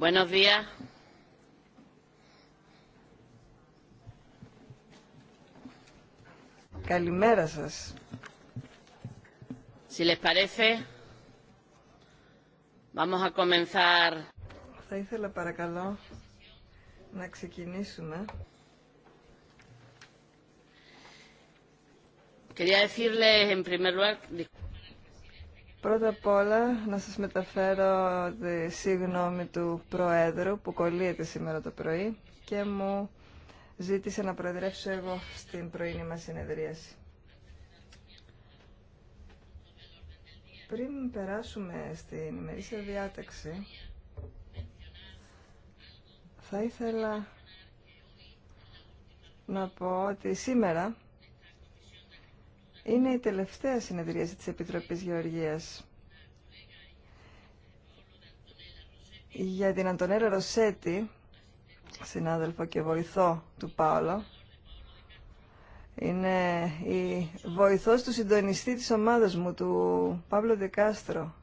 Buenos días. Καλημέρα σας. Si les parece, vamos a comenzar. Θα ήθελα παρακαλώ να ξεκινήσουμε. Quería decirles en primer lugar Πρώτα απ' όλα να σας μεταφέρω τη συγγνώμη του Προέδρου που κολλείεται σήμερα το πρωί και μου ζήτησε να προεδρεύσω εγώ στην πρωινή μας συνεδρίαση. Πριν περάσουμε στην ημερήσια διάταξη, θα ήθελα να πω ότι σήμερα είναι η τελευταία συνεδρίαση της Επιτροπής Γεωργίας. Για την Αντωνέλα Ροσέτη, συνάδελφο και βοηθό του Πάολο, είναι η βοηθός του συντονιστή της ομάδας μου, του Παύλο Δικάστρο.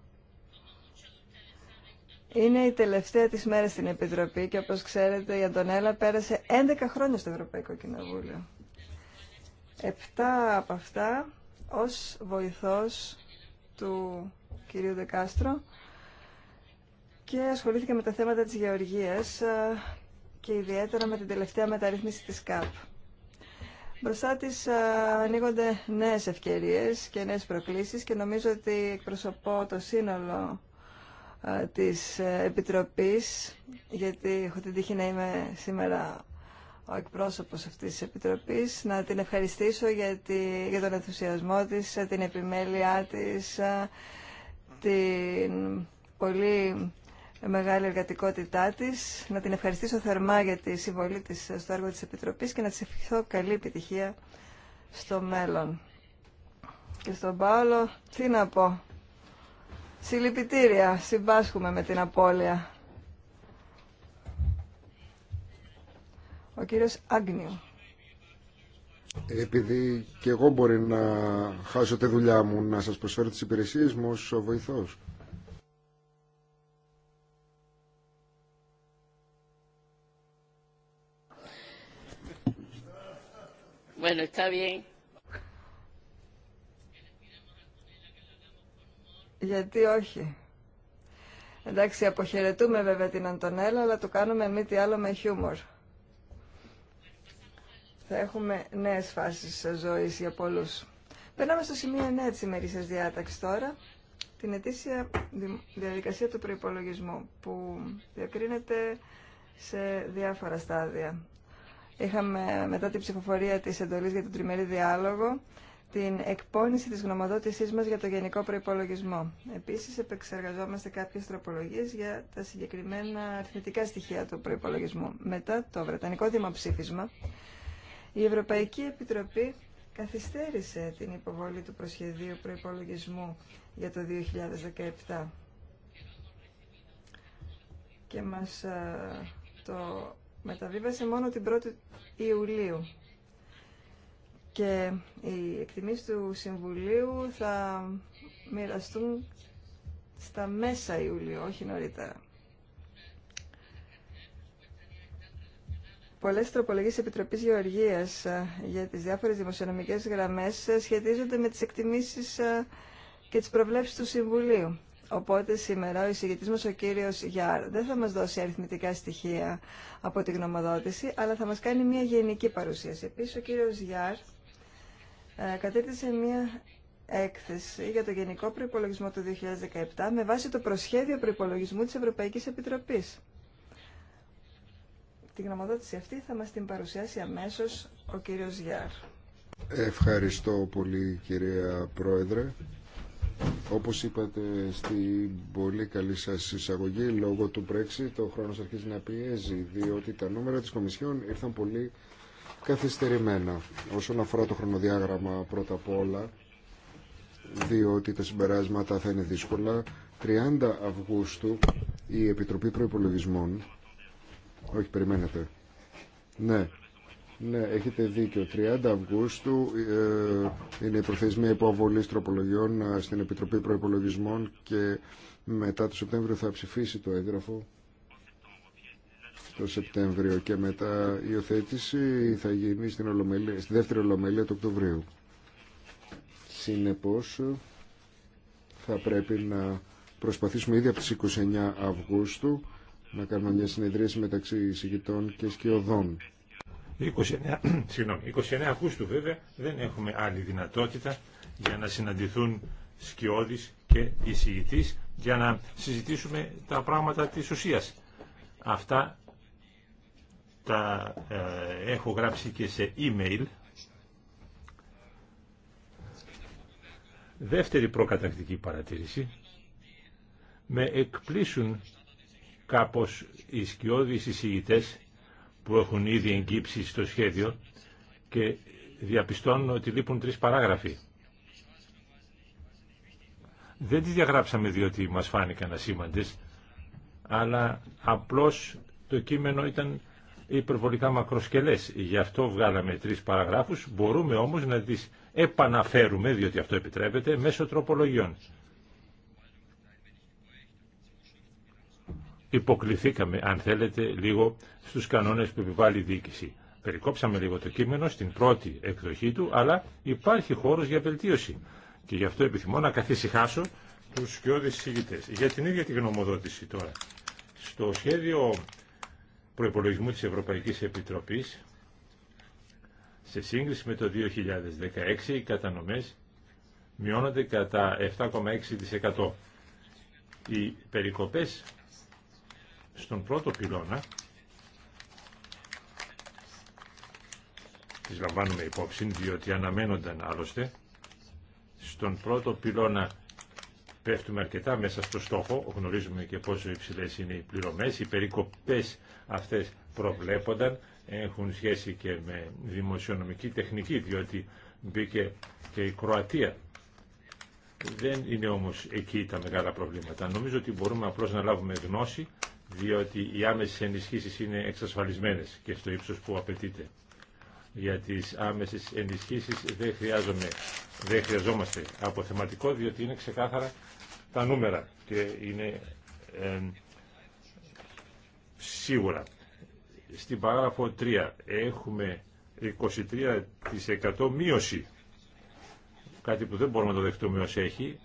Είναι η τελευταία της μέρα στην Επιτροπή και όπως ξέρετε η Αντωνέλα πέρασε 11 χρόνια στο Ευρωπαϊκό Κοινοβούλιο. Επτά από αυτά ως βοηθός του κυρίου Δεκάστρο και ασχολήθηκε με τα θέματα της γεωργίας ε, και ιδιαίτερα με την τελευταία μεταρρύθμιση της ΚΑΠ. Μπροστά τη ε, ανοίγονται νέες ευκαιρίες και νέες προκλήσεις και νομίζω ότι εκπροσωπώ το σύνολο ε, της Επιτροπής γιατί έχω την τύχη να είμαι σήμερα ο εκπρόσωπος αυτής της Επιτροπής, να την ευχαριστήσω για, για τον ενθουσιασμό της, την επιμέλειά της, την πολύ μεγάλη εργατικότητά της, να την ευχαριστήσω θερμά για τη συμβολή της στο έργο της Επιτροπής και να της ευχηθώ καλή επιτυχία στο μέλλον. Και στον Πάολο, τι να πω. Συλληπιτήρια, συμπάσχουμε με την απώλεια. Ο κύριος Άγνιου. Επειδή και εγώ μπορεί να χάσω τη δουλειά μου, να σας προσφέρω τις υπηρεσίες μου ως βοηθός. Bueno, está bien. Γιατί όχι. Εντάξει, αποχαιρετούμε βέβαια την Αντωνέλα, αλλά το κάνουμε μη τι άλλο με χιούμορ θα έχουμε νέες φάσεις ζωή για πολλούς. Περνάμε στο σημείο 9 της ημερήσιας διάταξης τώρα, την ετήσια διαδικασία του προϋπολογισμού, που διακρίνεται σε διάφορα στάδια. Είχαμε μετά την ψηφοφορία της εντολής για τον τριμερή διάλογο, την εκπόνηση της γνωμοδότησής μας για το γενικό προϋπολογισμό. Επίσης, επεξεργαζόμαστε κάποιες τροπολογίες για τα συγκεκριμένα αριθμητικά στοιχεία του προϋπολογισμού. Μετά το Βρετανικό Δημοψήφισμα, η Ευρωπαϊκή Επιτροπή καθυστέρησε την υποβολή του προσχεδίου προϋπολογισμού για το 2017 και μας ε, το μεταβίβασε μόνο την 1η Ιουλίου. Και οι εκτιμήσεις του Συμβουλίου θα μοιραστούν στα μέσα Ιουλίου, όχι νωρίτερα. Πολλέ Τροπολογίε Επιτροπή Γεωργίας ε, για τι διάφορε δημοσιονομικέ γραμμέ ε, σχετίζονται με τι εκτιμήσει ε, και τι προβλέψει του Συμβουλίου. Οπότε σήμερα ο εισηγητή μα ο κύριο Γιάρ δεν θα μα δώσει αριθμητικά στοιχεία από την γνωμοδότηση, αλλά θα μα κάνει μια γενική παρουσίαση. Επίση ο κύριο Γιάρ κατέθεσε μια έκθεση για το Γενικό προπολογισμό του 2017 με βάση το προσχέδιο προπολογισμού τη Ευρωπαϊκή Επιτροπή. Την γνωμοδότηση αυτή θα μας την παρουσιάσει αμέσως ο κύριος Γιάρ. Ευχαριστώ πολύ κυρία Πρόεδρε. Όπως είπατε στην πολύ καλή σας εισαγωγή, λόγω του Brexit ο χρόνος αρχίζει να πιέζει, διότι τα νούμερα της Κομισιόν ήρθαν πολύ καθυστερημένα. Όσον αφορά το χρονοδιάγραμμα πρώτα απ' όλα, διότι τα συμπεράσματα θα είναι δύσκολα, 30 Αυγούστου η Επιτροπή Προϋπολογισμών όχι, περιμένετε. Ναι. Ναι, έχετε δίκιο. 30 Αυγούστου ε, είναι η προθεσμία υποβολή τροπολογιών ε, στην Επιτροπή Προπολογισμών και μετά το Σεπτέμβριο θα ψηφίσει το έγγραφο. Το Σεπτέμβριο και μετά η υιοθέτηση θα γίνει στην ολομέλεια, στη δεύτερη Ολομέλεια του Οκτωβρίου. Συνεπώς θα πρέπει να προσπαθήσουμε ήδη από τις 29 Αυγούστου να κάνουμε μια συνεδρίαση μεταξύ συγκητών και σκιωδών. 29, συγγνώμη, 29 Αυγούστου βέβαια δεν έχουμε άλλη δυνατότητα για να συναντηθούν σκιώδης και εισηγητής για να συζητήσουμε τα πράγματα της ουσίας. Αυτά τα ε, έχω γράψει και σε email. Δεύτερη προκατακτική παρατήρηση. Με εκπλήσουν κάπως οι σκιώδεις εισηγητές που έχουν ήδη εγκύψει στο σχέδιο και διαπιστώνουν ότι λείπουν τρεις παράγραφοι. Δεν τις διαγράψαμε διότι μας φάνηκαν ασήμαντες, αλλά απλώς το κείμενο ήταν υπερβολικά μακροσκελές. Γι' αυτό βγάλαμε τρεις παραγράφους. Μπορούμε όμως να τις επαναφέρουμε, διότι αυτό επιτρέπεται, μέσω τροπολογιών. υποκληθήκαμε, αν θέλετε, λίγο στους κανόνες που επιβάλλει η διοίκηση. Περικόψαμε λίγο το κείμενο στην πρώτη εκδοχή του, αλλά υπάρχει χώρος για βελτίωση. Και γι' αυτό επιθυμώ να καθησυχάσω τους σκιώδεις συζητητές. Για την ίδια τη γνωμοδότηση τώρα. Στο σχέδιο προϋπολογισμού της Ευρωπαϊκής Επιτροπής, σε σύγκριση με το 2016, οι κατανομές μειώνονται κατά 7,6%. Οι περικοπές στον πρώτο πυλώνα τις λαμβάνουμε υπόψη διότι αναμένονταν άλλωστε στον πρώτο πυλώνα πέφτουμε αρκετά μέσα στο στόχο γνωρίζουμε και πόσο υψηλές είναι οι πληρωμές οι περικοπές αυτές προβλέπονταν έχουν σχέση και με δημοσιονομική τεχνική διότι μπήκε και η Κροατία δεν είναι όμως εκεί τα μεγάλα προβλήματα νομίζω ότι μπορούμε απλώς να λάβουμε γνώση διότι οι άμεσες ενισχύσεις είναι εξασφαλισμένες και στο ύψος που απαιτείται. Για τις άμεσες ενισχύσεις δεν, δεν χρειαζόμαστε αποθεματικό, διότι είναι ξεκάθαρα τα νούμερα και είναι σίγουρα. Στην παράγραφο 3 έχουμε 23% μείωση, κάτι που δεν μπορούμε να το δεχτούμε ως έχει,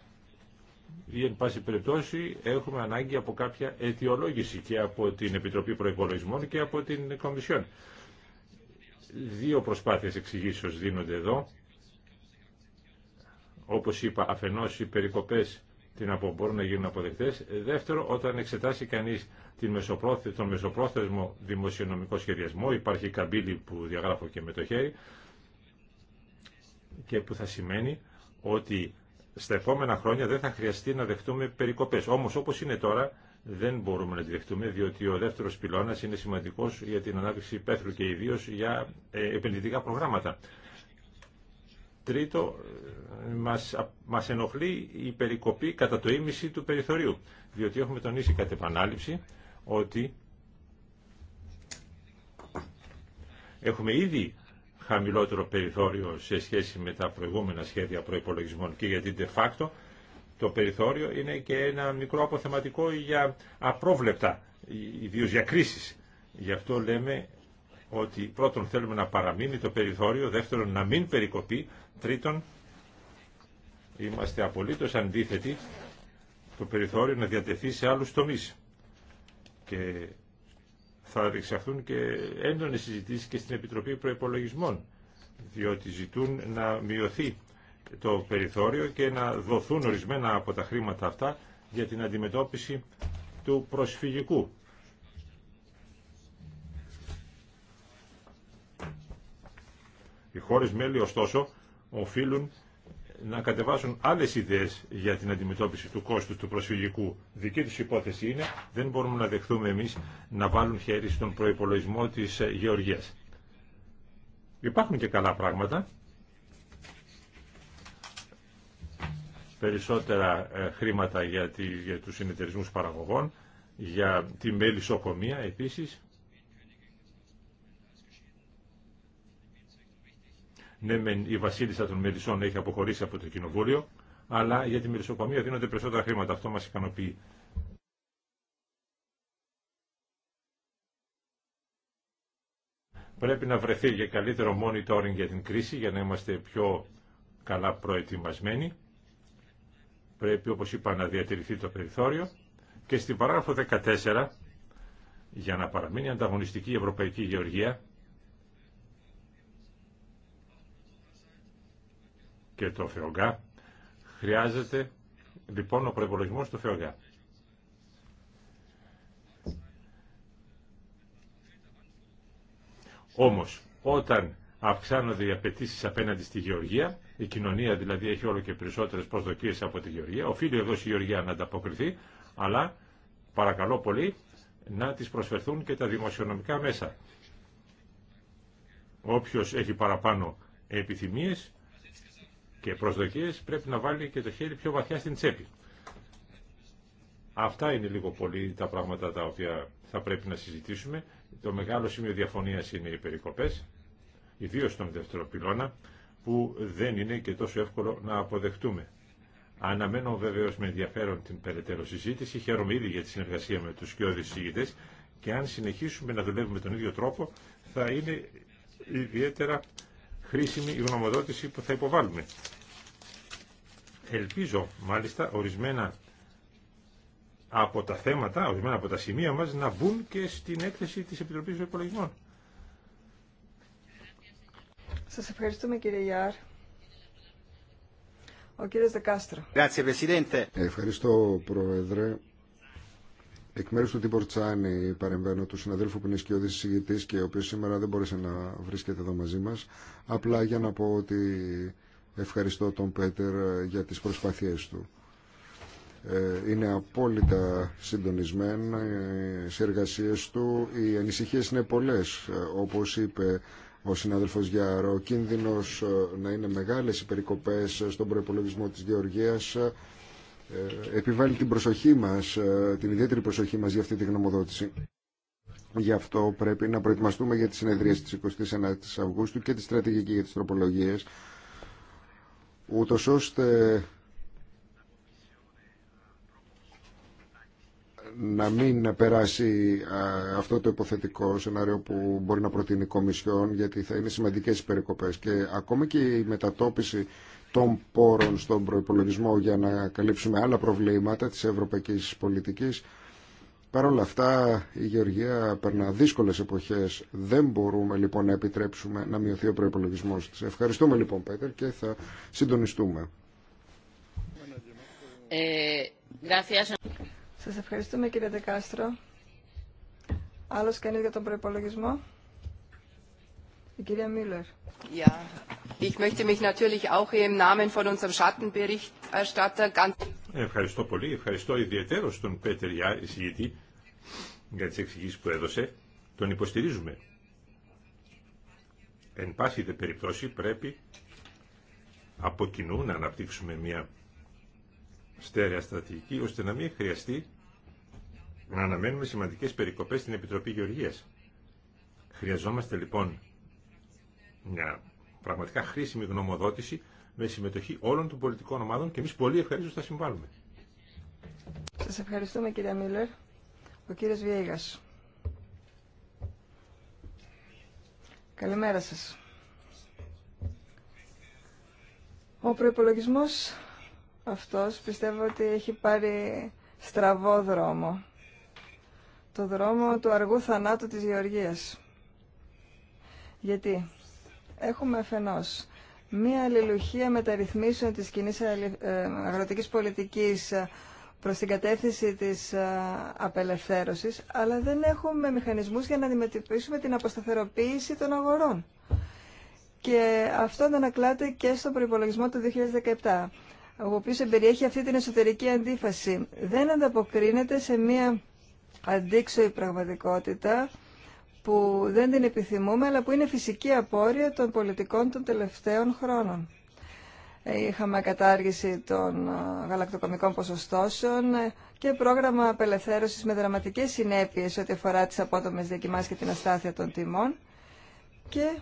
ή εν πάση περιπτώσει έχουμε ανάγκη από κάποια αιτιολόγηση και από την Επιτροπή Προϋπολογισμών και από την Κομισιόν. Δύο προσπάθειες εξηγήσεως δίνονται εδώ. Όπως είπα, αφενός οι περικοπές την από, μπορούν να γίνουν αποδεκτές. Δεύτερο, όταν εξετάσει κανείς την τον μεσοπρόθεσμο δημοσιονομικό σχεδιασμό, υπάρχει καμπύλη που διαγράφω και με το χέρι, και που θα σημαίνει ότι στα επόμενα χρόνια δεν θα χρειαστεί να δεχτούμε περικοπές. Όμως όπως είναι τώρα δεν μπορούμε να τη δεχτούμε διότι ο δεύτερος πυλώνας είναι σημαντικός για την ανάπτυξη πέθρου και ιδίω για ε, επενδυτικά προγράμματα. Τρίτο, ε, μας, μας ενοχλεί η περικοπή κατά το ίμιση του περιθωρίου, διότι έχουμε τονίσει κατ' επανάληψη ότι έχουμε ήδη χαμηλότερο περιθώριο σε σχέση με τα προηγούμενα σχέδια προϋπολογισμών και γιατί de facto το περιθώριο είναι και ένα μικρό αποθεματικό για απρόβλεπτα, ιδίω για κρίσεις. Γι' αυτό λέμε ότι πρώτον θέλουμε να παραμείνει το περιθώριο, δεύτερον να μην περικοπεί, τρίτον είμαστε απολύτως αντίθετοι το περιθώριο να διατεθεί σε άλλους τομείς. Και θα διεξαχθούν και έντονε συζητήσεις και στην Επιτροπή Προπολογισμών. διότι ζητούν να μειωθεί το περιθώριο και να δοθούν ορισμένα από τα χρήματα αυτά για την αντιμετώπιση του προσφυγικού. Οι χώρες μέλη, ωστόσο, οφείλουν να κατεβάσουν άλλε ιδέες για την αντιμετώπιση του κόστου του προσφυγικού. Δική του υπόθεση είναι δεν μπορούμε να δεχθούμε εμείς να βάλουν χέρι στον προπολογισμό της ε, γεωργίας. Υπάρχουν και καλά πράγματα. Περισσότερα ε, χρήματα για, τη, για τους συνεταιρισμούς παραγωγών, για τη μελισσοκομεία επίσης. Ναι, η βασίλισσα των Μελισσών έχει αποχωρήσει από το κοινοβούλιο, αλλά για τη μελισσοκομεία δίνονται περισσότερα χρήματα. Αυτό μα ικανοποιεί. Πρέπει να βρεθεί για καλύτερο monitoring για την κρίση, για να είμαστε πιο καλά προετοιμασμένοι. Πρέπει, όπως είπα, να διατηρηθεί το περιθώριο. Και στην παράγραφο 14, για να παραμείνει ανταγωνιστική η Ευρωπαϊκή Γεωργία, και το ΦΕΟΓΑ. Χρειάζεται λοιπόν ο προπολογισμό του ΦΕΟΓΑ. Όμως, όταν αυξάνονται οι απαιτήσει απέναντι στη γεωργία, η κοινωνία δηλαδή έχει όλο και περισσότερες προσδοκίες από τη γεωργία, οφείλει εδώ η γεωργία να ανταποκριθεί, αλλά παρακαλώ πολύ να τις προσφερθούν και τα δημοσιονομικά μέσα. Όποιος έχει παραπάνω επιθυμίες και προσδοκίες πρέπει να βάλει και το χέρι πιο βαθιά στην τσέπη. Αυτά είναι λίγο πολύ τα πράγματα τα οποία θα πρέπει να συζητήσουμε. Το μεγάλο σημείο διαφωνίας είναι οι περικοπές, ιδίω στον δεύτερο πυλώνα, που δεν είναι και τόσο εύκολο να αποδεχτούμε. Αναμένω βεβαίω με ενδιαφέρον την περαιτέρω συζήτηση. Χαίρομαι ήδη για τη συνεργασία με του κοιόδη και αν συνεχίσουμε να δουλεύουμε τον ίδιο τρόπο θα είναι ιδιαίτερα χρήσιμη η γνωμοδότηση που θα υποβάλουμε. Ελπίζω μάλιστα ορισμένα από τα θέματα, ορισμένα από τα σημεία μας να μπουν και στην έκθεση της Επιτροπής των Υπολογισμών. Σας ευχαριστούμε κύριε Γιάρ. Ο κύριος Δεκάστρο. Ευχαριστώ πρόεδρε. Εκ μέρου του Τίμπορ παρεμβαίνω του συναδέλφου που είναι σκιώδη συζητητή και ο οποίο σήμερα δεν μπόρεσε να βρίσκεται εδώ μαζί μα. Απλά για να πω ότι ευχαριστώ τον Πέτερ για τι προσπάθειέ του. Ε, είναι απόλυτα συντονισμένα σε εργασίε του. Οι ανησυχίε είναι πολλέ. Ε, Όπω είπε ο συνάδελφο Γιάρο, ο κίνδυνο ε, να είναι μεγάλε οι περικοπέ στον προπολογισμό τη Γεωργία ε, επιβάλλει την προσοχή μας, ε, την ιδιαίτερη προσοχή μας για αυτή τη γνωμοδότηση. Γι' αυτό πρέπει να προετοιμαστούμε για τις συνεδρίες της 29 η Αυγούστου και τη στρατηγική για τις τροπολογίες, ούτως ώστε να μην περάσει αυτό το υποθετικό σενάριο που μπορεί να προτείνει η Κομισιόν, γιατί θα είναι σημαντικές οι περικοπές. Και ακόμα και η μετατόπιση των πόρων στον προϋπολογισμό για να καλύψουμε άλλα προβλήματα της ευρωπαϊκής πολιτικής. Παρ' όλα αυτά η Γεωργία περνά δύσκολες εποχές. Δεν μπορούμε λοιπόν να επιτρέψουμε να μειωθεί ο προϋπολογισμός της. Ευχαριστούμε λοιπόν Πέτερ και θα συντονιστούμε. Ε, Σας ευχαριστούμε κύριε Δεκάστρο. Άλλος κανείς για τον προϋπολογισμό ich möchte mich natürlich auch im Namen unserem Ευχαριστώ πολύ. Ευχαριστώ ιδιαίτερο τον Πέτερ Ιά, για τι εξηγήσει που έδωσε. Τον υποστηρίζουμε. Εν πάση δε περιπτώσει πρέπει από κοινού να αναπτύξουμε μια στέρεα στρατηγική, ώστε να μην χρειαστεί να αναμένουμε σημαντικές περικοπές στην Επιτροπή Γεωργίας. Χρειαζόμαστε λοιπόν μια πραγματικά χρήσιμη γνωμοδότηση με συμμετοχή όλων των πολιτικών ομάδων και εμείς πολύ ευχαρίστως θα συμβάλλουμε. Σας ευχαριστούμε κύριε Μίλλερ. Ο κύριος Βιέγας. Καλημέρα σας. Ο προϋπολογισμός αυτός πιστεύω ότι έχει πάρει στραβό δρόμο. Το δρόμο του αργού θανάτου της Γεωργίας. Γιατί έχουμε αφενός μία αλληλουχία μεταρρυθμίσεων της κοινής ε, αγροτικής πολιτικής ε, προς την κατεύθυνση της ε, απελευθέρωσης, αλλά δεν έχουμε μηχανισμούς για να αντιμετωπίσουμε την αποσταθεροποίηση των αγορών. Και αυτό ανακλάται και στον προϋπολογισμό του 2017, ο οποίος εμπεριέχει αυτή την εσωτερική αντίφαση. Δεν ανταποκρίνεται σε μία αντίξωη πραγματικότητα που δεν την επιθυμούμε, αλλά που είναι φυσική απόρρια των πολιτικών των τελευταίων χρόνων. Ε, είχαμε κατάργηση των ε, γαλακτοκομικών ποσοστώσεων ε, και πρόγραμμα απελευθέρωσης με δραματικές συνέπειες ό,τι αφορά τις απότομες διακοιμάσεις και την αστάθεια των τιμών. Και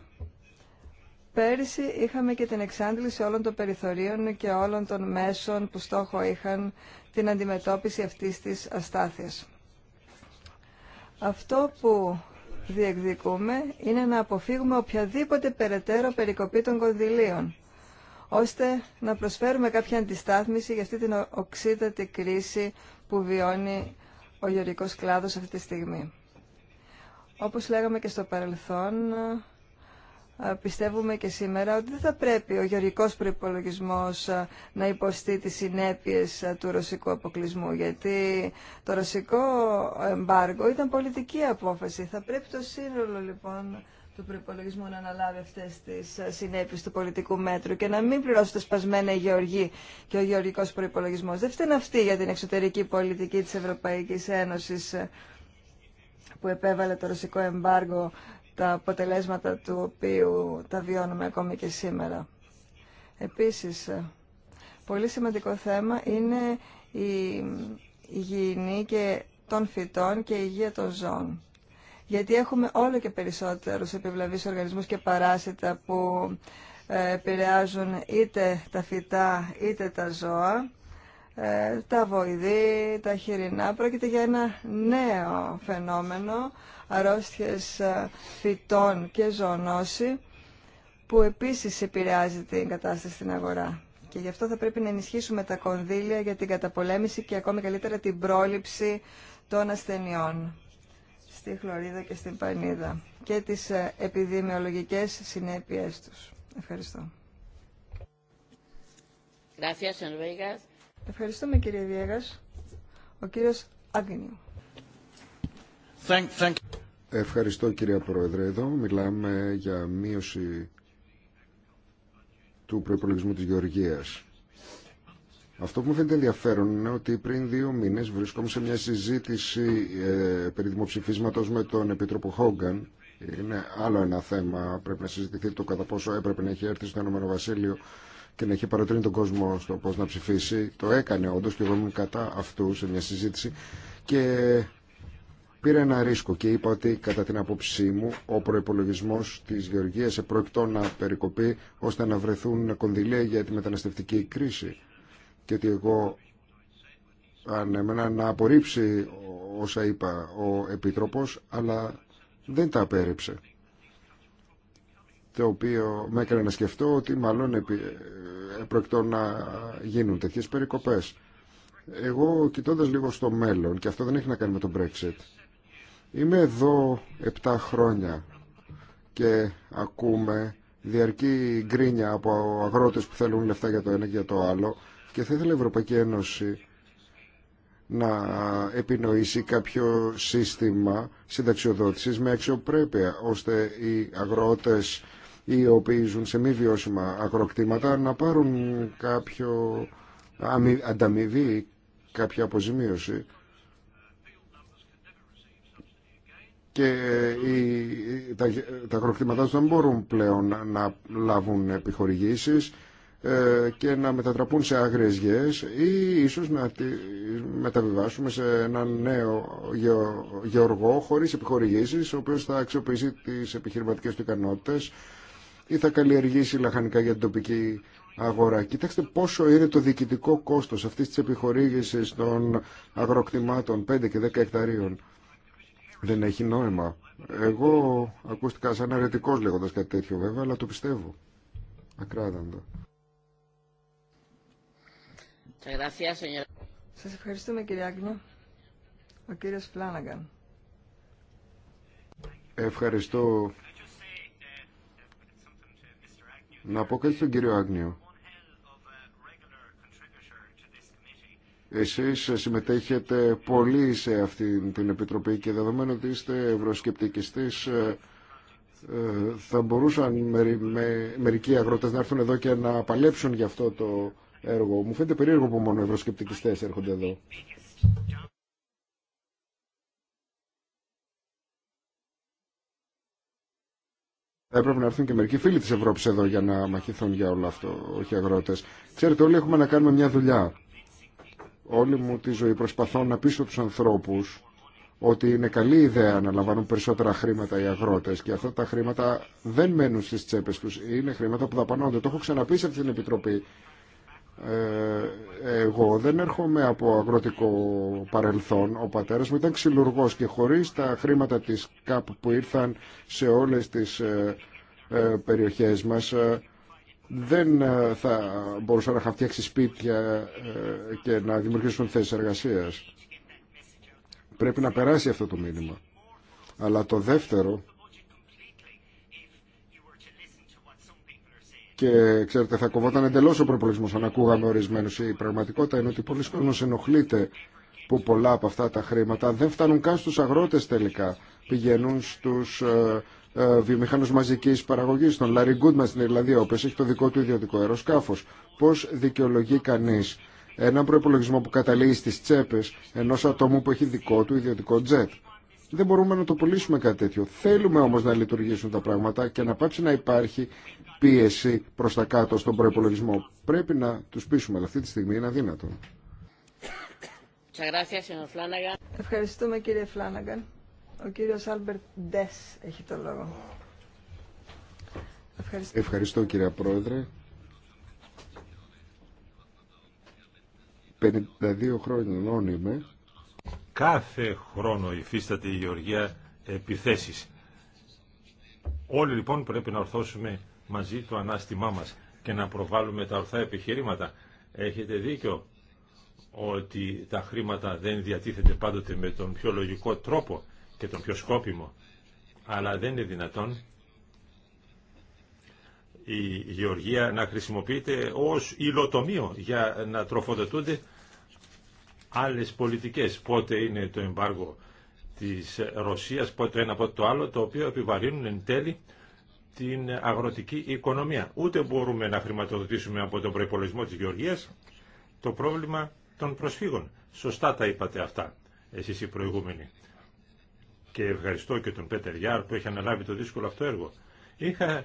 πέρυσι είχαμε και την εξάντληση όλων των περιθωρίων και όλων των μέσων που στόχο είχαν την αντιμετώπιση αυτής της αστάθειας. Αυτό που διεκδικούμε είναι να αποφύγουμε οποιαδήποτε περαιτέρω περικοπή των κονδυλίων, ώστε να προσφέρουμε κάποια αντιστάθμιση για αυτή την οξύτατη κρίση που βιώνει ο γεωρικός κλάδος αυτή τη στιγμή. Όπως λέγαμε και στο παρελθόν, πιστεύουμε και σήμερα ότι δεν θα πρέπει ο γεωργικός προϋπολογισμός να υποστεί τις συνέπειες του ρωσικού αποκλεισμού, γιατί το ρωσικό εμπάργο ήταν πολιτική απόφαση. Θα πρέπει το σύνολο λοιπόν του προπολογισμού να αναλάβει αυτές τις συνέπειες του πολιτικού μέτρου και να μην πληρώσουν τα σπασμένα οι γεωργοί και ο γεωργικό προπολογισμό. Δεν φταίνει αυτοί για την εξωτερική πολιτική της Ευρωπαϊκής Ένωσης που επέβαλε το ρωσικό εμπάργο τα αποτελέσματα του οποίου τα βιώνουμε ακόμη και σήμερα. Επίσης, πολύ σημαντικό θέμα είναι η υγιεινή και των φυτών και η υγεία των ζώων. Γιατί έχουμε όλο και περισσότερους επιβλαβείς οργανισμούς και παράσιτα που ε, επηρεάζουν είτε τα φυτά είτε τα ζώα, ε, τα βοηδή, τα χοιρινά. Πρόκειται για ένα νέο φαινόμενο αρρώστιες ε, φυτών και ζωονόση που επίσης επηρεάζει την κατάσταση στην αγορά. Και γι' αυτό θα πρέπει να ενισχύσουμε τα κονδύλια για την καταπολέμηση και ακόμη καλύτερα την πρόληψη των ασθενειών στη χλωρίδα και στην πανίδα και τις ε, επιδημιολογικές συνέπειές τους. Ευχαριστώ. Ευχαριστούμε κύριε Βιέγας. Ο κύριος Άγνιου. Ευχαριστώ κυρία Πρόεδρε. Εδώ μιλάμε για μείωση του προϋπολογισμού της Γεωργίας. Αυτό που μου φαίνεται ενδιαφέρον είναι ότι πριν δύο μήνες βρίσκομαι σε μια συζήτηση ε, περί δημοψηφίσματος με τον Επίτροπο Χόγκαν. Είναι άλλο ένα θέμα. Πρέπει να συζητηθεί το κατά πόσο έπρεπε να έχει έρθει στο Ηνωμένο Βασίλειο και να έχει παροτρύνει τον κόσμο στο πώς να ψηφίσει. Το έκανε όντως και εγώ ήμουν κατά αυτού σε μια συζήτηση. Και πήρα ένα ρίσκο και είπα ότι κατά την άποψή μου ο προπολογισμό της γεωργία επρόκειτο να περικοπεί ώστε να βρεθούν κονδυλία για τη μεταναστευτική κρίση και ότι εγώ ανέμενα να απορρίψει όσα είπα ο Επίτροπος αλλά δεν τα απέρριψε το οποίο με έκανε να σκεφτώ ότι μάλλον επρόκειτο να γίνουν τέτοιε περικοπέ. Εγώ κοιτώντα λίγο στο μέλλον, και αυτό δεν έχει να κάνει με τον Brexit, Είμαι εδώ 7 χρόνια και ακούμε διαρκή γκρίνια από αγρότες που θέλουν λεφτά για το ένα και για το άλλο και θα ήθελα η Ευρωπαϊκή Ένωση να επινοήσει κάποιο σύστημα συνταξιοδότησης με αξιοπρέπεια ώστε οι αγρότες οι οποίοι ζουν σε μη βιώσιμα αγροκτήματα να πάρουν κάποιο ανταμοιβή, κάποια αποζημίωση και ε, οι, ε, τα, τα αγροκτήματά τους δεν μπορούν πλέον να, να λάβουν επιχορηγήσεις ε, και να μετατραπούν σε άγριες ή ίσως να τη μεταβιβάσουμε σε ένα νέο γεωργό χωρίς επιχορηγήσεις ο οποίος θα αξιοποιήσει τις επιχειρηματικές του ικανότητες ή θα καλλιεργήσει λαχανικά για την τοπική αγορά. Κοιτάξτε πόσο είναι το διοικητικό κόστος αυτής της επιχορήγησης των αγροκτημάτων 5 και 10 εκταρίων δεν έχει νόημα. Εγώ ακούστηκα σαν αρετικό λέγοντα κάτι τέτοιο βέβαια, αλλά το πιστεύω. Ακράδαντα. Σα ευχαριστούμε κύριε Άγνιο. Ο κύριος Φλάνναγκαν. Ευχαριστώ. Να πω κάτι στον κύριο Άγνιο. Εσείς συμμετέχετε πολύ σε αυτή την Επιτροπή και δεδομένου ότι είστε ευρωσκεπτικιστής ε, ε, θα μπορούσαν μερικοί αγρότες να έρθουν εδώ και να παλέψουν για αυτό το έργο. Μου φαίνεται περίεργο που μόνο ευρωσκεπτικιστές έρχονται εδώ. Θα έπρεπε να έρθουν και μερικοί φίλοι της Ευρώπης εδώ για να μαχηθούν για όλο αυτό, όχι αγρότες. Ξέρετε, όλοι έχουμε να κάνουμε μια δουλειά όλη μου τη ζωή προσπαθώ να πείσω τους ανθρώπους ότι είναι καλή ιδέα να λαμβάνουν περισσότερα χρήματα οι αγρότες και αυτά τα χρήματα δεν μένουν στις τσέπες τους, είναι χρήματα που δαπανώνται. Το έχω ξαναπεί σε αυτή την Επιτροπή. Ε, εγώ δεν έρχομαι από αγροτικό παρελθόν. Ο πατέρας μου ήταν ξυλουργός και χωρίς τα χρήματα της ΚΑΠ που ήρθαν σε όλες τις ε, ε, περιοχές μας ε, δεν ε, θα μπορούσαν να είχαν σπίτια ε, και να δημιουργήσουν θέσεις εργασίας. Πρέπει να περάσει αυτό το μήνυμα. Αλλά το δεύτερο, και ξέρετε θα κοβόταν εντελώς ο προπολισμός αν ακούγαμε ορισμένους, η πραγματικότητα είναι ότι πολλοί κόσμος ενοχλείται που πολλά από αυτά τα χρήματα δεν φτάνουν καν στους αγρότες τελικά. Πηγαίνουν στους ε, ε, βιομηχάνο μαζική παραγωγή, τον Λάρι Γκούντμαν στην Ιρλανδία, ο οποίο έχει το δικό του ιδιωτικό αεροσκάφο. Πώ δικαιολογεί κανεί έναν προπολογισμό που καταλήγει στι τσέπε ενό ατόμου που έχει δικό του ιδιωτικό τζετ. Δεν μπορούμε να το πουλήσουμε κάτι τέτοιο. Θέλουμε όμω να λειτουργήσουν τα πράγματα και να πάψει να υπάρχει πίεση προ τα κάτω στον προπολογισμό. Πρέπει να του πείσουμε, αλλά αυτή τη στιγμή είναι αδύνατο. Ευχαριστούμε κύριε Φλάναγκαν. Ο κύριος Άλμπερτ Ντες έχει το λόγο. Ευχαριστώ. Ευχαριστώ κύριε Πρόεδρε. 52 χρόνια είμαι. Κάθε χρόνο υφίσταται η Γεωργία επιθέσεις. Όλοι λοιπόν πρέπει να ορθώσουμε μαζί το ανάστημά μας και να προβάλλουμε τα ορθά επιχειρήματα. Έχετε δίκιο ότι τα χρήματα δεν διατίθεται πάντοτε με τον πιο λογικό τρόπο και τον πιο σκόπιμο. Αλλά δεν είναι δυνατόν η γεωργία να χρησιμοποιείται ως υλοτομείο για να τροφοδοτούνται άλλες πολιτικές. Πότε είναι το εμπάργο της Ρωσίας, πότε το ένα, πότε το άλλο, το οποίο επιβαρύνουν εν τέλει την αγροτική οικονομία. Ούτε μπορούμε να χρηματοδοτήσουμε από τον προπολογισμό της Γεωργίας το πρόβλημα των προσφύγων. Σωστά τα είπατε αυτά εσείς οι προηγούμενοι και ευχαριστώ και τον Πέτερ Γιάρ που έχει αναλάβει το δύσκολο αυτό έργο. Είχα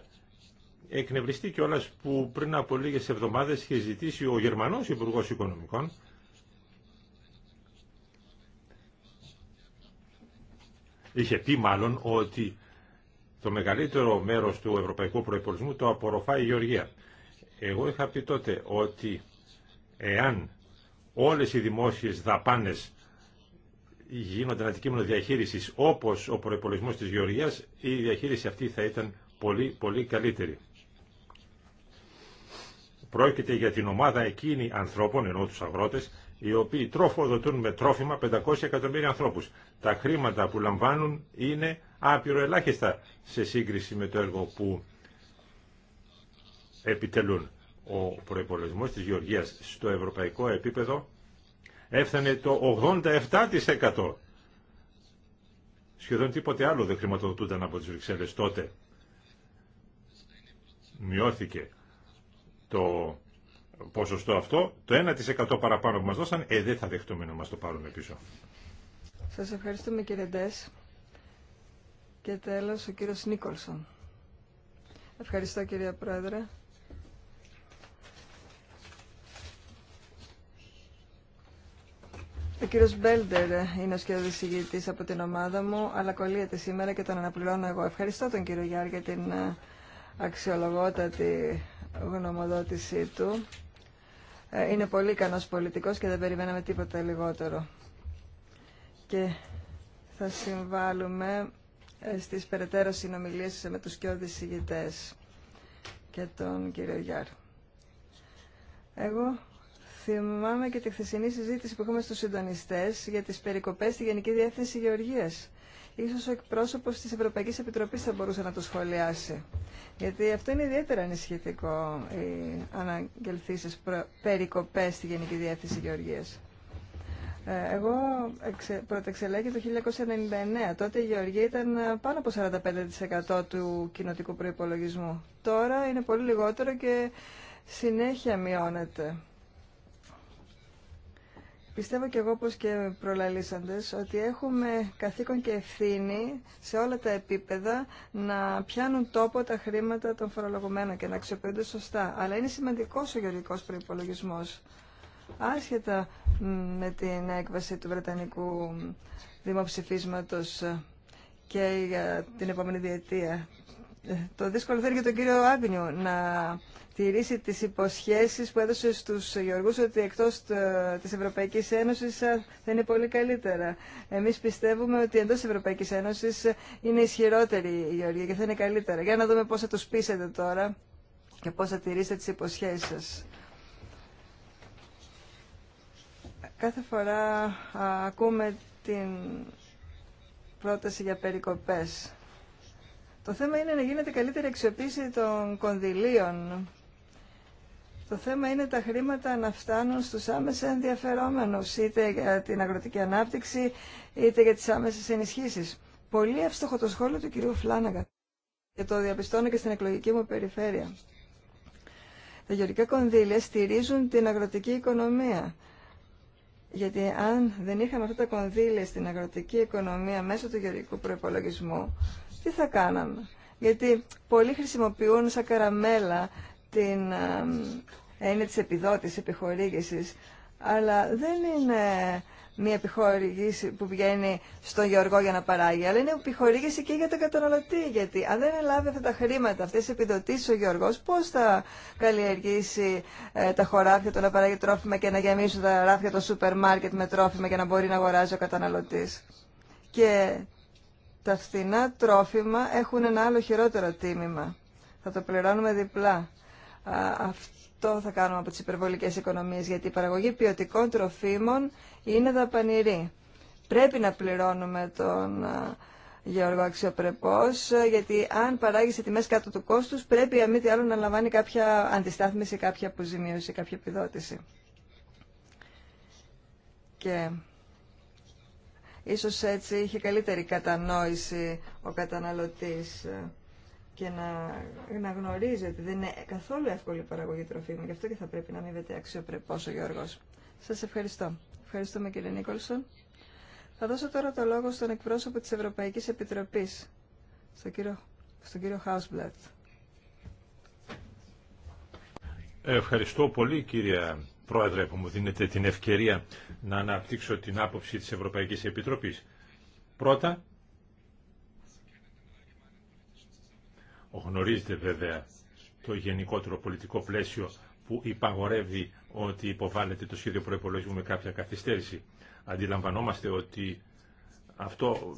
εκνευριστεί κιόλα που πριν από λίγε εβδομάδε είχε ζητήσει ο Γερμανό Υπουργό Οικονομικών είχε πει μάλλον ότι το μεγαλύτερο μέρος του ευρωπαϊκού προπολισμού το απορροφάει η Γεωργία. Εγώ είχα πει τότε ότι εάν όλες οι δημόσιες δαπάνες γίνονται αντικείμενο διαχείρισης όπως ο προπολογισμό της Γεωργίας, η διαχείριση αυτή θα ήταν πολύ, πολύ καλύτερη. Πρόκειται για την ομάδα εκείνη ανθρώπων, ενώ του αγρότες, οι οποίοι τροφοδοτούν με τρόφιμα 500 εκατομμύρια ανθρώπους. Τα χρήματα που λαμβάνουν είναι άπειρο ελάχιστα σε σύγκριση με το έργο που επιτελούν. Ο προπολογισμό τη Γεωργίας στο ευρωπαϊκό επίπεδο έφτανε το 87%. Σχεδόν τίποτε άλλο δεν χρηματοδοτούνταν από τις Βρυξέλλες τότε. Μειώθηκε το ποσοστό αυτό, το 1% παραπάνω που μας δώσαν, ε, δεν θα δεχτούμε να μας το πάρουμε πίσω. Σας ευχαριστούμε κύριε Ντές. Και τέλος ο κύριος Νίκολσον. Ευχαριστώ κύριε Πρόεδρε. Ο κύριος Μπέλντερ είναι ο σχεδόν από την ομάδα μου, αλλά κολλείται σήμερα και τον αναπληρώνω εγώ. Ευχαριστώ τον κύριο Γιάρ για την ε, αξιολογότατη γνωμοδότησή του. Ε, είναι πολύ ικανός πολιτικός και δεν περιμέναμε τίποτα λιγότερο. Και θα συμβάλλουμε ε, στις περαιτέρω συνομιλίες με τους κοιόδης και τον κύριο Γιάρ. Εγώ θυμάμαι και τη χθεσινή συζήτηση που είχαμε στου συντονιστέ για τι περικοπέ στη Γενική Διεύθυνση γεωργία. Ίσως ο εκπρόσωπος τη Ευρωπαϊκή Επιτροπής θα μπορούσε να το σχολιάσει. Γιατί αυτό είναι ιδιαίτερα ανησυχητικό, οι αναγγελθήσεις περικοπέ στη Γενική Διεύθυνση γεωργία. Ε, εγώ πρωτεξελέγη το 1999. Τότε η Γεωργία ήταν πάνω από 45% του κοινοτικού προϋπολογισμού. Τώρα είναι πολύ λιγότερο και συνέχεια μειώνεται. Πιστεύω και εγώ πως και προλαλήσαντες ότι έχουμε καθήκον και ευθύνη σε όλα τα επίπεδα να πιάνουν τόπο τα χρήματα των φορολογουμένων και να αξιοποιούνται σωστά. Αλλά είναι σημαντικός ο γεωργικός προπολογισμό. Άσχετα με την έκβαση του Βρετανικού δημοψηφίσματος και για την επόμενη διετία το δύσκολο θα είναι για τον κύριο Άγνιου να τηρήσει τις υποσχέσεις που έδωσε στους γεωργούς ότι εκτός της Ευρωπαϊκής Ένωσης θα είναι πολύ καλύτερα. Εμείς πιστεύουμε ότι εντός της Ευρωπαϊκής Ένωσης είναι ισχυρότερη η γεωργία και θα είναι καλύτερα. Για να δούμε πώς θα τους πείσετε τώρα και πώς θα τηρήσετε τις υποσχέσεις σας. Κάθε φορά ακούμε την πρόταση για περικοπές το θέμα είναι να γίνεται καλύτερη αξιοποίηση των κονδυλίων. Το θέμα είναι τα χρήματα να φτάνουν στους άμεσα ενδιαφερόμενους, είτε για την αγροτική ανάπτυξη, είτε για τις άμεσες ενισχύσεις. Πολύ εύστοχο το σχόλιο του κυρίου Φλάναγκα και το διαπιστώνω και στην εκλογική μου περιφέρεια. Τα γεωρικά κονδύλια στηρίζουν την αγροτική οικονομία. Γιατί αν δεν είχαμε αυτά τα κονδύλια στην αγροτική οικονομία μέσω του γεωρικού προπολογισμού, τι θα κάναμε. Γιατί πολλοί χρησιμοποιούν σαν καραμέλα την έννοια της επιδότησης, επιχορήγησης, αλλά δεν είναι μια επιχορήγηση που βγαίνει στον Γεωργό για να παράγει, αλλά είναι επιχορήγηση και για τον καταναλωτή. Γιατί αν δεν λάβει αυτά τα χρήματα, αυτέ τι επιδοτήσει ο Γεωργό, πώ θα καλλιεργήσει ε, τα χωράφια του να παράγει τρόφιμα και να γεμίσουν τα ράφια το σούπερ μάρκετ με τρόφιμα για να μπορεί να αγοράζει ο καταναλωτή. Και τα φθηνά τρόφιμα έχουν ένα άλλο χειρότερο τίμημα. Θα το πληρώνουμε διπλά. Αυτό θα κάνουμε από τις υπερβολικές οικονομίες, γιατί η παραγωγή ποιοτικών τροφίμων είναι δαπανηρή. Πρέπει να πληρώνουμε τον Γεωργό Αξιοπρεπός, γιατί αν παράγει σε τιμές κάτω του κόστους, πρέπει αμή τι άλλο να λαμβάνει κάποια αντιστάθμιση, κάποια αποζημίωση, κάποια επιδότηση. Και Ίσως έτσι είχε καλύτερη κατανόηση ο καταναλωτής και να, να γνωρίζει ότι δεν είναι καθόλου εύκολη η παραγωγή τροφίμων. Γι' αυτό και θα πρέπει να μείνετε αξιοπρεπώς ο Γιώργος. Σας ευχαριστώ. Ευχαριστούμε κύριε Νίκολσον. Θα δώσω τώρα το λόγο στον εκπρόσωπο της Ευρωπαϊκής Επιτροπής, στον κύριο, στον κύριο Ευχαριστώ πολύ κύριε. Πρόεδρε, που μου δίνετε την ευκαιρία να αναπτύξω την άποψη της Ευρωπαϊκής Επιτροπής. Πρώτα, γνωρίζετε βέβαια το γενικότερο πολιτικό πλαίσιο που υπαγορεύει ότι υποβάλλεται το σχέδιο προϋπολογισμού με κάποια καθυστέρηση. Αντιλαμβανόμαστε ότι αυτό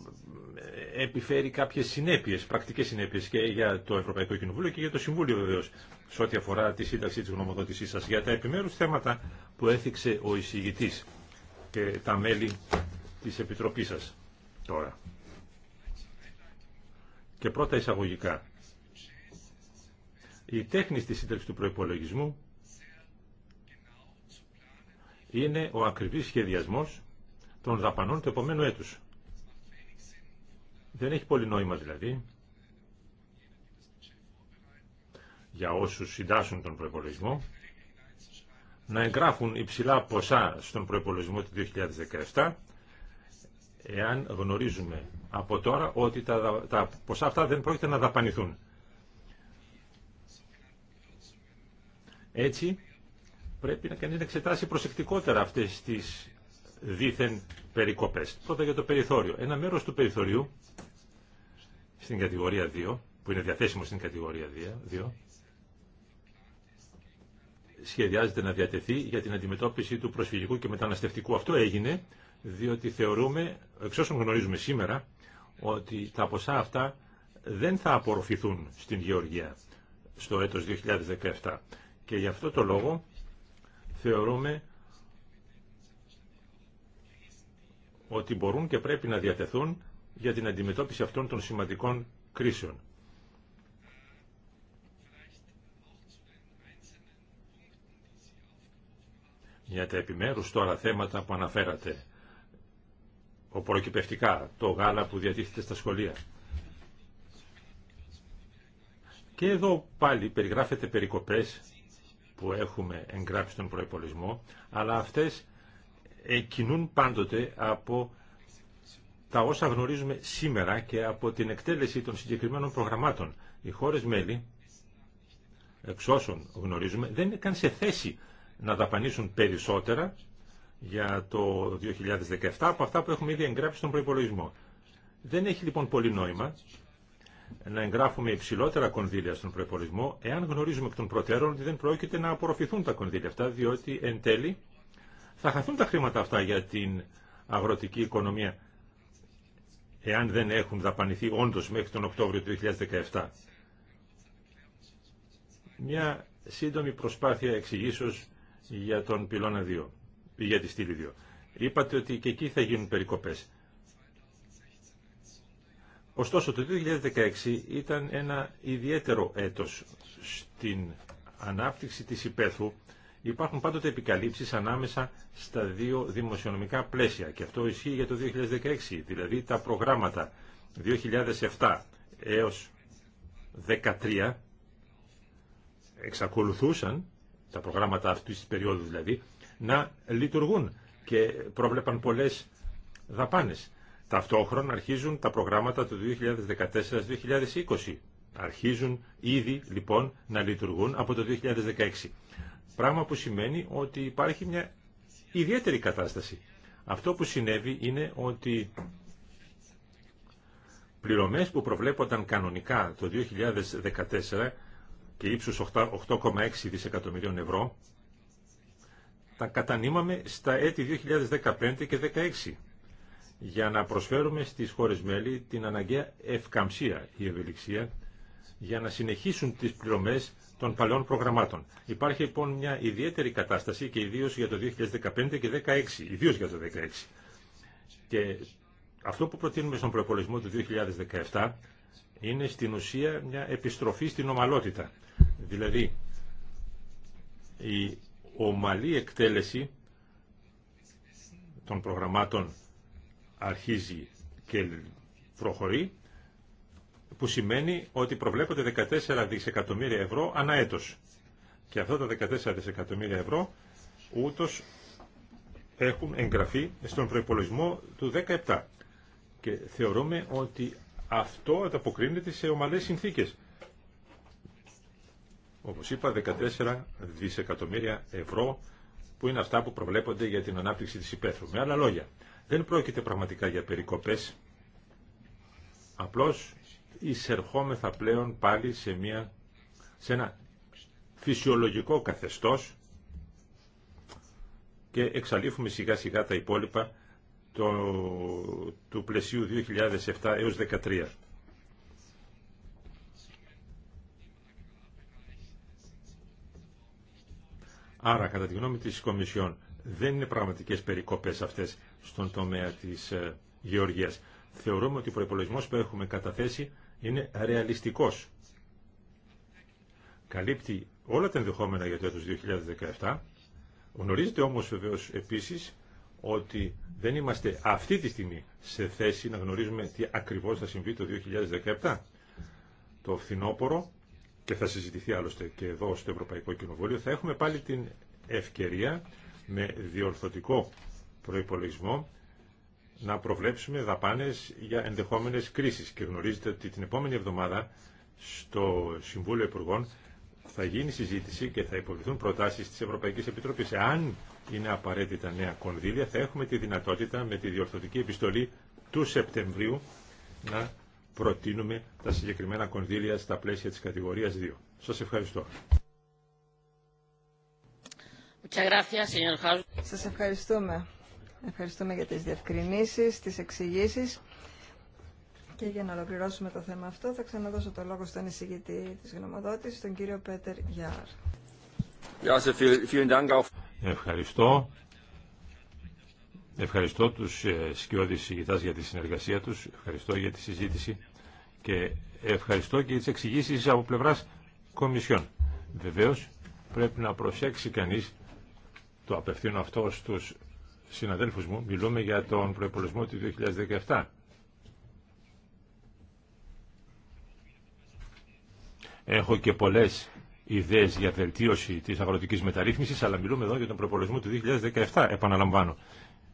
ε, επιφέρει κάποιες συνέπειε, πρακτικές συνέπειε και για το Ευρωπαϊκό Κοινοβούλιο και για το Συμβούλιο βεβαίω σε ό,τι αφορά τη σύνταξη τη γνωμοδότησής σας για τα επιμέρους θέματα που έθιξε ο εισηγητή και τα μέλη της Επιτροπής σας τώρα. Και πρώτα εισαγωγικά. Η τέχνη στη σύνταξη του προϋπολογισμού είναι ο ακριβής σχεδιασμός των δαπανών του επομένου έτους. Δεν έχει πολύ νόημα δηλαδή για όσους συντάσσουν τον προπολογισμό να εγγράφουν υψηλά ποσά στον προϋπολογισμό του 2017 εάν γνωρίζουμε από τώρα ότι τα, τα ποσά αυτά δεν πρόκειται να δαπανηθούν. Έτσι πρέπει να κανείς να εξετάσει προσεκτικότερα αυτές τις δίθεν περικοπές. Πρώτα για το περιθώριο. Ένα μέρος του περιθωρίου στην κατηγορία 2, που είναι διαθέσιμο στην κατηγορία 2, σχεδιάζεται να διατεθεί για την αντιμετώπιση του προσφυγικού και μεταναστευτικού. Αυτό έγινε διότι θεωρούμε, εξ όσων γνωρίζουμε σήμερα, ότι τα ποσά αυτά δεν θα απορροφηθούν στην Γεωργία στο έτος 2017. Και γι' αυτό το λόγο θεωρούμε ότι μπορούν και πρέπει να διατεθούν για την αντιμετώπιση αυτών των σημαντικών κρίσεων. Για τα επιμέρους τώρα θέματα που αναφέρατε, ο προκυπευτικά, το γάλα που διατίθεται στα σχολεία. Και εδώ πάλι περιγράφεται περικοπές που έχουμε εγγράψει στον προϋπολισμό, αλλά αυτές εκκινούν πάντοτε από τα όσα γνωρίζουμε σήμερα και από την εκτέλεση των συγκεκριμένων προγραμμάτων. Οι χώρες μέλη, εξ όσων γνωρίζουμε, δεν είναι καν σε θέση να δαπανίσουν περισσότερα για το 2017 από αυτά που έχουμε ήδη εγγράψει στον προϋπολογισμό. Δεν έχει λοιπόν πολύ νόημα να εγγράφουμε υψηλότερα κονδύλια στον προϋπολογισμό εάν γνωρίζουμε εκ τον προτέρων ότι δεν πρόκειται να απορροφηθούν τα κονδύλια αυτά, διότι εν τέλει θα χαθούν τα χρήματα αυτά για την αγροτική οικονομία εάν δεν έχουν δαπανηθεί όντως μέχρι τον Οκτώβριο του 2017. Μια σύντομη προσπάθεια εξηγήσεως για τον πυλώνα 2 για τη στήλη 2. Είπατε ότι και εκεί θα γίνουν περικοπές. Ωστόσο, το 2016 ήταν ένα ιδιαίτερο έτος στην ανάπτυξη της υπέθου Υπάρχουν πάντοτε επικαλύψεις ανάμεσα στα δύο δημοσιονομικά πλαίσια και αυτό ισχύει για το 2016, δηλαδή τα προγράμματα 2007 έως 2013 εξακολουθούσαν, τα προγράμματα αυτής της περίοδου δηλαδή, να λειτουργούν και πρόβλεπαν πολλές δαπάνες. Ταυτόχρονα αρχίζουν τα προγράμματα του 2014-2020. Αρχίζουν ήδη λοιπόν να λειτουργούν από το 2016. Πράγμα που σημαίνει ότι υπάρχει μια ιδιαίτερη κατάσταση. Αυτό που συνέβη είναι ότι πληρωμές που προβλέπονταν κανονικά το 2014 και ύψους 8,6 δισεκατομμυρίων ευρώ, τα κατανείμαμε στα έτη 2015 και 2016 για να προσφέρουμε στις χώρες μέλη την αναγκαία ευκαμψία ή ευελιξία για να συνεχίσουν τις πληρωμές των παλαιών προγραμμάτων. Υπάρχει λοιπόν μια ιδιαίτερη κατάσταση και ιδίως για το 2015 και 2016, ιδίως για το 2016. Και αυτό που προτείνουμε στον προπολογισμό του 2017 είναι στην ουσία μια επιστροφή στην ομαλότητα. Δηλαδή η ομαλή εκτέλεση των προγραμμάτων αρχίζει και προχωρεί που σημαίνει ότι προβλέπονται 14 δισεκατομμύρια ευρώ ανά έτος. Και αυτά τα 14 δισεκατομμύρια ευρώ ούτως έχουν εγγραφεί στον προϋπολογισμό του 17. Και θεωρούμε ότι αυτό ανταποκρίνεται σε ομαλές συνθήκες. Όπως είπα, 14 δισεκατομμύρια ευρώ που είναι αυτά που προβλέπονται για την ανάπτυξη της υπαίθρου. Με άλλα λόγια, δεν πρόκειται πραγματικά για περικοπές, απλώς εισερχόμεθα πλέον πάλι σε, μια, ένα φυσιολογικό καθεστώς και εξαλείφουμε σιγά σιγά τα υπόλοιπα το, του πλαισίου 2007 έως 2013. Άρα, κατά τη γνώμη της Κομισιόν, δεν είναι πραγματικές περικοπές αυτές στον τομέα της ε, γεωργίας. Θεωρούμε ότι ο προπολογισμό που έχουμε καταθέσει είναι ρεαλιστικός. Καλύπτει όλα τα ενδεχόμενα για το έτος 2017. Γνωρίζετε όμως βεβαίως επίσης ότι δεν είμαστε αυτή τη στιγμή σε θέση να γνωρίζουμε τι ακριβώς θα συμβεί το 2017. Το φθινόπωρο, και θα συζητηθεί άλλωστε και εδώ στο Ευρωπαϊκό Κοινοβούλιο, θα έχουμε πάλι την ευκαιρία με διορθωτικό προϋπολογισμό να προβλέψουμε δαπάνες για ενδεχόμενες κρίσεις. Και γνωρίζετε ότι την επόμενη εβδομάδα στο Συμβούλιο Υπουργών θα γίνει συζήτηση και θα υποβληθούν προτάσεις της Ευρωπαϊκής Επιτροπής. Αν είναι απαραίτητα νέα κονδύλια, θα έχουμε τη δυνατότητα με τη διορθωτική επιστολή του Σεπτεμβρίου να προτείνουμε τα συγκεκριμένα κονδύλια στα πλαίσια της κατηγορίας 2. Σας ευχαριστώ. Σας ευχαριστούμε. Ευχαριστούμε για τις διευκρινήσεις, τις εξηγήσεις. Και για να ολοκληρώσουμε το θέμα αυτό θα ξαναδώσω το λόγο στον εισηγητή της γνωμοδότησης, τον κύριο Πέτερ Γιάρ. Ευχαριστώ. Ευχαριστώ τους ε, σκιώδης για τη συνεργασία τους, ευχαριστώ για τη συζήτηση και ευχαριστώ και τις εξηγήσεις από πλευράς Κομισιόν. Βεβαίως πρέπει να προσέξει κανείς, το απευθύνω αυτό στους συναδέλφους μου, μιλούμε για τον προϋπολογισμό του 2017. Έχω και πολλές ιδέες για βελτίωση της αγροτικής μεταρρύθμισης, αλλά μιλούμε εδώ για τον προπολογισμό του 2017, επαναλαμβάνω,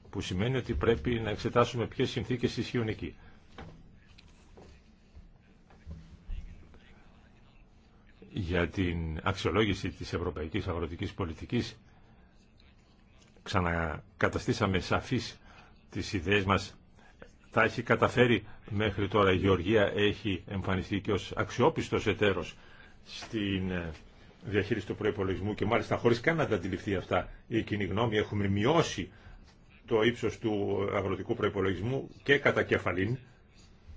που σημαίνει ότι πρέπει να εξετάσουμε ποιες συνθήκες ισχύουν εκεί. Για την αξιολόγηση της ευρωπαϊκής αγροτικής πολιτικής ξανακαταστήσαμε σαφείς τις ιδέες μας. Τα έχει καταφέρει μέχρι τώρα η Γεωργία, έχει εμφανιστεί και ως αξιόπιστος εταίρος στην ε, διαχείριση του προϋπολογισμού και μάλιστα χωρίς καν να τα αντιληφθεί αυτά η κοινή γνώμη έχουμε μειώσει το ύψος του αγροτικού προϋπολογισμού και κατά κεφαλήν.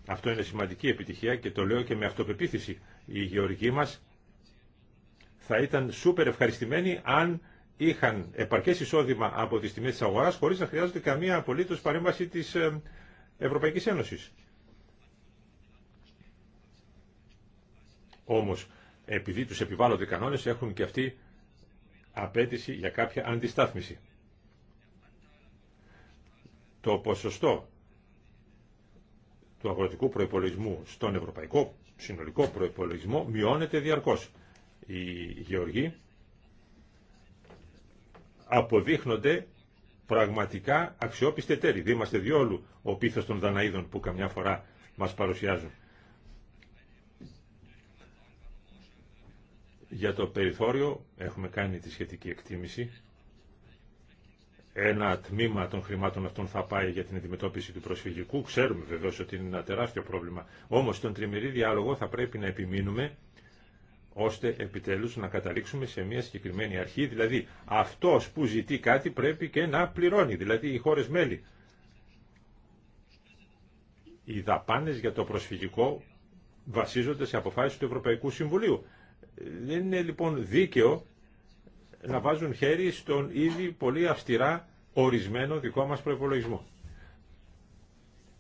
Αυτό είναι σημαντική επιτυχία και το λέω και με αυτοπεποίθηση. Η Γεωργία μας θα ήταν σούπερ ευχαριστημένη αν είχαν επαρκέ εισόδημα από τις τιμές τη αγορά χωρίς να χρειάζονται καμία απολύτως παρέμβαση της ε, Ευρωπαϊκής Ένωσης. Όμως, επειδή του επιβάλλονται κανόνε κανόνες, έχουν και αυτή απέτηση για κάποια αντιστάθμιση. Το ποσοστό του αγροτικού προϋπολογισμού στον ευρωπαϊκό συνολικό προϋπολογισμό μειώνεται διαρκώς. Οι γεωργοί αποδείχνονται πραγματικά αξιόπιστε τέρι. Δεν είμαστε διόλου ο πίθος των Δαναίδων που καμιά φορά μας παρουσιάζουν. Για το περιθώριο έχουμε κάνει τη σχετική εκτίμηση. Ένα τμήμα των χρημάτων αυτών θα πάει για την αντιμετώπιση του προσφυγικού. Ξέρουμε βεβαίως ότι είναι ένα τεράστιο πρόβλημα. Όμως στον τριμερή διάλογο θα πρέπει να επιμείνουμε ώστε επιτέλους να καταλήξουμε σε μια συγκεκριμένη αρχή, δηλαδή αυτός που ζητεί κάτι πρέπει και να πληρώνει, δηλαδή οι χώρες μέλη. Οι δαπάνες για το προσφυγικό βασίζονται σε αποφάσεις του Ευρωπαϊκού Συμβουλίου. Δεν είναι λοιπόν δίκαιο να βάζουν χέρι στον ήδη πολύ αυστηρά ορισμένο δικό μας προπολογισμό.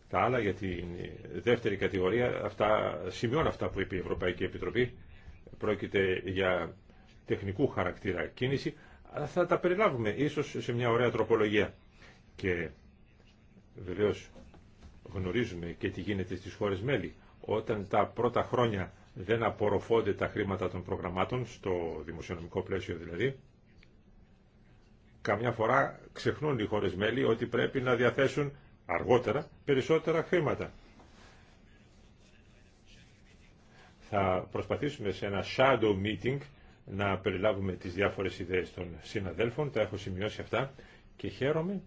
Τα άλλα για τη δεύτερη κατηγορία, αυτά, σημειώνω αυτά που είπε η Ευρωπαϊκή Επιτροπή, πρόκειται για τεχνικού χαρακτήρα κίνηση, θα τα περιλάβουμε ίσως σε μια ωραία τροπολογία. Και βεβαίως γνωρίζουμε και τι γίνεται στις χώρες μέλη. Όταν τα πρώτα χρόνια δεν απορροφώνται τα χρήματα των προγραμμάτων, στο δημοσιονομικό πλαίσιο δηλαδή, καμιά φορά ξεχνούν οι χώρες μέλη ότι πρέπει να διαθέσουν αργότερα περισσότερα χρήματα. θα προσπαθήσουμε σε ένα shadow meeting να περιλάβουμε τις διάφορες ιδέες των συναδέλφων, τα έχω σημειώσει αυτά και χαίρομαι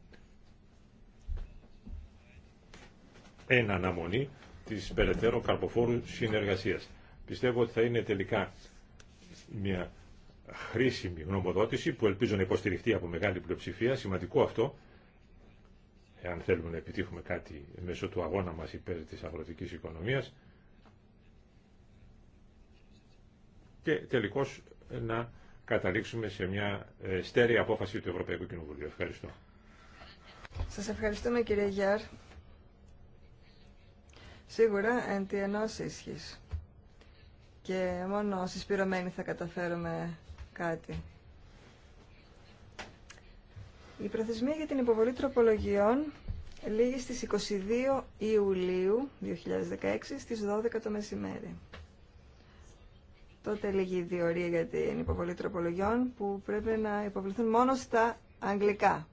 εν αναμονή της περαιτέρω καρποφόρου συνεργασίας. Πιστεύω ότι θα είναι τελικά μια χρήσιμη γνωμοδότηση που ελπίζω να υποστηριχτεί από μεγάλη πλειοψηφία, σημαντικό αυτό, εάν θέλουμε να επιτύχουμε κάτι μέσω του αγώνα μας υπέρ της αγροτικής οικονομίας, και τελικώς να καταλήξουμε σε μια ε, στέρεη απόφαση του Ευρωπαϊκού Κοινοβουλίου. Ευχαριστώ. Σας ευχαριστούμε κύριε Γιάρ. Σίγουρα εν τη ενός ίσχυς. Και μόνο συσπηρωμένοι θα καταφέρουμε κάτι. Η προθεσμία για την υποβολή τροπολογιών λήγει στις 22 Ιουλίου 2016 στις 12 το μεσημέρι. Τότε έλεγε η διορία για την υποβολή τροπολογιών που πρέπει να υποβληθούν μόνο στα αγγλικά.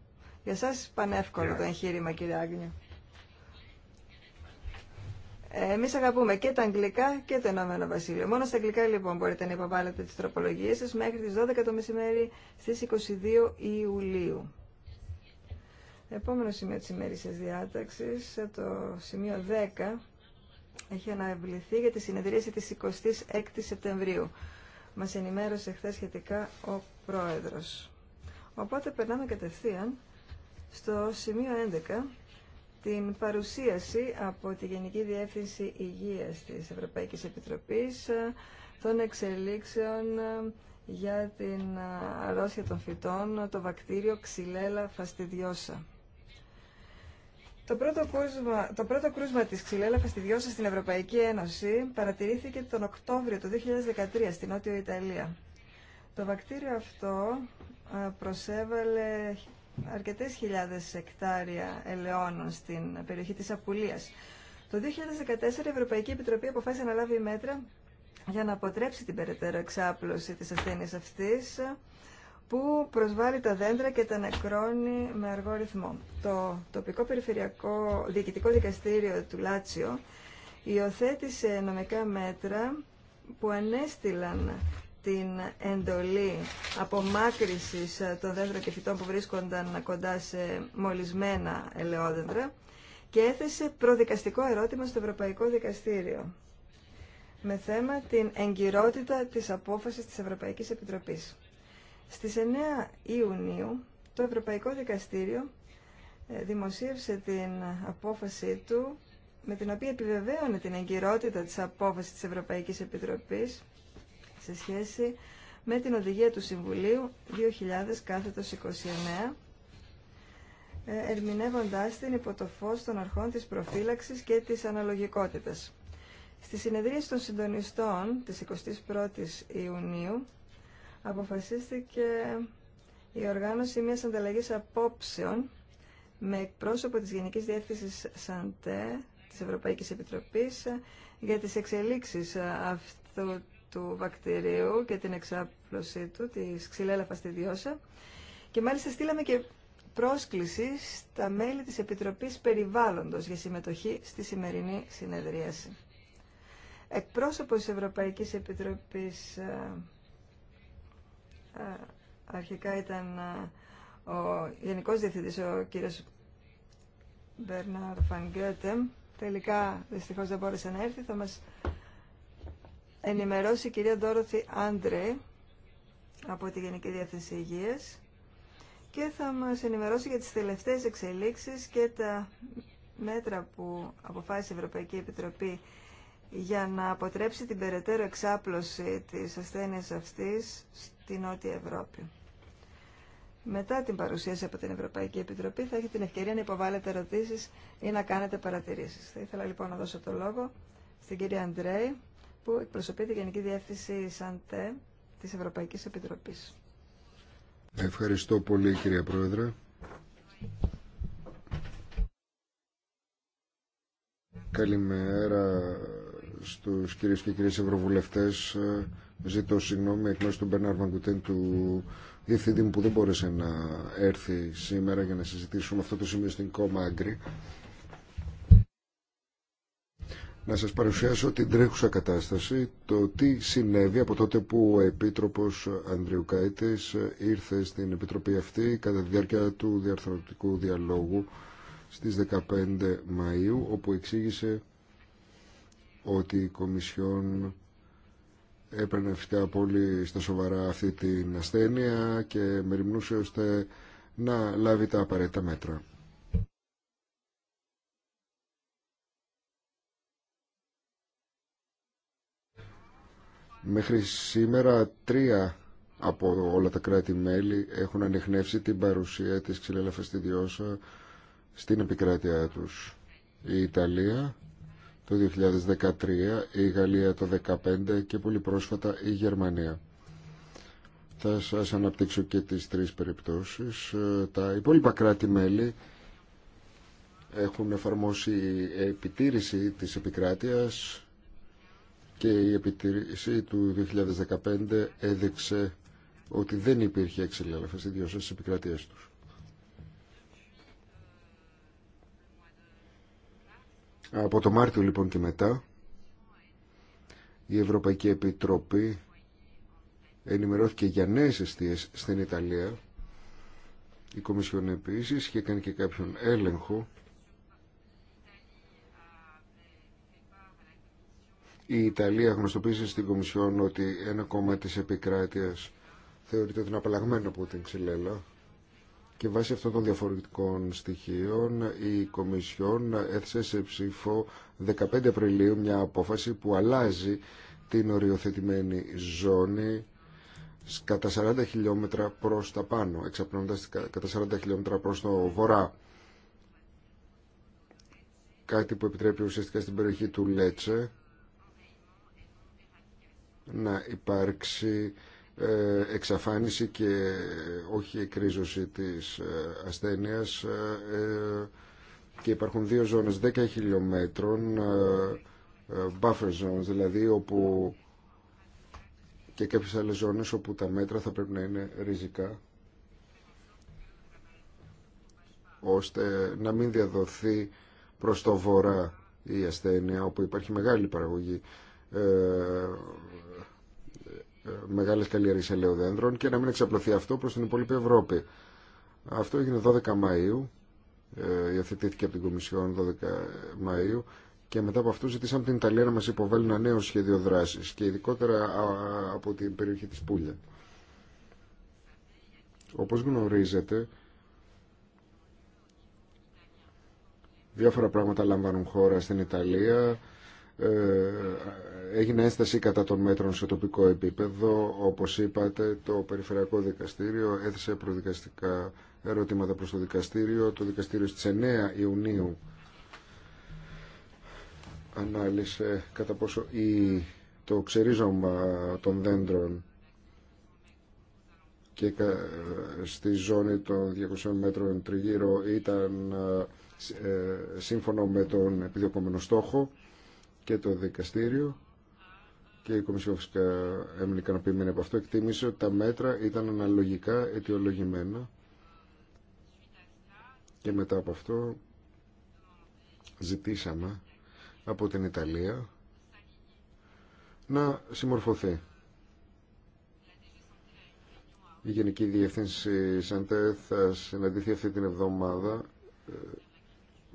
Για σας πανεύκολο το εγχείρημα κύριε Άγνιο. Εμείς αγαπούμε και τα αγγλικά και το Ηνωμένο Βασίλειο. Μόνο στα αγγλικά λοιπόν μπορείτε να υποβάλλετε τι τροπολογίε σας μέχρι τις 12 το μεσημέρι στις 22 Ιουλίου. Επόμενο σημείο τη ημέρησης διάταξη, το σημείο 10 έχει αναβληθεί για τη συνεδρίαση της 26 Σεπτεμβρίου. Μας ενημέρωσε χθε σχετικά ο Πρόεδρος. Οπότε περνάμε κατευθείαν στο σημείο 11 την παρουσίαση από τη Γενική Διεύθυνση Υγείας της Ευρωπαϊκής Επιτροπής ε, των εξελίξεων ε, για την ε, αρρώστια των φυτών, το βακτήριο Ξυλέλα φαστιδιώσα. Το πρώτο, κρούσμα, το πρώτο της ξυλέλαφας στη στην Ευρωπαϊκή Ένωση παρατηρήθηκε τον Οκτώβριο του 2013 στην Νότιο Ιταλία. Το βακτήριο αυτό ε, προσέβαλε αρκετές χιλιάδες εκτάρια ελαιώνων στην περιοχή της Απουλίας. Το 2014 η Ευρωπαϊκή Επιτροπή αποφάσισε να λάβει μέτρα για να αποτρέψει την περαιτέρω εξάπλωση της ασθένειας αυτής που προσβάλλει τα δέντρα και τα νεκρώνει με αργό ρυθμό. Το τοπικό περιφερειακό διοικητικό δικαστήριο του Λάτσιο υιοθέτησε νομικά μέτρα που ανέστηλαν την εντολή απομάκρυσης των δέντρων και φυτών που βρίσκονταν κοντά σε μολυσμένα ελαιόδεντρα και έθεσε προδικαστικό ερώτημα στο Ευρωπαϊκό Δικαστήριο με θέμα την εγκυρότητα της απόφασης της Ευρωπαϊκής Επιτροπής. Στις 9 Ιουνίου το Ευρωπαϊκό Δικαστήριο ε, δημοσίευσε την απόφαση του με την οποία επιβεβαίωνε την εγκυρότητα της απόφασης της Ευρωπαϊκής Επιτροπής σε σχέση με την οδηγία του Συμβουλίου 2000-29 ε, ερμηνεύοντάς την υπό το φως των αρχών της προφύλαξης και της αναλογικότητας. Στη συνεδρίαση των συντονιστών της 21ης Ιουνίου αποφασίστηκε η οργάνωση μιας ανταλλαγής απόψεων με εκπρόσωπο της Γενικής Διεύθυνσης ΣΑΝΤΕ της Ευρωπαϊκής Επιτροπής για τις εξελίξεις αυτού του βακτηρίου και την εξάπλωσή του, της ξυλέλα φαστιδιώσα. Και μάλιστα στείλαμε και πρόσκληση στα μέλη της Επιτροπής Περιβάλλοντος για συμμετοχή στη σημερινή συνεδρίαση. Εκπρόσωπος της Ευρωπαϊκής Επιτροπής ε, αρχικά ήταν ο Γενικός Διευθυντής, ο κύριος Μπέρναρ Φανγκέτε. Τελικά, δυστυχώς δεν μπόρεσε να έρθει. Θα μας ενημερώσει η κυρία Ντόροθι Άντρε από τη Γενική Διεύθυνση Υγείας και θα μας ενημερώσει για τις τελευταίες εξελίξεις και τα μέτρα που αποφάσισε η Ευρωπαϊκή Επιτροπή για να αποτρέψει την περαιτέρω εξάπλωση της ασθένειας αυτής στη Νότια Ευρώπη. Μετά την παρουσίαση από την Ευρωπαϊκή Επιτροπή θα έχετε την ευκαιρία να υποβάλλετε ερωτήσεις ή να κάνετε παρατηρήσεις. Θα ήθελα λοιπόν να δώσω το λόγο στην κυρία Αντρέη που εκπροσωπεί τη Γενική Διεύθυνση ΣΑΝΤΕ της Ευρωπαϊκής Επιτροπής. Ευχαριστώ πολύ κυρία Πρόεδρε. Καλημέρα στους κύριε και κυρίες ευρωβουλευτές. Ε, Ζήτω συγγνώμη εκ του Μπερνάρ Μαγκουτέν του διευθυντή μου που δεν μπόρεσε να έρθει σήμερα για να συζητήσουμε αυτό το σημείο στην κόμμα Άγκρη. Να σας παρουσιάσω την τρέχουσα κατάσταση, το τι συνέβη από τότε που ο Επίτροπος Καΐτης ήρθε στην Επιτροπή αυτή κατά τη διάρκεια του διαρθρωτικού διαλόγου στις 15 Μαΐου, όπου εξήγησε ότι η Κομισιόν έπαιρνε φυσικά πολύ στα σοβαρά αυτή την ασθένεια και μεριμνούσε ώστε να λάβει τα απαραίτητα μέτρα. Μέχρι σήμερα τρία από όλα τα κράτη-μέλη έχουν ανοιχνεύσει την παρουσία της ξυλέλαφας στην επικράτειά τους. Η Ιταλία, το 2013, η Γαλλία το 2015 και πολύ πρόσφατα η Γερμανία. Θα σας αναπτύξω και τις τρεις περιπτώσεις. Ε, τα υπόλοιπα κράτη-μέλη έχουν εφαρμόσει επιτήρηση της επικράτειας και η επιτήρηση του 2015 έδειξε ότι δεν υπήρχε εξελέλαφες δύο της επικρατείε τους. Από το Μάρτιο λοιπόν και μετά η Ευρωπαϊκή Επιτροπή ενημερώθηκε για νέες αιστείες στην Ιταλία. Η Κομισιόν επίσης και κάνει και κάποιον έλεγχο. Η Ιταλία γνωστοποίησε στην Κομισιόν ότι ένα κόμμα της επικράτειας θεωρείται ότι είναι απαλλαγμένο από την ξυλέλα και βάσει αυτών των διαφορετικών στοιχείων η Κομισιόν έθεσε σε ψήφο 15 Απριλίου μια απόφαση που αλλάζει την οριοθετημένη ζώνη κατά 40 χιλιόμετρα προς τα πάνω, εξαπλώνοντας κατά 40 χιλιόμετρα προς το βορρά. Κάτι που επιτρέπει ουσιαστικά στην περιοχή του Λέτσε να υπάρξει ε, εξαφάνιση και όχι εκρίζωση της ε, ασθένειας ε, και υπάρχουν δύο ζώνες 10 χιλιόμετρων buffer zones δηλαδή όπου και κάποιες άλλες ζώνες όπου τα μέτρα θα πρέπει να είναι ριζικά ώστε να μην διαδοθεί προς το βορρά η ασθένεια όπου υπάρχει μεγάλη παραγωγή ε, Μεγάλε καλλιέργειε ελαιοδέντρων και να μην εξαπλωθεί αυτό προ την υπόλοιπη Ευρώπη. Αυτό έγινε 12 Μαου, ε, υιοθετήθηκε από την Κομισιόν 12 Μαου και μετά από αυτό ζητήσαμε την Ιταλία να μα υποβάλει ένα νέο σχέδιο δράση και ειδικότερα από την περιοχή τη Πούλια. Όπω γνωρίζετε, διάφορα πράγματα λαμβάνουν χώρα στην Ιταλία ε, έγινε ένσταση κατά των μέτρων σε τοπικό επίπεδο. Όπως είπατε, το Περιφερειακό Δικαστήριο έθεσε προδικαστικά ερωτήματα προς το Δικαστήριο. Το Δικαστήριο στις 9 Ιουνίου ανάλυσε κατά πόσο η, το ξερίζωμα των δέντρων και στη ζώνη των 200 μέτρων τριγύρω ήταν ε, σύμφωνο με τον επιδιωκόμενο στόχο και το δικαστήριο και η Κομισιό φυσικά έμεινε ικανοποιημένη από αυτό, εκτίμησε ότι τα μέτρα ήταν αναλογικά αιτιολογημένα και μετά από αυτό ζητήσαμε από την Ιταλία να συμμορφωθεί. Η Γενική Διευθύνση Σαντέ θα συναντηθεί αυτή την εβδομάδα ε,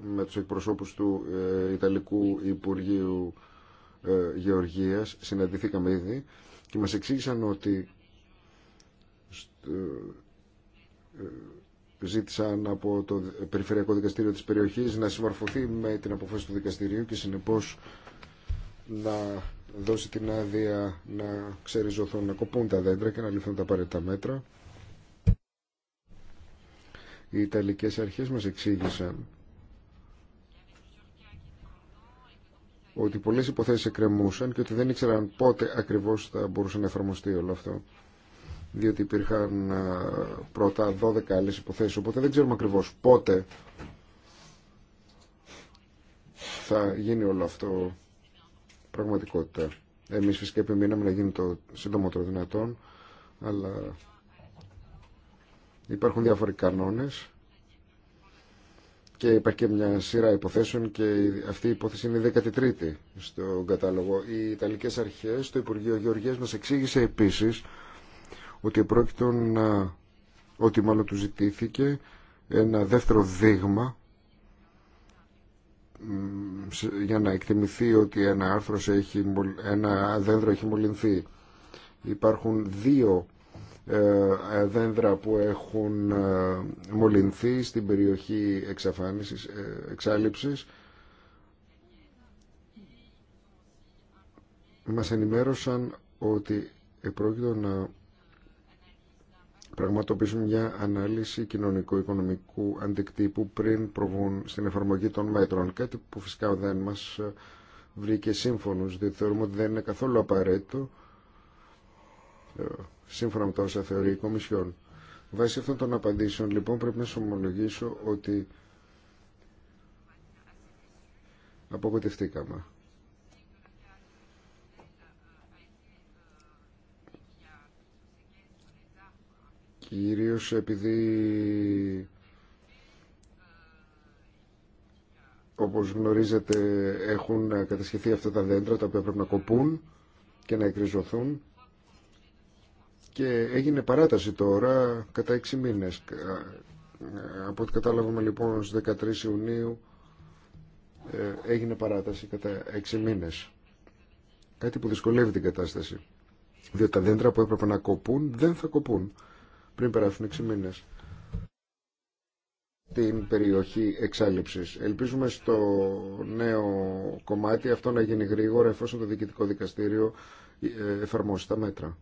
με τους εκπροσώπους του ε, Ιταλικού Υπουργείου ε, Γεωργίας συναντηθήκαμε ήδη και μας εξήγησαν ότι ε, ζήτησαν από το Περιφερειακό Δικαστήριο της περιοχής να συμμορφωθεί με την αποφάση του δικαστηρίου και συνεπώς να δώσει την άδεια να ξεριζωθούν, να κοπούν τα δέντρα και να λυθούν τα απαραίτητα μέτρα. Οι Ιταλικές αρχές μας εξήγησαν ότι πολλές υποθέσεις εκκρεμούσαν και ότι δεν ήξεραν πότε ακριβώς θα μπορούσε να εφαρμοστεί όλο αυτό. Διότι υπήρχαν πρώτα 12 άλλες υποθέσεις, οπότε δεν ξέρουμε ακριβώς πότε θα γίνει όλο αυτό πραγματικότητα. Εμείς φυσικά επιμείναμε να γίνει το σύντομο των δυνατόν, αλλά υπάρχουν διάφοροι κανόνες και υπάρχει και μια σειρά υποθέσεων και αυτή η υπόθεση είναι η 13η στον κατάλογο. Οι Ιταλικές Αρχές, το Υπουργείο Γεωργίας μας εξήγησε επίσης ότι πρόκειτο να, ότι μάλλον του ζητήθηκε ένα δεύτερο δείγμα για να εκτιμηθεί ότι ένα, άρθρος έχει, ένα δέντρο έχει μολυνθεί. Υπάρχουν δύο ε, δένδρα που έχουν ε, μολυνθεί στην περιοχή εξαφάνισης, ε, εξάλληψης. Μας ενημέρωσαν ότι επρόκειτο να πραγματοποιήσουν μια ανάλυση κοινωνικο-οικονομικού αντικτύπου πριν προβούν στην εφαρμογή των μέτρων. Κάτι που φυσικά δεν μας βρήκε σύμφωνος, διότι θεωρούμε ότι δεν είναι καθόλου απαραίτητο ε, σύμφωνα με τα όσα θεωρεί η Κομισιόν. Βάσει αυτών των απαντήσεων, λοιπόν, πρέπει να σου ομολογήσω ότι απογοητευτήκαμε. Κυρίως επειδή, όπως γνωρίζετε, έχουν κατασχεθεί αυτά τα δέντρα τα οποία πρέπει να κοπούν και να εκριζωθούν και έγινε παράταση τώρα κατά 6 μήνες. Ε, από ό,τι κατάλαβαμε λοιπόν στις 13 Ιουνίου ε, έγινε παράταση κατά 6 μήνες. Κάτι που δυσκολεύει την κατάσταση. Διότι τα δέντρα που έπρεπε να κοπούν δεν θα κοπούν πριν περάσουν 6 μήνες την περιοχή εξάλληψης. Ελπίζουμε στο νέο κομμάτι αυτό να γίνει γρήγορα εφόσον το Διοικητικό Δικαστήριο ε, εφαρμόσει τα μέτρα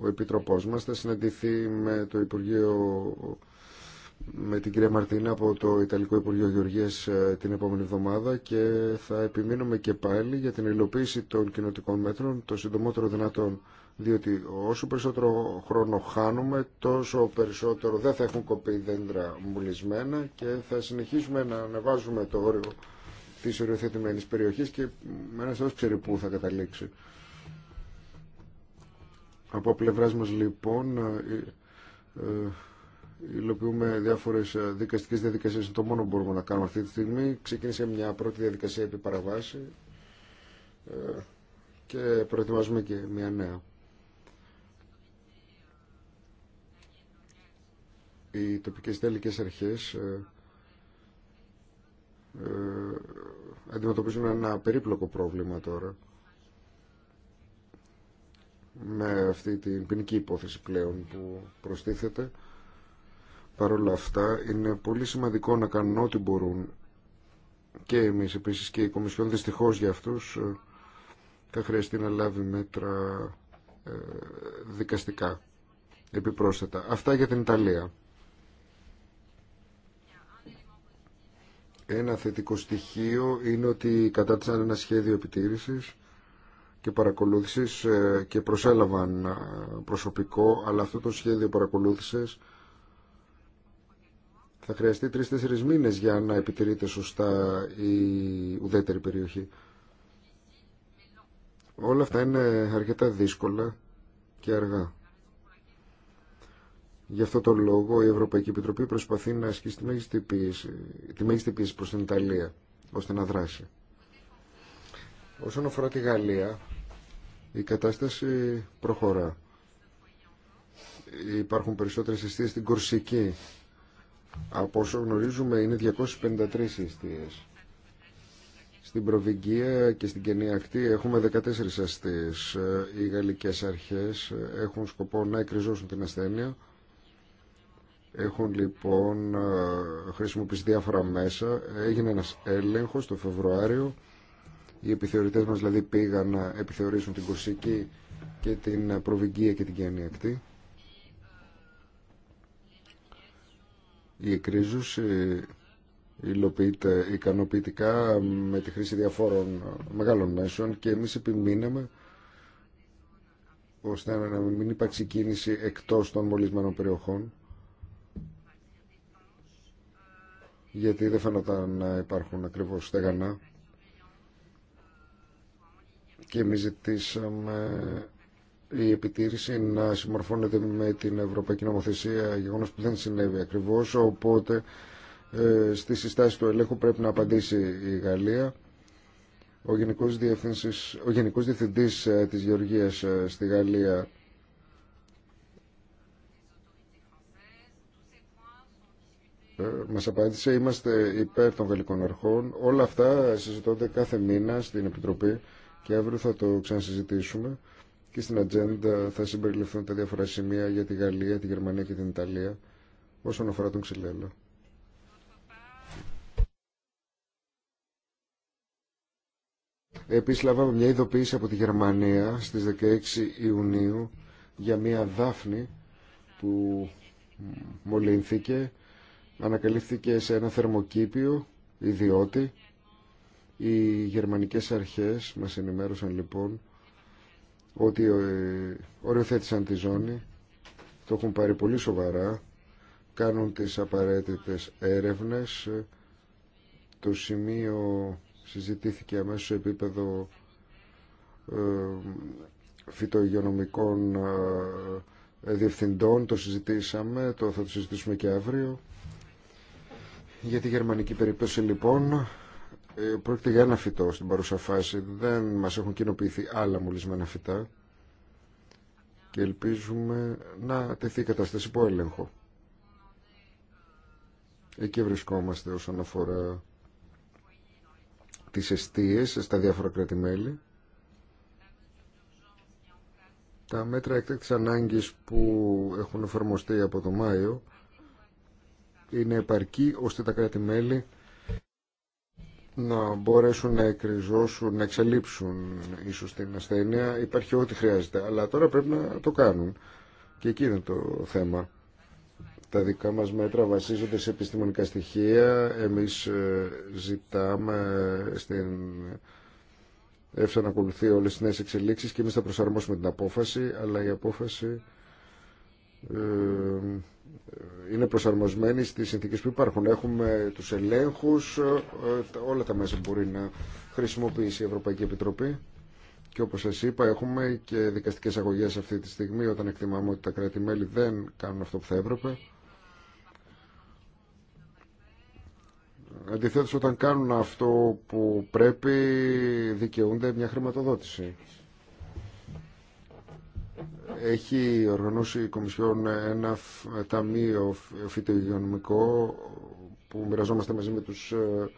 ο Επιτροπός μας θα συναντηθεί με το Υπουργείο με την κυρία Μαρτίνα από το Ιταλικό Υπουργείο Γεωργίας ε, την επόμενη εβδομάδα και θα επιμείνουμε και πάλι για την υλοποίηση των κοινοτικών μέτρων το συντομότερο δυνατόν διότι όσο περισσότερο χρόνο χάνουμε τόσο περισσότερο δεν θα έχουν κοπεί δέντρα μουλισμένα και θα συνεχίσουμε να ανεβάζουμε το όριο της οριοθετημένης περιοχής και ένας ξέρει πού θα καταλήξει. Από πλευρά μα λοιπόν ε, ε, υλοποιούμε διάφορες ε, δικαστικές διαδικασίες. Το μόνο που μπορούμε να κάνουμε αυτή τη στιγμή. Ξεκίνησε μια πρώτη διαδικασία επί παραβάση και προετοιμάζουμε και μια νέα. Οι τοπικές τελικέ αρχές αντιμετωπίζουν ένα περίπλοκο πρόβλημα τώρα με αυτή την ποινική υπόθεση πλέον που προστίθεται. Παρ' όλα αυτά είναι πολύ σημαντικό να κάνουν ό,τι μπορούν και εμείς επίσης και η Κομισιόν δυστυχώς για αυτούς ε, θα χρειαστεί να λάβει μέτρα ε, δικαστικά επιπρόσθετα. Αυτά για την Ιταλία. Ένα θετικό στοιχείο είναι ότι κατάτησαν ένα σχέδιο επιτήρησης και παρακολούθησης ε, και προσέλαβαν ε, προσωπικό, αλλά αυτό το σχέδιο παρακολούθησης θα χρειαστεί τρεις-τέσσερις μήνες για να επιτηρείται σωστά η ουδέτερη περιοχή. Όλα αυτά είναι αρκετά δύσκολα και αργά. Γι' αυτό το λόγο η Ευρωπαϊκή Επιτροπή προσπαθεί να ασκήσει τη μέγιστη πίεση, τη μέγιστη πίεση την Ιταλία, ώστε να δράσει. Όσον αφορά τη Γαλλία, η κατάσταση προχωρά. Υπάρχουν περισσότερες αιστείες στην Κορσική. Από όσο γνωρίζουμε είναι 253 αιστείες. Στην Προβυγγία και στην Κενιακτή έχουμε 14 αστείες. Οι γαλλικές αρχές έχουν σκοπό να εκκριζώσουν την ασθένεια. Έχουν λοιπόν ε, χρησιμοποιήσει διάφορα μέσα. Έγινε ένας έλεγχος το Φεβρουάριο οι επιθεωρητές μας δηλαδή πήγαν να επιθεωρήσουν την Κωσική και την Προβυγγία και την Κιανιακτή. Η εκρίζωση ε, υλοποιείται ικανοποιητικά με τη χρήση διαφόρων ε, μεγάλων μέσων και εμείς επιμείναμε ώστε να μην υπάρξει κίνηση εκτός των μολυσμένων περιοχών γιατί δεν φαίνονταν να υπάρχουν ακριβώς στεγανά και εμείς ζητήσαμε η επιτήρηση να συμμορφώνεται με την Ευρωπαϊκή Νομοθεσία, γεγονός που δεν συνέβη ακριβώς, οπότε ε, στη συστάση του ελέγχου πρέπει να απαντήσει η Γαλλία. Ο Γενικός, Διευθυντή ο Γενικός Διευθυντής ε, της Γεωργίας ε, στη Γαλλία μας απάντησε είμαστε υπέρ των γαλλικών αρχών. Όλα αυτά συζητώνται κάθε μήνα στην Επιτροπή και αύριο θα το ξανασυζητήσουμε και στην ατζέντα θα συμπεριληφθούν τα διάφορα σημεία για τη Γαλλία, τη Γερμανία και την Ιταλία όσον αφορά τον ξυλέλο. Επίσης λάβαμε μια ειδοποίηση από τη Γερμανία στις 16 Ιουνίου για μια δάφνη που μολυνθήκε, ανακαλύφθηκε σε ένα θερμοκήπιο ιδιώτη οι γερμανικές αρχές μας ενημέρωσαν λοιπόν ότι ε, οριοθέτησαν τη ζώνη, το έχουν πάρει πολύ σοβαρά, κάνουν τις απαραίτητες έρευνες. Το σημείο συζητήθηκε αμέσως σε επίπεδο ε, φυτογειονομικών ε, διευθυντών, το συζητήσαμε, το θα το συζητήσουμε και αύριο. Για τη γερμανική περίπτωση λοιπόν ε, πρόκειται για ένα φυτό στην παρούσα φάση. Δεν μας έχουν κοινοποιηθεί άλλα μολυσμένα φυτά και ελπίζουμε να τεθεί η κατάσταση υπό έλεγχο. Εκεί βρισκόμαστε όσον αφορά τις αιστείες στα διάφορα κράτη-μέλη. Τα μέτρα εκτέκτη ανάγκης που έχουν εφαρμοστεί από το Μάιο είναι επαρκή ώστε τα κράτη-μέλη να μπορέσουν να εκριζώσουν, να εξελίψουν ίσως την ασθένεια. Υπάρχει ό,τι χρειάζεται. Αλλά τώρα πρέπει να το κάνουν. Και εκεί είναι το θέμα. Τα δικά μας μέτρα βασίζονται σε επιστημονικά στοιχεία. Εμείς ε, ζητάμε στην ΕΦΣΑ να ακολουθεί όλες τις νέες εξελίξεις και εμείς θα προσαρμόσουμε την απόφαση, αλλά η απόφαση ε, είναι προσαρμοσμένοι στις συνθήκες που υπάρχουν. Έχουμε τους ελέγχους, ε, όλα τα μέσα μπορεί να χρησιμοποιήσει η Ευρωπαϊκή Επιτροπή. Και όπως σας είπα έχουμε και δικαστικές αγωγές αυτή τη στιγμή όταν εκτιμάμε ότι τα κράτη-μέλη δεν κάνουν αυτό που θα έπρεπε. Αντιθέτως όταν κάνουν αυτό που πρέπει δικαιούνται μια χρηματοδότηση έχει οργανώσει η Κομισιόν ένα ταμείο φυτογειονομικό που μοιραζόμαστε μαζί με τους ε,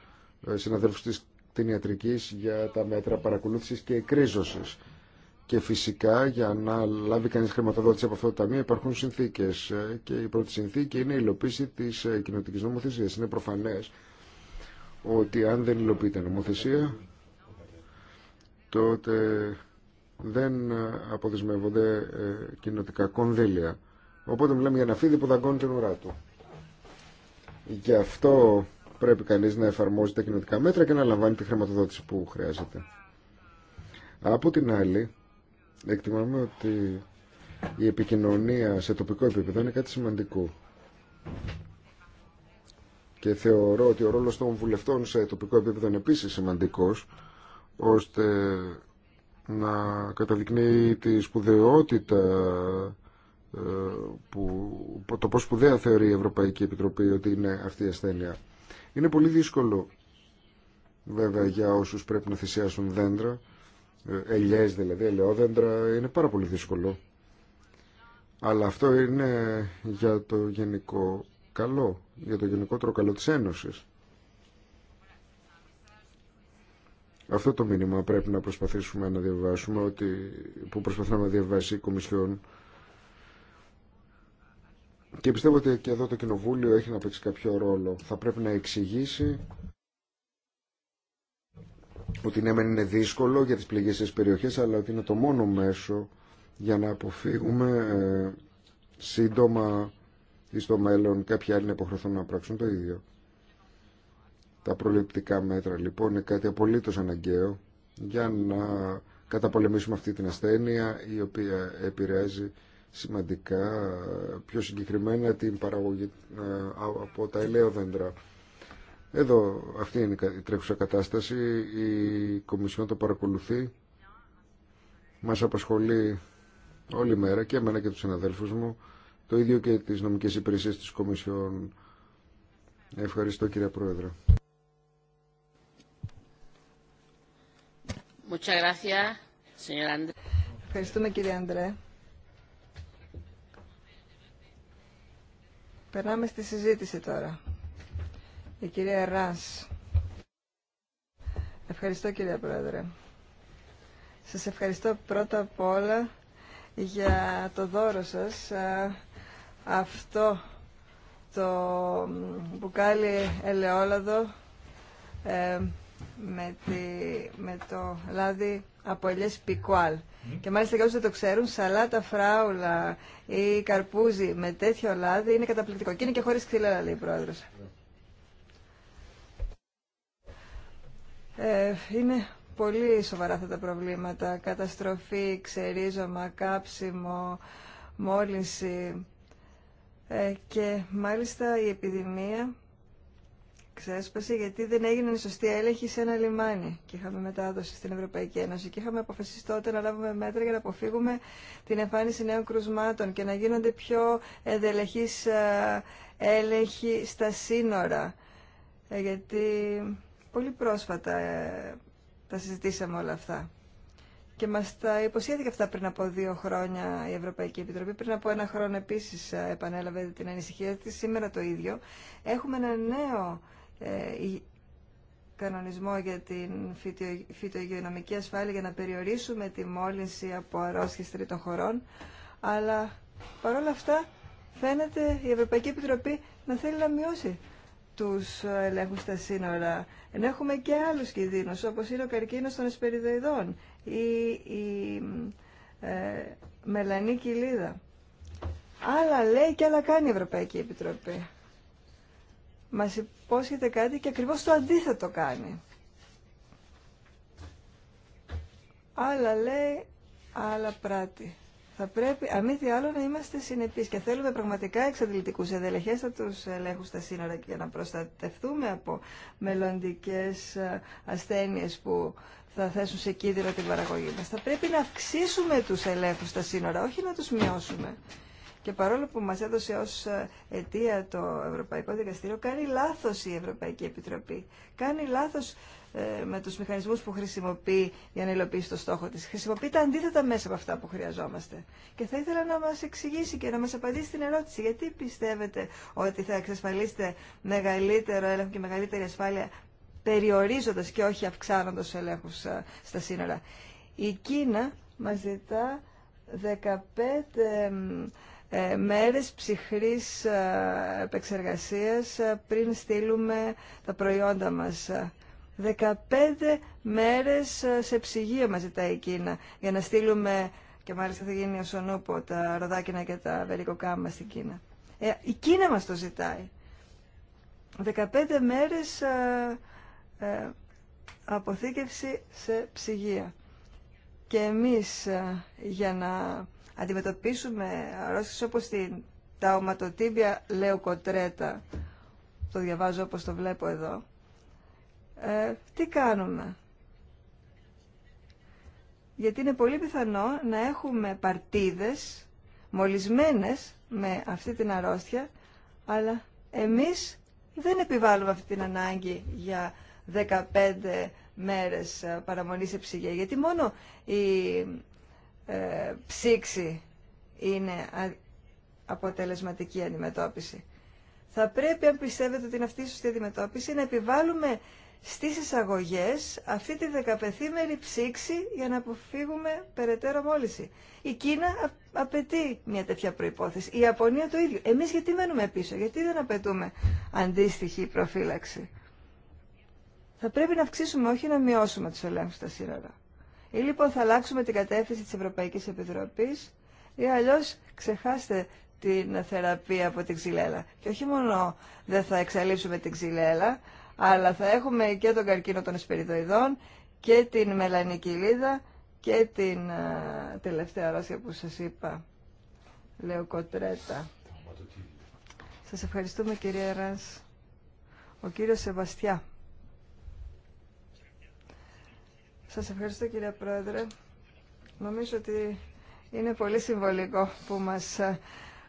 ε, συναδέλφους της Ιατρικής για τα μέτρα παρακολούθησης και εκρίζωσης. Και φυσικά για να λάβει κανείς χρηματοδότηση από αυτό το ταμείο υπάρχουν συνθήκες ε, και η πρώτη συνθήκη είναι η υλοποίηση της κοινωτικής νομοθεσίας. Είναι προφανές ότι αν δεν υλοποιείται νομοθεσία τότε δεν ε, αποδεσμεύονται ε, κοινοτικά κονδύλια. Οπότε μιλάμε για ένα φίδι που δαγκώνει την ουρά του. Γι' αυτό πρέπει κανείς να εφαρμόζει τα κοινοτικά μέτρα και να λαμβάνει τη χρηματοδότηση που χρειάζεται. Από την άλλη, εκτιμάμε ότι η επικοινωνία σε τοπικό επίπεδο είναι κάτι σημαντικό. Και θεωρώ ότι ο ρόλος των βουλευτών σε τοπικό επίπεδο είναι επίσης σημαντικός, ώστε να καταδεικνύει τη σπουδαιότητα ε, που, το πώς σπουδαία θεωρεί η Ευρωπαϊκή Επιτροπή ότι είναι αυτή η ασθένεια. Είναι πολύ δύσκολο βέβαια για όσους πρέπει να θυσιάσουν δέντρα, ε, ελιές δηλαδή, ελαιόδέντρα, είναι πάρα πολύ δύσκολο. Αλλά αυτό είναι για το γενικό καλό, για το γενικότερο καλό της Ένωσης. Αυτό το μήνυμα πρέπει να προσπαθήσουμε να διαβάσουμε ότι, που προσπαθούμε να διαβάσει η Κομισιόν και πιστεύω ότι και εδώ το Κοινοβούλιο έχει να παίξει κάποιο ρόλο. Θα πρέπει να εξηγήσει ότι ναι μεν είναι δύσκολο για τις πληγές περιοχές αλλά ότι είναι το μόνο μέσο για να αποφύγουμε ε, σύντομα ή στο μέλλον κάποιοι άλλοι να υποχρεωθούν να πράξουν το ίδιο. Τα προληπτικά μέτρα λοιπόν είναι κάτι απολύτως αναγκαίο για να καταπολεμήσουμε αυτή την ασθένεια η οποία επηρεάζει σημαντικά πιο συγκεκριμένα την παραγωγή ε, από τα ελαιόδεντρα. Εδώ αυτή είναι η τρέχουσα κατάσταση. Η Κομισιόν το παρακολουθεί. Μας απασχολεί όλη μέρα και εμένα και τους συναδέλφους μου. Το ίδιο και τις νομικές υπηρεσίες της Κομισιόν. Ευχαριστώ κύριε Πρόεδρε. Ευχαριστούμε κύριε Αντρέ. Περνάμε στη συζήτηση τώρα. Η κυρία Ράς. Ευχαριστώ κύριε Πρόεδρε. Σας ευχαριστώ πρώτα απ' όλα για το δώρο σας. Αυτό το μπουκάλι ελαιόλαδο ε, με, το λάδι από ελιές πικουάλ. Και μάλιστα για όσους δεν το ξέρουν, σαλάτα φράουλα ή καρπούζι με τέτοιο λάδι είναι καταπληκτικό. Και είναι και χωρίς ξύλα, λέει η πρόεδρος. Ε, είναι πολύ σοβαρά αυτά τα προβλήματα. Καταστροφή, ξερίζωμα, κάψιμο, μόλυνση. Ε, και μάλιστα η επιδημία ξέσπασε γιατί δεν έγιναν σωστοί έλεγχοι σε ένα λιμάνι και είχαμε μετάδοση στην Ευρωπαϊκή Ένωση και είχαμε αποφασίσει τότε να λάβουμε μέτρα για να αποφύγουμε την εμφάνιση νέων κρουσμάτων και να γίνονται πιο εντελεχείς ε, έλεγχοι στα σύνορα ε, γιατί πολύ πρόσφατα ε, τα συζητήσαμε όλα αυτά. Και μας τα υποσχέθηκε αυτά πριν από δύο χρόνια η Ευρωπαϊκή Επιτροπή. Πριν από ένα χρόνο επίσης επανέλαβε την ανησυχία της. Σήμερα το ίδιο. Έχουμε ένα νέο ε, κανονισμό για την φυτογεωνομική ασφάλεια για να περιορίσουμε τη μόλυνση από αρρώσχε τρίτων χωρών, αλλά παρόλα αυτά φαίνεται η Ευρωπαϊκή Επιτροπή να θέλει να μειώσει τους ελέγχους στα σύνορα. Έχουμε και άλλους κινδύνους, όπως είναι ο καρκίνος των εσπεριδοειδών ή η ε, μελανή κοιλίδα. Άλλα λέει και άλλα κάνει η Ευρωπαϊκή Επιτροπή. Μας υπόσχεται κάτι και ακριβώς το αντίθετο κάνει. Άλλα λέει, άλλα πράττει. Θα πρέπει, αν άλλο, να είμαστε συνεπείς και θέλουμε πραγματικά εξαντλητικούς εδελεχές τους ελέγχους στα σύνορα και να προστατευτούμε από μελλοντικέ ε, ασθένειες που θα θέσουν σε κίνδυνο την παραγωγή μας. Θα πρέπει να αυξήσουμε τους ελέγχους στα σύνορα, όχι να τους μειώσουμε. Και παρόλο που μας έδωσε ως ε, αιτία το Ευρωπαϊκό Δικαστήριο, κάνει λάθος η Ευρωπαϊκή Επιτροπή. Κάνει λάθος ε, με τους μηχανισμούς που χρησιμοποιεί για να υλοποιήσει το στόχο της. Χρησιμοποιεί τα αντίθετα μέσα από αυτά που χρειαζόμαστε. Και θα ήθελα να μας εξηγήσει και να μας απαντήσει την ερώτηση γιατί πιστεύετε ότι θα εξασφαλίσετε μεγαλύτερο έλεγχο και μεγαλύτερη ασφάλεια περιορίζοντας και όχι αυξάνοντας ελέγχους ε, στα σύνορα. Η Κίνα μας ζητά 15 ε, μέρες ψυχρής ε, επεξεργασίας ε, πριν στείλουμε τα προϊόντα μας. 15 μέρες σε ψυγείο μας ζητάει η Κίνα για να στείλουμε και μάλιστα θα γίνει ο Σονούπο τα ροδάκινα και τα βερικοκάμα στην Κίνα. η Κίνα μας το ζητάει. 15 μέρες αποθήκευση σε ψυγεία. Και εμείς για να αντιμετωπίσουμε αρρώστιες όπως την, τα οματοτύπια λεοκοτρέτα, το διαβάζω όπως το βλέπω εδώ, ε, τι κάνουμε. Γιατί είναι πολύ πιθανό να έχουμε παρτίδες μολυσμένες με αυτή την αρρώστια, αλλά εμείς δεν επιβάλλουμε αυτή την ανάγκη για 15 μέρες παραμονή σε ψυγεία, γιατί μόνο οι ε, ψήξη είναι αποτελεσματική αντιμετώπιση. Θα πρέπει, αν πιστεύετε ότι είναι αυτή η σωστή αντιμετώπιση, να επιβάλλουμε στις εισαγωγές αυτή τη δεκαπεθήμερη ψήξη για να αποφύγουμε περαιτέρω μόλυση. Η Κίνα απαιτεί μια τέτοια προϋπόθεση. Η Ιαπωνία το ίδιο. Εμείς γιατί μένουμε πίσω, γιατί δεν απαιτούμε αντίστοιχη προφύλαξη. Θα πρέπει να αυξήσουμε, όχι να μειώσουμε τους ελέγχους στα σύνορα. Ή λοιπόν θα αλλάξουμε την κατεύθυνση της Ευρωπαϊκής Επιτροπής ή αλλιώς ξεχάστε την θεραπεία από την ξηλέλα. Και όχι μόνο δεν θα εξαλείψουμε την ξυλέλα, αλλά θα έχουμε και τον καρκίνο των εσπεριδοειδών και την μελανική λίδα και την τελευταία αρρώστια που σας είπα, λεοκοτρέτα. Σας ευχαριστούμε κυρία Ρανς. Ο κύριος Σεβαστιά. Σας ευχαριστώ κύριε Πρόεδρε. Νομίζω ότι είναι πολύ συμβολικό που μας ε,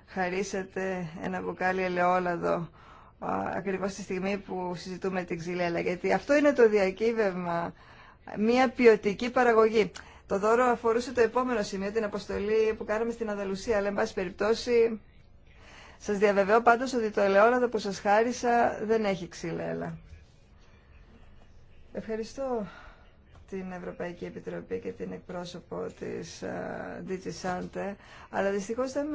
χαρίσετε ένα μπουκάλι ελαιόλαδο ακριβώς τη στιγμή που συζητούμε την ξυλέλα. Γιατί αυτό είναι το διακύβευμα, μια ποιοτική παραγωγή. Το δώρο αφορούσε το επόμενο σημείο, την αποστολή που κάναμε στην Ανταλουσία. Αλλά, εν πάση περιπτώσει, σας διαβεβαιώ πάντως ότι το ελαιόλαδο που σας χάρισα δεν έχει ξυλέλα. Ευχαριστώ την Ευρωπαϊκή Επιτροπή και την εκπρόσωπο της ε, DG Sante, αλλά δυστυχώς δεν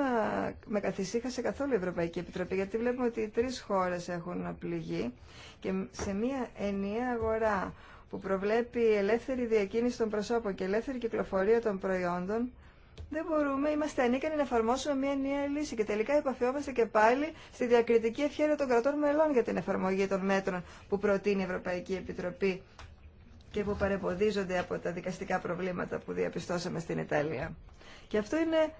με καθησύχασε καθόλου η Ευρωπαϊκή Επιτροπή, γιατί βλέπουμε ότι οι τρεις χώρες έχουν πληγεί και σε μια ενιαία αγορά που προβλέπει ελεύθερη διακίνηση των προσώπων και ελεύθερη κυκλοφορία των προϊόντων, δεν μπορούμε, είμαστε ανίκανοι να εφαρμόσουμε μια νέα λύση και τελικά επαφιόμαστε και πάλι στη διακριτική ευχαίρεια των κρατών μελών για την εφαρμογή των μέτρων που προτείνει η Ευρωπαϊκή Επιτροπή και που παρεμποδίζονται από τα δικαστικά προβλήματα που διαπιστώσαμε στην Ιταλία. Και αυτό είναι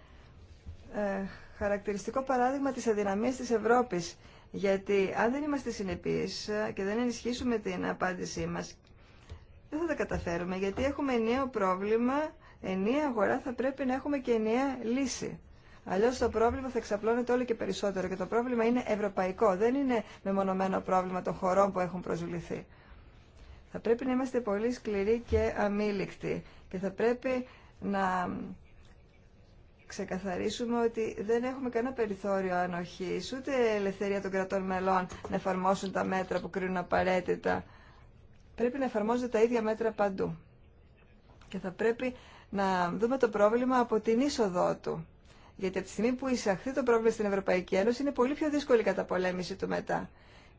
ε, χαρακτηριστικό παράδειγμα της αδυναμίας της Ευρώπης. Γιατί αν δεν είμαστε συνεπείς ε, και δεν ενισχύσουμε την απάντησή μας, δεν θα τα καταφέρουμε. Γιατί έχουμε ενιαίο πρόβλημα, ενιαία αγορά, θα πρέπει να έχουμε και ενιαία λύση. Αλλιώ το πρόβλημα θα εξαπλώνεται όλο και περισσότερο. Και το πρόβλημα είναι ευρωπαϊκό. Δεν είναι μεμονωμένο πρόβλημα των χωρών που έχουν προσβληθεί. Θα πρέπει να είμαστε πολύ σκληροί και αμήλικτοι και θα πρέπει να ξεκαθαρίσουμε ότι δεν έχουμε κανένα περιθώριο ανοχής, ούτε ελευθερία των κρατών μελών να εφαρμόσουν τα μέτρα που κρίνουν απαραίτητα. Πρέπει να εφαρμόζονται τα ίδια μέτρα παντού. Και θα πρέπει να δούμε το πρόβλημα από την είσοδό του. Γιατί από τη στιγμή που εισαχθεί το πρόβλημα στην Ευρωπαϊκή Ένωση είναι πολύ πιο δύσκολη η καταπολέμηση του μετά.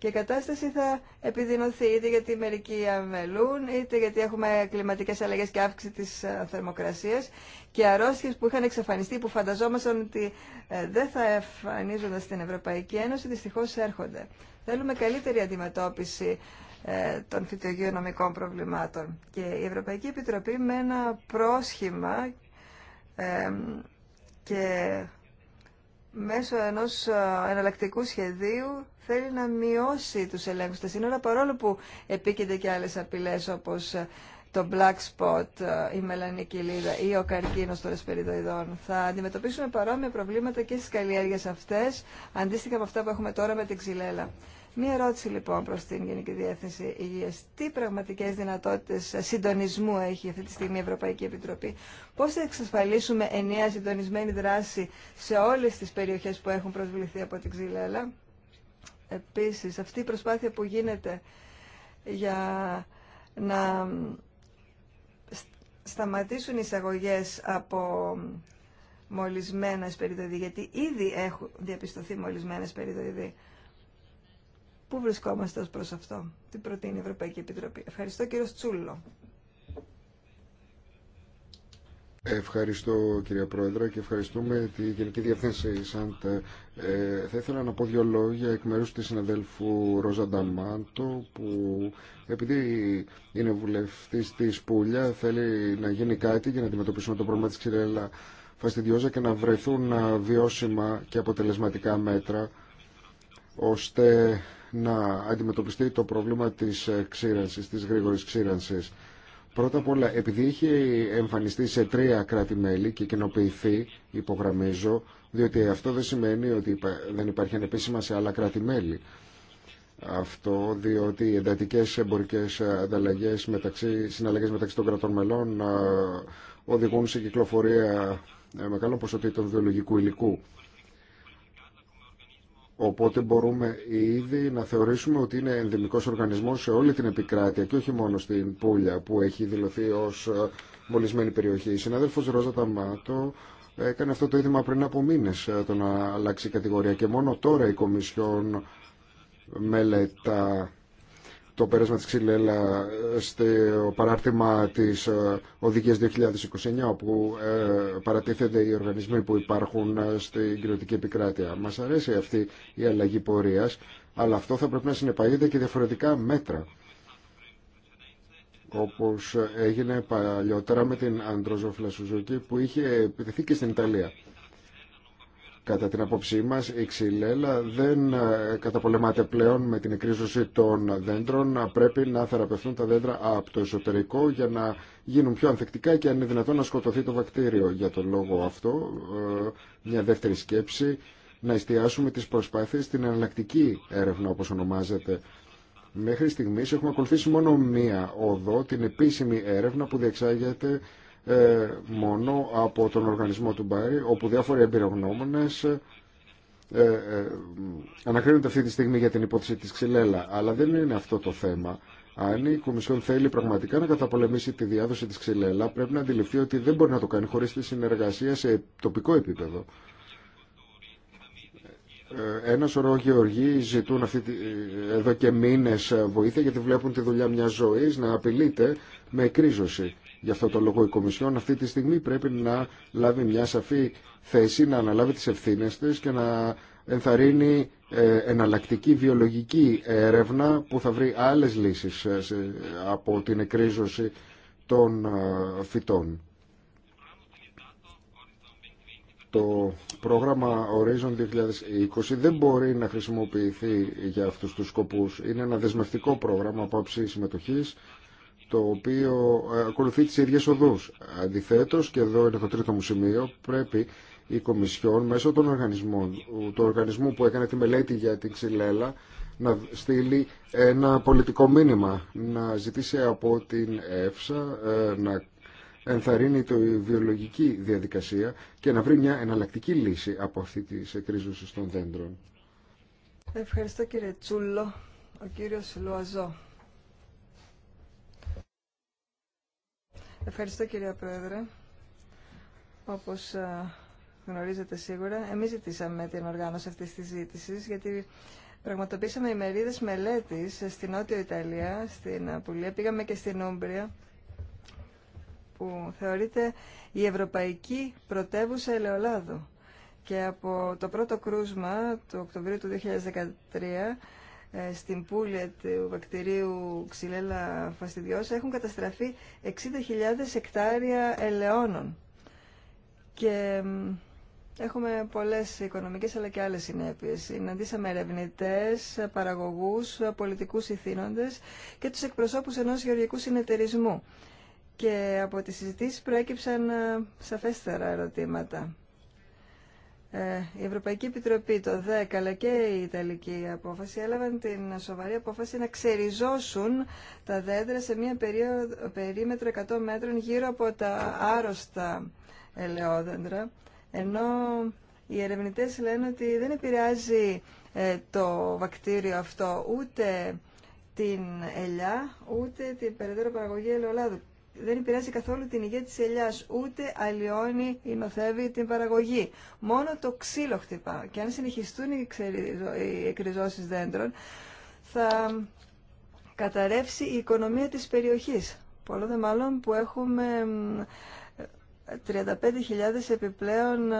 Και η κατάσταση θα επιδεινωθεί είτε γιατί μερικοί αμελούν, είτε γιατί έχουμε κλιματικές αλλαγές και αύξηση της ε, θερμοκρασίας και αρρώστιες που είχαν εξαφανιστεί, που φανταζόμασταν ότι ε, δεν θα εμφανίζονταν στην Ευρωπαϊκή Ένωση, δυστυχώς έρχονται. Θέλουμε καλύτερη αντιμετώπιση ε, των φυτογειονομικών προβλημάτων. Και η Ευρωπαϊκή Επιτροπή με ένα πρόσχημα και μέσω ενός ε, εναλλακτικού σχεδίου θέλει να μειώσει τους ελέγχους στα σύνορα παρόλο που επίκενται και άλλες απειλές όπως ε, το black spot, ε, η μελανική λίδα ή ο καρκίνος των εσπεριδοειδών. Θα αντιμετωπίσουμε παρόμοια προβλήματα και στις καλλιέργειες αυτές, αντίστοιχα από αυτά που έχουμε τώρα με την ξυλέλα. Μία ερώτηση λοιπόν προς την Γενική Διεύθυνση Υγείας. Τι πραγματικές δυνατότητες συντονισμού έχει αυτή τη στιγμή η Ευρωπαϊκή Επιτροπή. Πώς θα εξασφαλίσουμε ενιαία συντονισμένη δράση σε όλες τις περιοχές που έχουν προσβληθεί από την ξυλέλα. Επίσης, αυτή η προσπάθεια που γίνεται για να σταματήσουν οι εισαγωγές από μολυσμένες περιδοδοί, γιατί ήδη έχουν διαπιστωθεί μολυσμένες σπεριδοειδή. Πού βρισκόμαστε ως προς αυτό, τι προτείνει η Ευρωπαϊκή Επιτροπή. Ευχαριστώ κύριο Τσούλο. Ευχαριστώ κυρία Πρόεδρε και ευχαριστούμε τη Γενική Διευθύνση ΣΑΝΤ. Ε, θα ήθελα να πω δύο λόγια εκ μέρου τη συναδέλφου Ρόζα Νταμάντο που επειδή είναι βουλευτή τη Πούλια θέλει να γίνει κάτι για να αντιμετωπίσουμε το πρόβλημα τη ξηρέλα φαστιδιόζα και να βρεθούν βιώσιμα και αποτελεσματικά μέτρα ώστε να αντιμετωπιστεί το πρόβλημα της ε, ξύρανσης, της γρήγορης ξύρανσης. Πρώτα απ' όλα, επειδή είχε εμφανιστεί σε τρία κράτη-μέλη και κοινοποιηθεί, υπογραμμίζω, διότι αυτό δεν σημαίνει ότι δεν υπάρχει ανεπίσημα σε άλλα κράτη-μέλη. Αυτό διότι οι εντατικές εμπορικές ανταλλαγές μεταξύ, συναλλαγές μεταξύ των κρατών μελών ε, οδηγούν σε κυκλοφορία ε, μεγάλων ποσοτήτων βιολογικού υλικού. Οπότε μπορούμε ήδη να θεωρήσουμε ότι είναι ενδημικός οργανισμός σε όλη την επικράτεια και όχι μόνο στην Πούλια που έχει δηλωθεί ως μολυσμένη ε, περιοχή. Η συνάδελφος Ρόζα Ταμάτο έκανε αυτό το είδημα πριν από μήνες ε, το να αλλάξει η κατηγορία και μόνο τώρα η Κομισιόν μελετά το πέρασμα της Ξυλέλα στο παράρτημα της ε, Οδηγίας 2029 όπου ε, παρατίθεται οι οργανισμοί που υπάρχουν ε, στην κοινωτική επικράτεια. Μας αρέσει αυτή η αλλαγή πορείας, αλλά αυτό θα πρέπει να συνεπαγείται και διαφορετικά μέτρα όπως έγινε παλιότερα με την Αντρόζοφλα που είχε επιτεθεί και στην Ιταλία. Κατά την απόψή μας, η ξυλέλα δεν ε, καταπολεμάται πλέον με την εκρίζωση των δέντρων. Πρέπει να θεραπευτούν τα δέντρα από το εσωτερικό για να γίνουν πιο ανθεκτικά και αν είναι δυνατόν να σκοτωθεί το βακτήριο. Για τον λόγο αυτό, ε, μια δεύτερη σκέψη, να εστιάσουμε τις προσπάθειες στην εναλλακτική έρευνα, όπως ονομάζεται. Μέχρι στιγμής έχουμε ακολουθήσει μόνο μία οδό, την επίσημη έρευνα που διεξάγεται ε, μόνο από τον οργανισμό του Μπάρι, όπου διάφοροι εμπειρογνώμονες ε, ε, ε, ανακρίνονται αυτή τη στιγμή για την υπόθεση της ξυλέλα. Αλλά δεν είναι αυτό το θέμα. Αν η Κομισιόν θέλει πραγματικά να καταπολεμήσει τη διάδοση της ξυλέλα, πρέπει να αντιληφθεί ότι δεν μπορεί να το κάνει χωρίς τη συνεργασία σε τοπικό επίπεδο. Ε, ένα σωρό γεωργοί ζητούν αυτή, εδώ και μήνες βοήθεια γιατί βλέπουν τη δουλειά μιας ζωής να απειλείται με κρίζωση Γι' αυτό το λόγο η Κομισιόν αυτή τη στιγμή πρέπει να λάβει μια σαφή θέση, να αναλάβει τις ευθύνες της και να ενθαρρύνει ε, εναλλακτική βιολογική έρευνα που θα βρει άλλες λύσεις ε, από την εκρίζωση των ε, φυτών. Το πρόγραμμα Horizon 2020 δεν μπορεί να χρησιμοποιηθεί για αυτούς τους σκοπούς. Είναι ένα δεσμευτικό πρόγραμμα από συμμετοχής το οποίο ε, ακολουθεί τις ίδιες οδούς. Αντιθέτως, και εδώ είναι το τρίτο μου σημείο, πρέπει η Κομισιόν μέσω των οργανισμών, του οργανισμού που έκανε τη μελέτη για την ξυλέλα, να στείλει ένα πολιτικό μήνυμα, να ζητήσει από την ΕΦΣΑ ε, να ενθαρρύνει τη βιολογική διαδικασία και να βρει μια εναλλακτική λύση από αυτή τη εκρίζωση των δέντρων. Ευχαριστώ κύριε Τσούλο. Ο κύριος Λουαζό. Ευχαριστώ κυρία Πρόεδρε. Όπως ε, γνωρίζετε σίγουρα, εμείς ζητήσαμε την οργάνωση αυτή της ζήτησης, γιατί πραγματοποιήσαμε ημερίδες μελέτης στην Νότιο Ιταλία, στην Απουλία, πήγαμε και στην Ούμπρια, που θεωρείται η Ευρωπαϊκή Πρωτεύουσα Ελαιολάδου. Και από το πρώτο κρούσμα του Οκτωβρίου του 2013 ε, στην πουλια του βακτηρίου ξυλέλα φαστιδιώσα έχουν καταστραφεί 60.000 εκτάρια ελαιώνων. Και έχουμε πολλές οικονομικές αλλά και άλλες συνέπειες. Συναντήσαμε ερευνητέ, παραγωγούς, πολιτικούς ηθήνοντες και τους εκπροσώπους ενός γεωργικού συνεταιρισμού. Και από τις συζητήσεις προέκυψαν ε, σαφέστερα ερωτήματα. Ε, η Ευρωπαϊκή Επιτροπή το 10 αλλά και η Ιταλική απόφαση έλαβαν την σοβαρή απόφαση να ξεριζώσουν τα δέντρα σε μια περίμετρο 100 μέτρων γύρω από τα άρρωστα ελαιόδεντρα ενώ οι ερευνητές λένε ότι δεν επηρεάζει ε, το βακτήριο αυτό ούτε την ελιά ούτε την περαιτέρω παραγωγή ελαιολάδου δεν επηρεάζει καθόλου την υγεία της ελιάς, ούτε αλλοιώνει ή νοθεύει την παραγωγή. Μόνο το ξύλο χτυπά. Και αν συνεχιστούν οι, ξεριζω... δέντρων, θα καταρρεύσει η οικονομία της περιοχής. Πολλό δε μάλλον που έχουμε 35.000 επιπλέον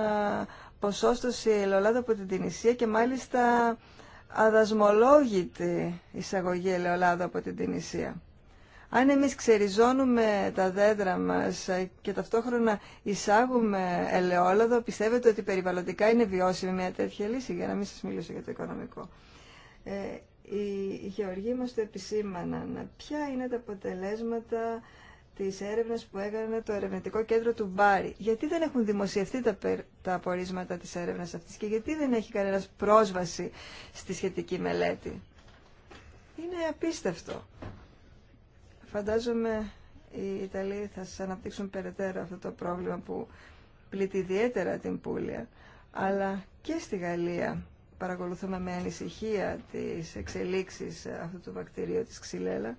ποσόστοση ελαιολάδα από την Τινησία και μάλιστα αδασμολόγητη εισαγωγή ελαιολάδα από την Τινησία. Αν εμείς ξεριζώνουμε τα δέντρα μας και ταυτόχρονα εισάγουμε ελαιόλαδο, πιστεύετε ότι περιβαλλοντικά είναι βιώσιμη μια τέτοια λύση, για να μην σας μιλήσω για το οικονομικό. Ε, οι γεωργοί μας το επισήμαναν. Ποια είναι τα αποτελέσματα της έρευνας που έκανε το ερευνητικό κέντρο του Μπάρι. Γιατί δεν έχουν δημοσιευτεί τα, τα απορίσματα της έρευνας αυτής και γιατί δεν έχει κανένας πρόσβαση στη σχετική μελέτη. Είναι απίστευτο. Φαντάζομαι οι Ιταλοί θα σας αναπτύξουν περαιτέρω αυτό το πρόβλημα που πλήττει ιδιαίτερα την Πούλια, αλλά και στη Γαλλία παρακολουθούμε με ανησυχία τις εξελίξεις αυτού του βακτηρίου της ξυλέλα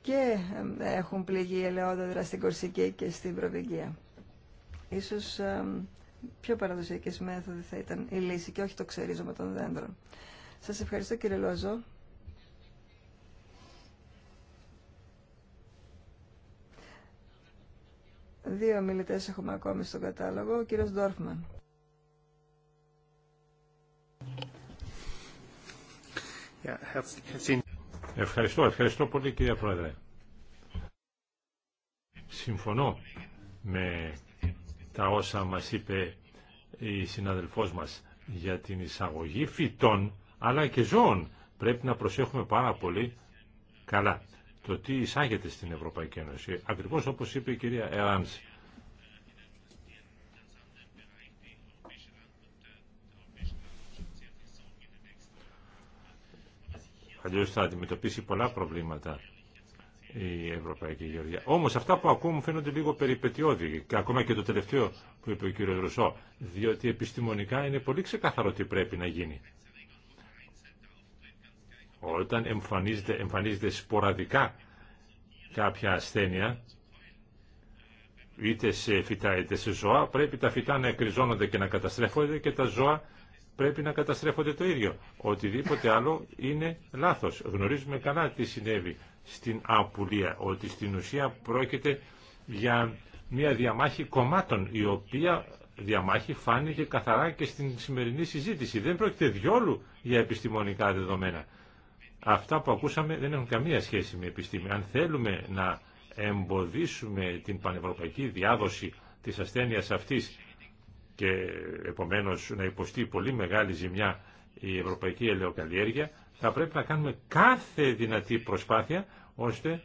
και ε, έχουν πληγεί ελαιόδοδρα στην Κορσική και στην Προβυγγία. Ίσως ε, πιο παραδοσιακές μέθοδοι θα ήταν η λύση και όχι το ξερίζωμα των δέντρων. Σας ευχαριστώ κύριε Λόζο. Δύο μιλητές έχουμε ακόμη στον κατάλογο. Ο κύριος Ντόρφμαν. Ευχαριστώ, ευχαριστώ πολύ κύριε Πρόεδρε. Συμφωνώ με τα όσα μας είπε η συναδελφός μας για την εισαγωγή φυτών αλλά και ζώων. Πρέπει να προσέχουμε πάρα πολύ καλά το τι εισάγεται στην Ευρωπαϊκή Ένωση. Ακριβώς όπως είπε η κυρία Εράνση. Αλλιώ θα αντιμετωπίσει πολλά προβλήματα η Ευρωπαϊκή Γεωργία. Όμω αυτά που ακούω μου φαίνονται λίγο περιπετειώδη, και ακόμα και το τελευταίο που είπε ο κύριο Ρουσό, διότι επιστημονικά είναι πολύ ξεκάθαρο τι πρέπει να γίνει. Όταν εμφανίζεται, εμφανίζεται σποραδικά κάποια ασθένεια, είτε σε φυτά είτε σε ζώα, πρέπει τα φυτά να εκριζώνονται και να καταστρέφονται και τα ζώα πρέπει να καταστρέφονται το ίδιο. Οτιδήποτε άλλο είναι λάθος. Γνωρίζουμε καλά τι συνέβη στην απουλία, ότι στην ουσία πρόκειται για μια διαμάχη κομμάτων, η οποία διαμάχη φάνηκε καθαρά και στην σημερινή συζήτηση. Δεν πρόκειται διόλου για επιστημονικά δεδομένα. Αυτά που ακούσαμε δεν έχουν καμία σχέση με επιστήμη. Αν θέλουμε να εμποδίσουμε την πανευρωπαϊκή διάδοση της ασθένειας αυτής και επομένως να υποστεί πολύ μεγάλη ζημιά η ευρωπαϊκή ελαιοκαλλιέργεια, θα πρέπει να κάνουμε κάθε δυνατή προσπάθεια ώστε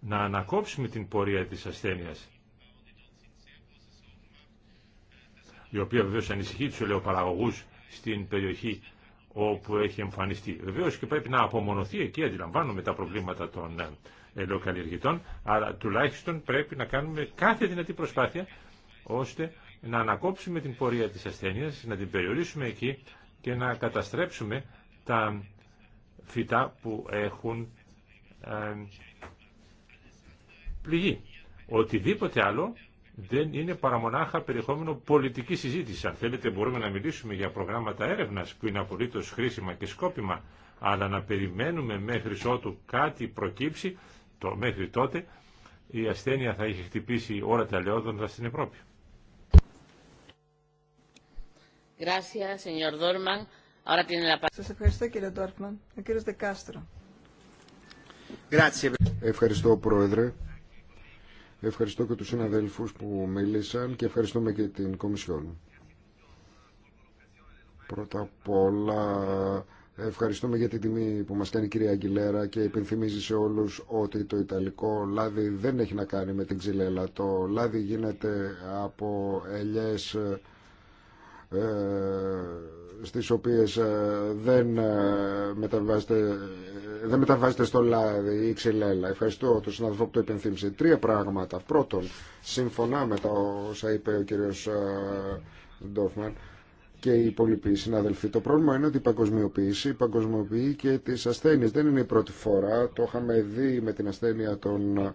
να ανακόψουμε την πορεία της ασθένειας η οποία βεβαίως ανησυχεί τους ελαιοπαραγωγούς στην περιοχή όπου έχει εμφανιστεί. Βεβαίως και πρέπει να απομονωθεί εκεί, αντιλαμβάνομαι τα προβλήματα των ε, ελαιοκαλλιεργητών, αλλά τουλάχιστον πρέπει να κάνουμε κάθε δυνατή προσπάθεια ώστε να ανακόψουμε την πορεία της ασθένειας, να την περιορίσουμε εκεί και να καταστρέψουμε τα φυτά που έχουν ε, πληγεί. Οτιδήποτε άλλο δεν είναι παρά μονάχα περιεχόμενο πολιτική συζήτηση. Αν θέλετε μπορούμε να μιλήσουμε για προγράμματα έρευνας που είναι απολύτως χρήσιμα και σκόπιμα, αλλά να περιμένουμε μέχρι ότου κάτι προκύψει, το μέχρι τότε η ασθένεια θα έχει χτυπήσει όλα τα λεόδοντα στην Ευρώπη. Σας ευχαριστώ κύριε Ντόρφμαν. Ο κύριος Δεκάστρο. Ευχαριστώ πρόεδρε. Ευχαριστώ και τους συναδέλφους που μίλησαν και ευχαριστούμε και την Κομισιόν. Πρώτα απ' όλα ευχαριστούμε για την τιμή που μας κάνει η κυρία Αγγιλέρα και υπενθυμίζει σε όλους ότι το ιταλικό λάδι δεν έχει να κάνει με την ξυλέλα. Το λάδι γίνεται από ελιές ε, στις οποίες ε, δεν ε, μεταβάζεται, δεν στο λάδι ή ξυλέλα. Ευχαριστώ τον συναδελφό που το υπενθύμισε. Τρία πράγματα. Πρώτον, συμφωνά με τα όσα είπε ο κύριος ε, Ντόφμαν, και οι υπόλοιποι συναδελφοί. Το πρόβλημα είναι ότι η παγκοσμιοποίηση παγκοσμιοποιεί και τις ασθένειες. Δεν είναι η πρώτη φορά. Το είχαμε δει με την ασθένεια των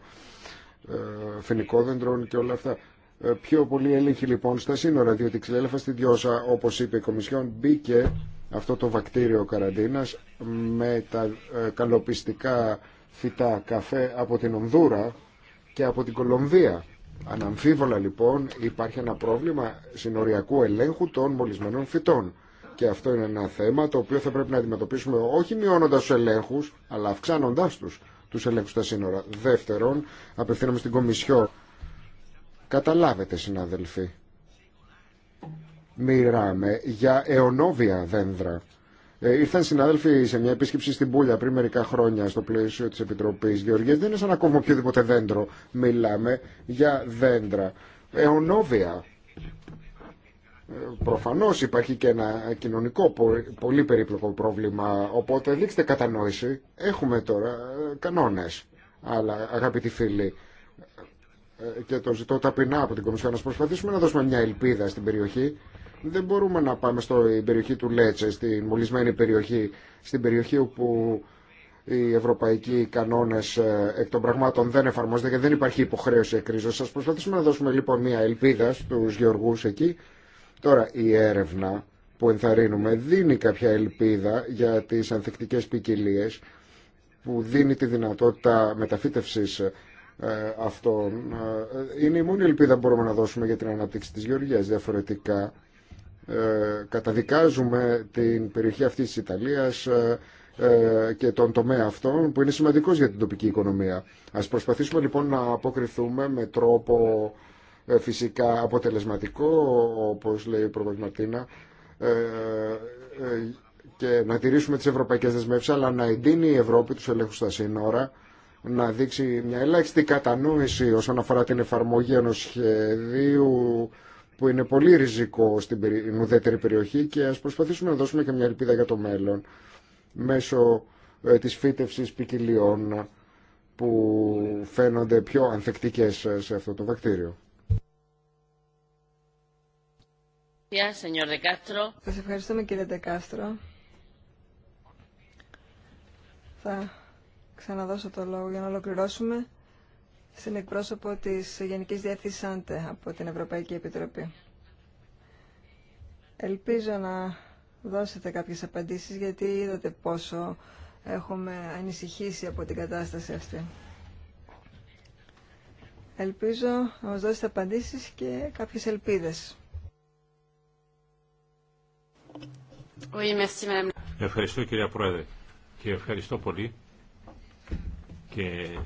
φοινικόδεντρων και όλα αυτά. Ε, πιο πολύ έλεγχη λοιπόν στα σύνορα, διότι η στην Διώσα, όπως είπε η Κομισιόν, μπήκε αυτό το βακτήριο καραντίνας με τα ε, καλοπιστικά φυτά καφέ από την Ονδούρα και από την Κολομβία. Αναμφίβολα λοιπόν υπάρχει ένα πρόβλημα συνοριακού ελέγχου των μολυσμένων φυτών. Και αυτό είναι ένα θέμα το οποίο θα πρέπει να αντιμετωπίσουμε όχι μειώνοντα του ελέγχου, αλλά αυξάνοντά του τους ελέγχου στα σύνορα. Δεύτερον, απευθύνομαι στην Κομισιό Καταλάβετε συναδελφοί. Μιλάμε για αιωνόβια δένδρα. Ε, ήρθαν συνάδελφοι σε μια επίσκεψη στην Πούλια πριν μερικά χρόνια στο πλαίσιο τη Επιτροπή Γεωργία. Δεν είναι σαν να κόβουμε οποιοδήποτε δέντρο. Μιλάμε για δέντρα. Αιωνόβια. Ε, προφανώς Προφανώ υπάρχει και ένα κοινωνικό πολύ περίπλοκο πρόβλημα. Οπότε δείξτε κατανόηση. Έχουμε τώρα ε, κανόνε. Αλλά αγαπητοί φίλοι, ε, και το ζητώ ταπεινά από την Κομισιόν να προσπαθήσουμε να δώσουμε μια ελπίδα στην περιοχή. Δεν μπορούμε να πάμε στην περιοχή του Λέτσε, στην μολυσμένη περιοχή, στην περιοχή όπου οι ευρωπαϊκοί κανόνε ε, εκ των πραγμάτων δεν εφαρμόζονται και δεν υπάρχει υποχρέωση εκρίζωση. Α προσπαθήσουμε να δώσουμε λοιπόν μια ελπίδα στου γεωργού εκεί. Τώρα η έρευνα που ενθαρρύνουμε δίνει κάποια ελπίδα για τι ανθεκτικέ ποικιλίε που δίνει τη δυνατότητα μεταφύτευσης ε, αυτών. Ε, είναι η μόνη ελπίδα που μπορούμε να δώσουμε για την ανάπτυξη της Γεωργίας. Διαφορετικά ε, καταδικάζουμε την περιοχή αυτής της Ιταλίας και τον τομέα αυτόν που είναι σημαντικός για την τοπική οικονομία. Ας προσπαθήσουμε λοιπόν να αποκριθούμε με τρόπο φυσικά αποτελεσματικό, όπως λέει η Πρόεδρος Μαρτίνα, και να τηρήσουμε τις ευρωπαϊκές δεσμεύσεις, αλλά να εντείνει η Ευρώπη τους ελέγχους στα σύνορα να δείξει μια ελάχιστη κατανόηση όσον αφορά την εφαρμογή ενός σχεδίου που είναι πολύ ριζικό στην ουδέτερη περιοχή και ας προσπαθήσουμε να δώσουμε και μια ελπίδα για το μέλλον μέσω ε, της φύτευσης ποικιλιών που φαίνονται πιο ανθεκτικές σε αυτό το βακτήριο. Σας ευχαριστούμε κύριε Δεκάστρο. Θα ξαναδώσω το λόγο για να ολοκληρώσουμε στην εκπρόσωπο της Γενικής Διεύθυνσης ΑΝΤΕ από την Ευρωπαϊκή Επιτροπή. Ελπίζω να δώσετε κάποιες απαντήσεις γιατί είδατε πόσο έχουμε ανησυχήσει από την κατάσταση αυτή. Ελπίζω να μας δώσετε απαντήσεις και κάποιες ελπίδες. Ευχαριστώ κυρία Πρόεδρε και ευχαριστώ πολύ και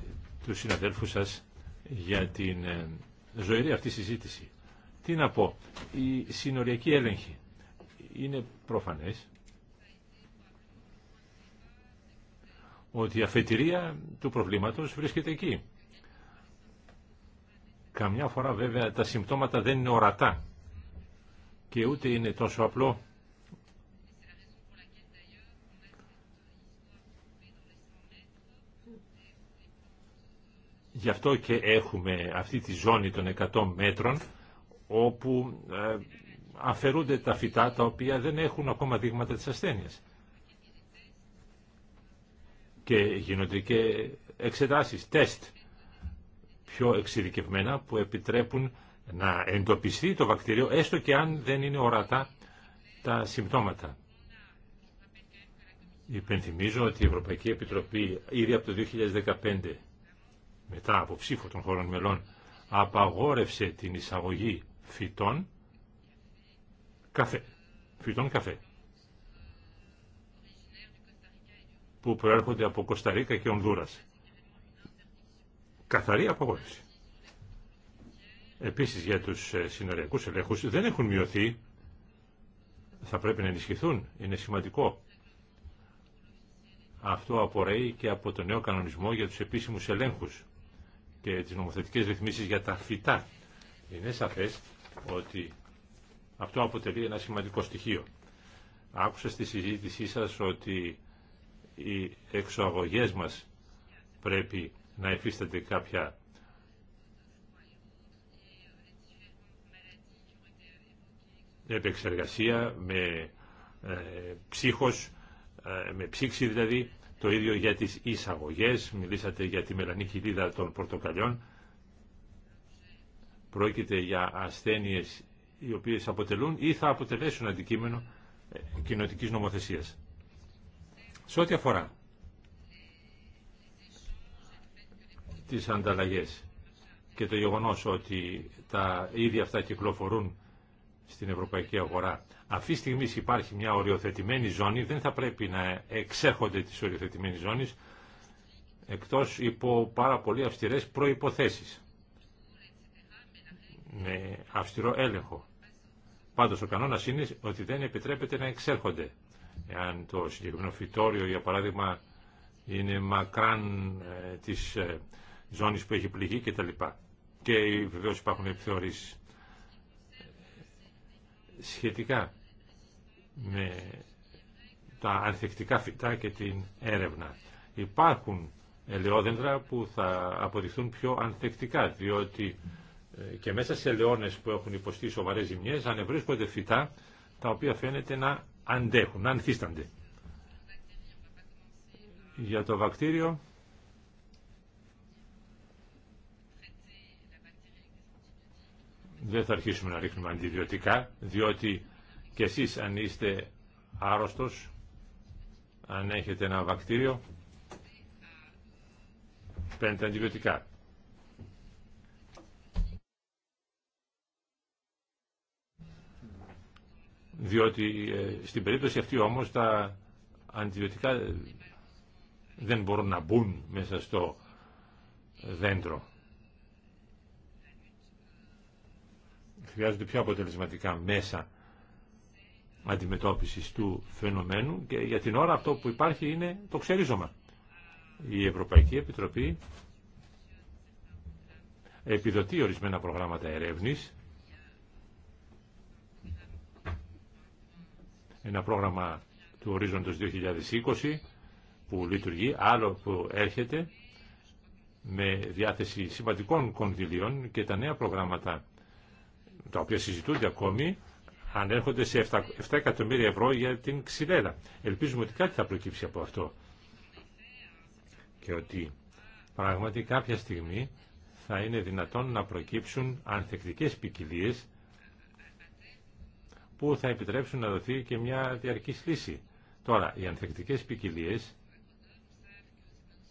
τους συναδέλφους σας για την ε, ζωηρή αυτή συζήτηση. Τι να πω, η συνοριακή έλεγχη είναι προφανές ότι η αφετηρία του προβλήματος βρίσκεται εκεί. Καμιά φορά βέβαια τα συμπτώματα δεν είναι ορατά και ούτε είναι τόσο απλό Γι' αυτό και έχουμε αυτή τη ζώνη των 100 μέτρων όπου ε, αφαιρούνται τα φυτά τα οποία δεν έχουν ακόμα δείγματα της ασθένειας. Και γίνονται και εξετάσεις, τεστ πιο εξειδικευμένα που επιτρέπουν να εντοπιστεί το βακτήριο έστω και αν δεν είναι ορατά τα συμπτώματα. Υπενθυμίζω ότι η Ευρωπαϊκή Επιτροπή ήδη από το 2015 μετά από ψήφο των χωρών μελών απαγόρευσε την εισαγωγή φυτών καφέ. Φυτών καφέ. Που προέρχονται από Κοσταρίκα και ονδούρα. Καθαρή απαγόρευση. Επίσης για τους ε, συνοριακούς ελέγχους δεν έχουν μειωθεί. Θα πρέπει να ενισχυθούν. Είναι σημαντικό. Αυτό απορρέει και από το νέο κανονισμό για τους επίσημους ελέγχους και τις νομοθετικές ρυθμίσεις για τα φυτά. Είναι σαφές ότι αυτό αποτελεί ένα σημαντικό στοιχείο. Άκουσα στη συζήτησή σας ότι οι εξωαγωγές μας πρέπει να υφίστανται κάποια επεξεργασία με ε, ψύχος, ε, με ψήξη δηλαδή, το ίδιο για τις εισαγωγές, μιλήσατε για τη μελανή κοιλίδα των πορτοκαλιών. Πρόκειται για ασθένειες οι οποίες αποτελούν ή θα αποτελέσουν αντικείμενο ε, κοινοτικής νομοθεσίας. Σε ό,τι αφορά τις ανταλλαγές και το γεγονός ότι τα ίδια αυτά κυκλοφορούν στην ευρωπαϊκή αγορά. Αυτή τη στιγμή υπάρχει μια οριοθετημένη ζώνη, δεν θα πρέπει να εξέρχονται τις οριοθετημένες ζώνες εκτός υπό πάρα πολύ αυστηρές προϋποθέσεις, με αυστηρό έλεγχο. Πάντως ο κανόνας είναι ότι δεν επιτρέπεται να εξέρχονται. Εάν το συγκεκριμένο φυτόριο, για παράδειγμα, είναι μακράν ε, της ε, ζώνης που έχει πληγεί κτλ. Και ε, βεβαίως υπάρχουν επιθεωρήσεις σχετικά με τα ανθεκτικά φυτά και την έρευνα. Υπάρχουν ελαιόδεντρα που θα αποδειχθούν πιο ανθεκτικά, διότι ε, και μέσα σε ελαιόνες που έχουν υποστεί σοβαρές ζημιές ανεβρίσκονται φυτά τα οποία φαίνεται να αντέχουν, να ανθίστανται. Για το βακτήριο δεν θα αρχίσουμε να ρίχνουμε αντιβιωτικά, διότι και εσείς αν είστε άρρωστος, αν έχετε ένα βακτήριο, παίρνετε αντιβιωτικά. Διότι ε, στην περίπτωση αυτή όμως τα αντιβιωτικά ε, δεν μπορούν να μπουν μέσα στο δέντρο. χρειάζονται πιο αποτελεσματικά μέσα αντιμετώπισης του φαινομένου και για την ώρα αυτό που υπάρχει είναι το ξερίζωμα. Η Ευρωπαϊκή Επιτροπή επιδοτεί ορισμένα προγράμματα ερεύνης ένα πρόγραμμα του ορίζοντος 2020 που λειτουργεί, άλλο που έρχεται με διάθεση σημαντικών κονδυλίων και τα νέα προγράμματα τα οποία συζητούνται ακόμη, ανέρχονται σε 7 εκατομμύρια ευρώ για την ξυλέλα. Ελπίζουμε ότι κάτι θα προκύψει από αυτό. Και ότι πράγματι κάποια στιγμή θα είναι δυνατόν να προκύψουν ανθεκτικές ποικιλίε που θα επιτρέψουν να δοθεί και μια διαρκή λύση. Τώρα, οι ανθεκτικές ποικιλίε,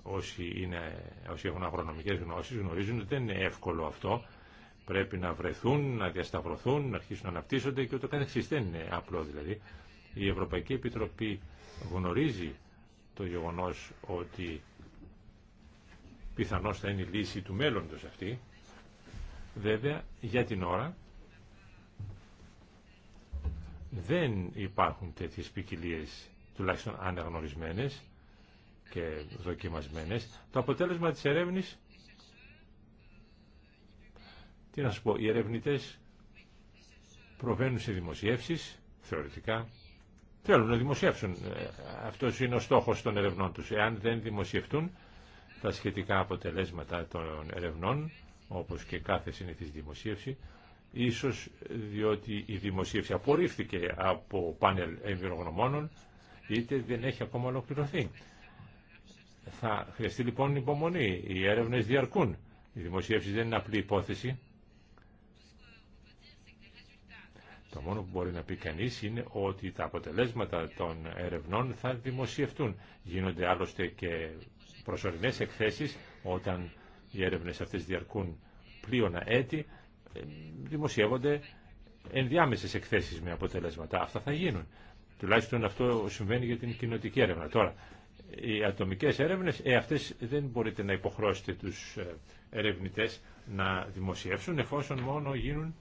όσοι, είναι, όσοι έχουν αγρονομικές γνώσεις γνωρίζουν ότι δεν είναι εύκολο αυτό, πρέπει να βρεθούν, να διασταυρωθούν, να αρχίσουν να αναπτύσσονται και ούτω καθεξής. Δεν είναι απλό δηλαδή. Η Ευρωπαϊκή Επιτροπή γνωρίζει το γεγονός ότι πιθανώς θα είναι η λύση του μέλλοντος αυτή. Βέβαια, για την ώρα δεν υπάρχουν τέτοιες ποικιλίε τουλάχιστον αναγνωρισμένες και δοκιμασμένες. Το αποτέλεσμα της ερεύνης τι να σου πω, οι ερευνητές προβαίνουν σε δημοσιεύσεις, θεωρητικά, θέλουν να δημοσιεύσουν. Ε, αυτός είναι ο στόχος των ερευνών τους. Εάν δεν δημοσιευτούν τα σχετικά αποτελέσματα των ερευνών, όπως και κάθε συνήθις δημοσίευση, ίσως διότι η δημοσίευση απορρίφθηκε από πάνελ εμπειρογνωμόνων, είτε δεν έχει ακόμα ολοκληρωθεί. Θα χρειαστεί λοιπόν υπομονή. Οι έρευνες διαρκούν. Οι δημοσίευση δεν είναι απλή υπόθεση. Το μόνο που μπορεί να πει κανείς είναι ότι τα αποτελέσματα των ερευνών θα δημοσιευτούν. Γίνονται άλλωστε και προσωρινές εκθέσεις όταν οι έρευνες αυτές διαρκούν πλήωνα έτη, ε, δημοσιεύονται ενδιάμεσες εκθέσεις με αποτελέσματα. Αυτά θα γίνουν. Τουλάχιστον αυτό συμβαίνει για την κοινοτική έρευνα. Τώρα, οι ατομικές έρευνες, ε, αυτές δεν μπορείτε να υποχρώσετε τους ε, ερευνητές να δημοσιεύσουν εφόσον μόνο γίνουν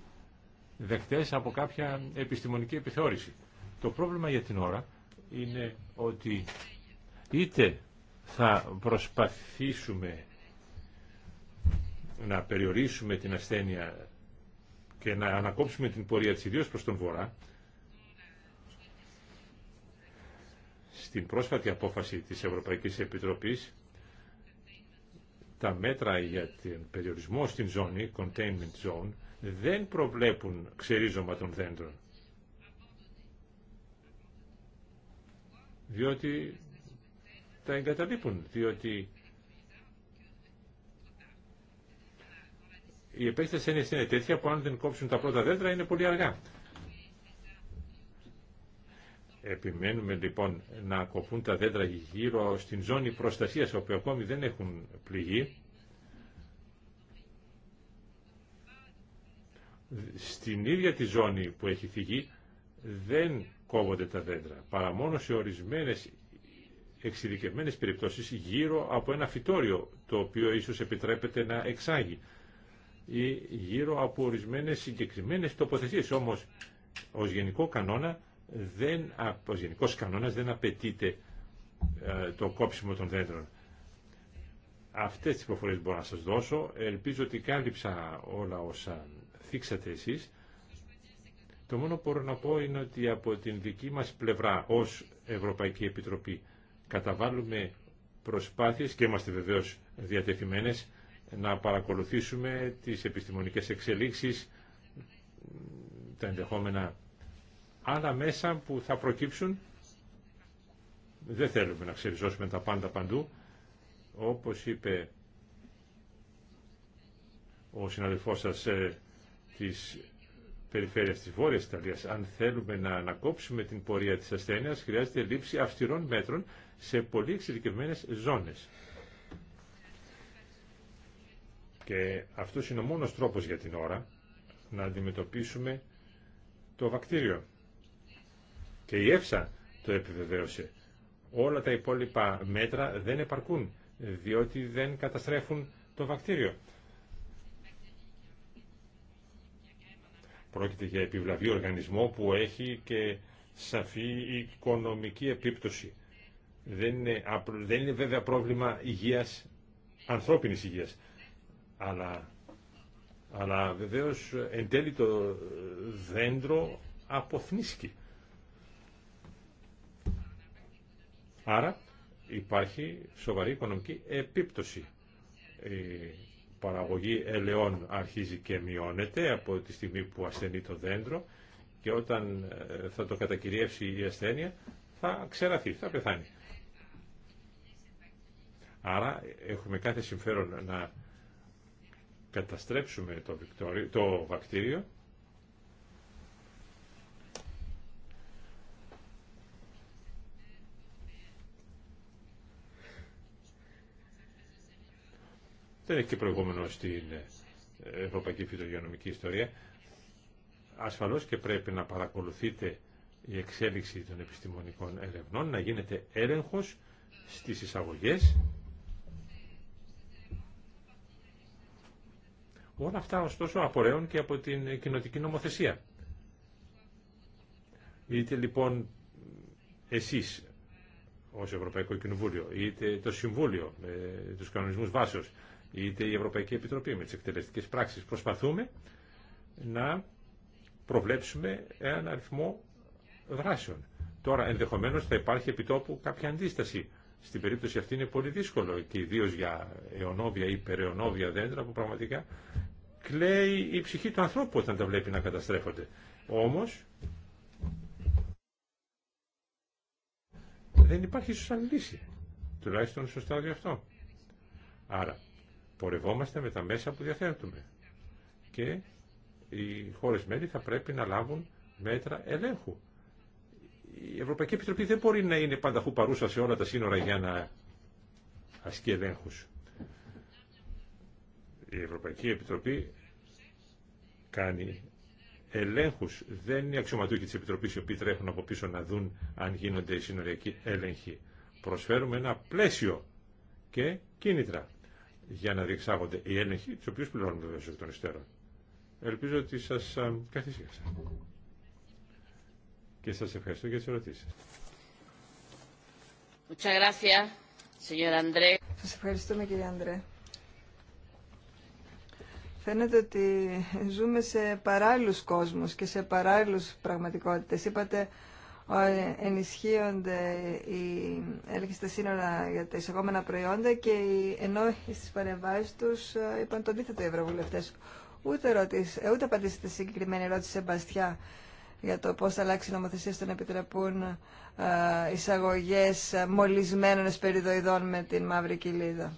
δεκτές από κάποια επιστημονική επιθεώρηση. Το πρόβλημα για την ώρα είναι ότι είτε θα προσπαθήσουμε να περιορίσουμε την ασθένεια και να ανακόψουμε την πορεία της ιδίως προς τον Βορρά, στην πρόσφατη απόφαση της Ευρωπαϊκής Επιτροπής τα μέτρα για την περιορισμό στην ζώνη, containment zone, δεν προβλέπουν ξερίζωμα των δέντρων. Διότι τα εγκαταλείπουν, διότι η επέκταση είναι, είναι τέτοια που αν δεν κόψουν τα πρώτα δέντρα είναι πολύ αργά. Επιμένουμε λοιπόν να κοπούν τα δέντρα γύρω στην ζώνη προστασίας όπου ακόμη δεν έχουν πληγεί στην ίδια τη ζώνη που έχει φυγεί δεν κόβονται τα δέντρα, παρά μόνο σε ορισμένες εξειδικευμένες περιπτώσεις γύρω από ένα φυτόριο, το οποίο ίσως επιτρέπεται να εξάγει ή γύρω από ορισμένες συγκεκριμένες τοποθεσίες. Όμως, ως γενικό κανόνα δεν, ως κανόνας δεν απαιτείται ε, το κόψιμο των δέντρων. Αυτές τις υποφορές μπορώ να σας δώσω. Ελπίζω ότι κάλυψα όλα όσα το μόνο που μπορώ να πω είναι ότι από την δική μας πλευρά ως Ευρωπαϊκή Επιτροπή καταβάλουμε προσπάθειες και είμαστε βεβαίως διατεθειμένες να παρακολουθήσουμε τις επιστημονικές εξελίξεις, τα ενδεχόμενα άλλα μέσα που θα προκύψουν. Δεν θέλουμε να ξεριζώσουμε τα πάντα παντού. Όπως είπε ο συναδελφός σας ε, της περιφέρειας της Βόρειας Ιταλίας. Αν θέλουμε να ανακόψουμε την πορεία της ασθένειας, χρειάζεται λήψη αυστηρών μέτρων σε πολύ εξειδικευμένες ζώνες. Και αυτό είναι ο μόνος τρόπος για την ώρα να αντιμετωπίσουμε το βακτήριο. Και η ΕΦΣΑ το επιβεβαίωσε. Όλα τα υπόλοιπα μέτρα δεν επαρκούν, διότι δεν καταστρέφουν το βακτήριο. Πρόκειται για επιβλαβή οργανισμό που έχει και σαφή οικονομική επίπτωση. Δεν είναι, δεν είναι βέβαια πρόβλημα υγείας, ανθρώπινης υγείας. Αλλά, αλλά βεβαίως εν τέλει το δέντρο αποθνίσκει. Άρα υπάρχει σοβαρή οικονομική επίπτωση. Ε, παραγωγή ελαιών αρχίζει και μειώνεται από τη στιγμή που ασθενεί το δέντρο και όταν ε, θα το κατακυριεύσει η ασθένεια θα ξεραθεί, θα πεθάνει. Άρα έχουμε κάθε συμφέρον να καταστρέψουμε το, το βακτήριο δεν έχει και προηγούμενο στην ε, Ευρωπαϊκή Φυτογειονομική Ιστορία. Ασφαλώς και πρέπει να παρακολουθείτε η εξέλιξη των επιστημονικών ερευνών, να γίνεται έλεγχος στις εισαγωγές. Όλα αυτά ωστόσο απορρέουν και από την κοινοτική νομοθεσία. Είτε λοιπόν εσείς ως Ευρωπαϊκό Κοινοβούλιο, είτε το Συμβούλιο με τους κανονισμούς βάσεως, είτε η Ευρωπαϊκή Επιτροπή με τις εκτελεστικές πράξεις. Προσπαθούμε να προβλέψουμε έναν αριθμό δράσεων. Τώρα ενδεχομένως θα υπάρχει επιτόπου κάποια αντίσταση. Στην περίπτωση αυτή είναι πολύ δύσκολο και ιδίω για αιωνόβια ή περαιωνόβια δέντρα που πραγματικά κλαίει η υπεραιωνοβια δεντρα που πραγματικα κλαιει η ψυχη του ανθρώπου όταν τα βλέπει να καταστρέφονται. Όμως δεν υπάρχει σωστά λύση. Τουλάχιστον στο στάδιο αυτό. Άρα πορευόμαστε με τα μέσα που διαθέτουμε. Και οι χώρες μέλη θα πρέπει να λάβουν μέτρα ελέγχου. Η Ευρωπαϊκή Επιτροπή δεν μπορεί να είναι πανταχού παρούσα σε όλα τα σύνορα για να ασκεί ελέγχους. Η Ευρωπαϊκή Επιτροπή κάνει ελέγχους. Δεν είναι αξιωματούχοι τη Επιτροπή οι οποίοι τρέχουν από πίσω να δουν αν γίνονται οι συνοριακοί έλεγχοι. Προσφέρουμε ένα πλαίσιο και κίνητρα για να διεξάγονται οι έλεγχοι, του οποίου πληρώνουμε βέβαια εκ των υστέρων. Ελπίζω ότι σα καθίστηκα. Και σα ευχαριστώ για τι ερωτήσει. Σα ευχαριστούμε κύριε Αντρέ. Φαίνεται ότι ζούμε σε παράλληλους κόσμους και σε παράλληλους πραγματικότητες. Είπατε ε, ενισχύονται οι έλεγχοι στα σύνορα για τα εισαγόμενα προϊόντα και οι ενόχοι στις παρεμβάσεις τους ε, είπαν το αντίθετο οι ευρωβουλευτές. Ούτε, ρωτήσε, ε, ούτε απαντήσετε συγκεκριμένη ερώτηση σε Μπαστιά για το πώς θα αλλάξει η νομοθεσία στο να επιτρεπούν εισαγωγές μολυσμένων εσπεριδοειδών με την μαύρη κοιλίδα.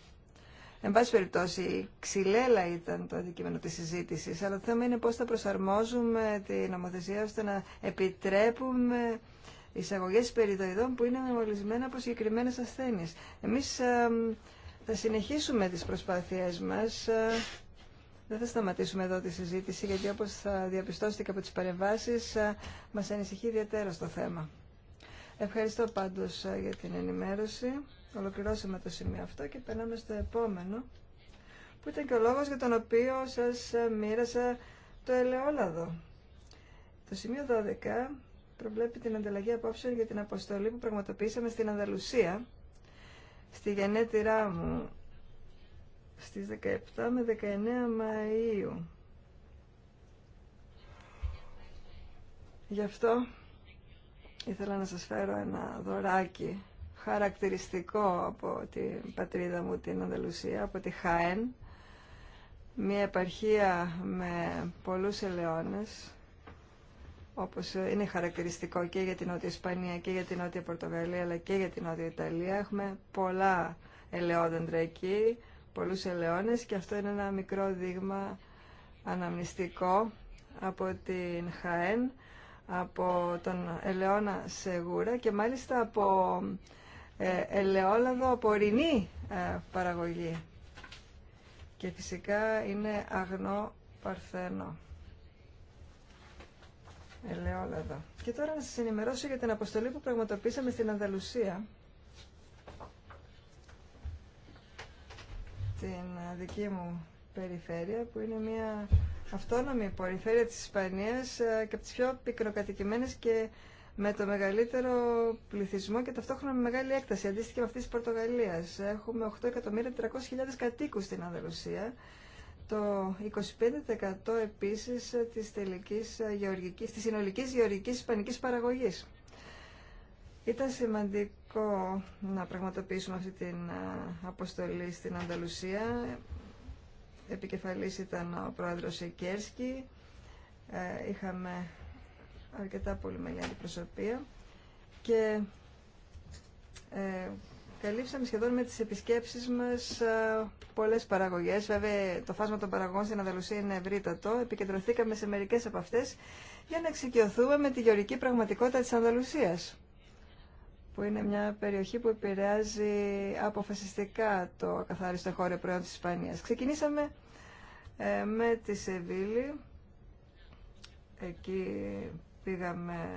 Εν πάση περιπτώσει, η ξυλέλα ήταν το αντικείμενο της συζήτησης, αλλά το θέμα είναι πώς θα προσαρμόζουμε τη νομοθεσία ώστε να επιτρέπουμε Εισαγωγέ περιδοειδών που είναι μολυσμένα από συγκεκριμένε ασθένειε. Εμεί ε, θα συνεχίσουμε τις προσπάθειές μας. Ε, δεν θα σταματήσουμε εδώ τη συζήτηση, γιατί όπω θα διαπιστώσετε και από τι παρεμβάσει, ε, μα ανησυχεί ιδιαίτερα στο θέμα. Ευχαριστώ πάντως για την ενημέρωση. Ολοκληρώσαμε το σημείο αυτό και περνάμε στο επόμενο, που ήταν και ο λόγος για τον οποίο σας μοίρασα το ελαιόλαδο. Το σημείο 12 προβλέπει την ανταλλαγή απόψεων για την αποστολή που πραγματοποιήσαμε στην Ανδαλουσία, στη γενέτειρά μου, στις 17 με 19 Μαΐου. Γι' αυτό ήθελα να σας φέρω ένα δωράκι χαρακτηριστικό από την πατρίδα μου, την Ανδαλουσία, από τη Χάεν, μια επαρχία με πολλούς ελαιώνες, όπως είναι χαρακτηριστικό και για την Νότια Ισπανία και για την Νότια Πορτογαλία αλλά και για την Νότια Ιταλία. Έχουμε πολλά ελαιόδεντρα εκεί, πολλούς ελαιώνες και αυτό είναι ένα μικρό δείγμα αναμνηστικό από την ΧΑΕΝ, από τον Ελαιώνα Σεγούρα και μάλιστα από ε, ελαιόλαδο από ορεινή ε, παραγωγή. Και φυσικά είναι αγνό παρθένο ελαιόλαδο. Και τώρα να σας ενημερώσω για την αποστολή που πραγματοποιήσαμε στην Ανταλουσία, Την ε, δική μου περιφέρεια που είναι μια αυτόνομη περιφέρεια της Ισπανίας ε, και από τις πιο πυκνοκατοικημένες και με το μεγαλύτερο πληθυσμό και ταυτόχρονα με μεγάλη έκταση, αντίστοιχη με αυτή της Πορτογαλίας. Έχουμε 8.300.000 κατοίκους στην Ανταλουσία το 25% επίσης της, τελικής ε, γεωργικής, της συνολικής γεωργικής ισπανικής παραγωγής. Ήταν σημαντικό να πραγματοποιήσουμε αυτή την ε, αποστολή στην Ανταλουσία. Επικεφαλής ήταν ο πρόεδρος Εκέρσκι. Ε, είχαμε αρκετά πολύ μεγάλη προσωπία και Καλύψαμε σχεδόν με τις επισκέψεις μας ε, πολλές παραγωγές. Βέβαια το φάσμα των παραγωγών στην Ανταλουσία είναι ευρύτατο. Επικεντρωθήκαμε σε μερικές από αυτές για να εξοικειωθούμε με τη γεωρική πραγματικότητα της Ανταλουσίας που είναι μια περιοχή που επηρεάζει αποφασιστικά το καθάριστο χώρο προϊόν της Ισπανίας. Ξεκινήσαμε ε, με τη Σεβίλη. Εκεί πήγαμε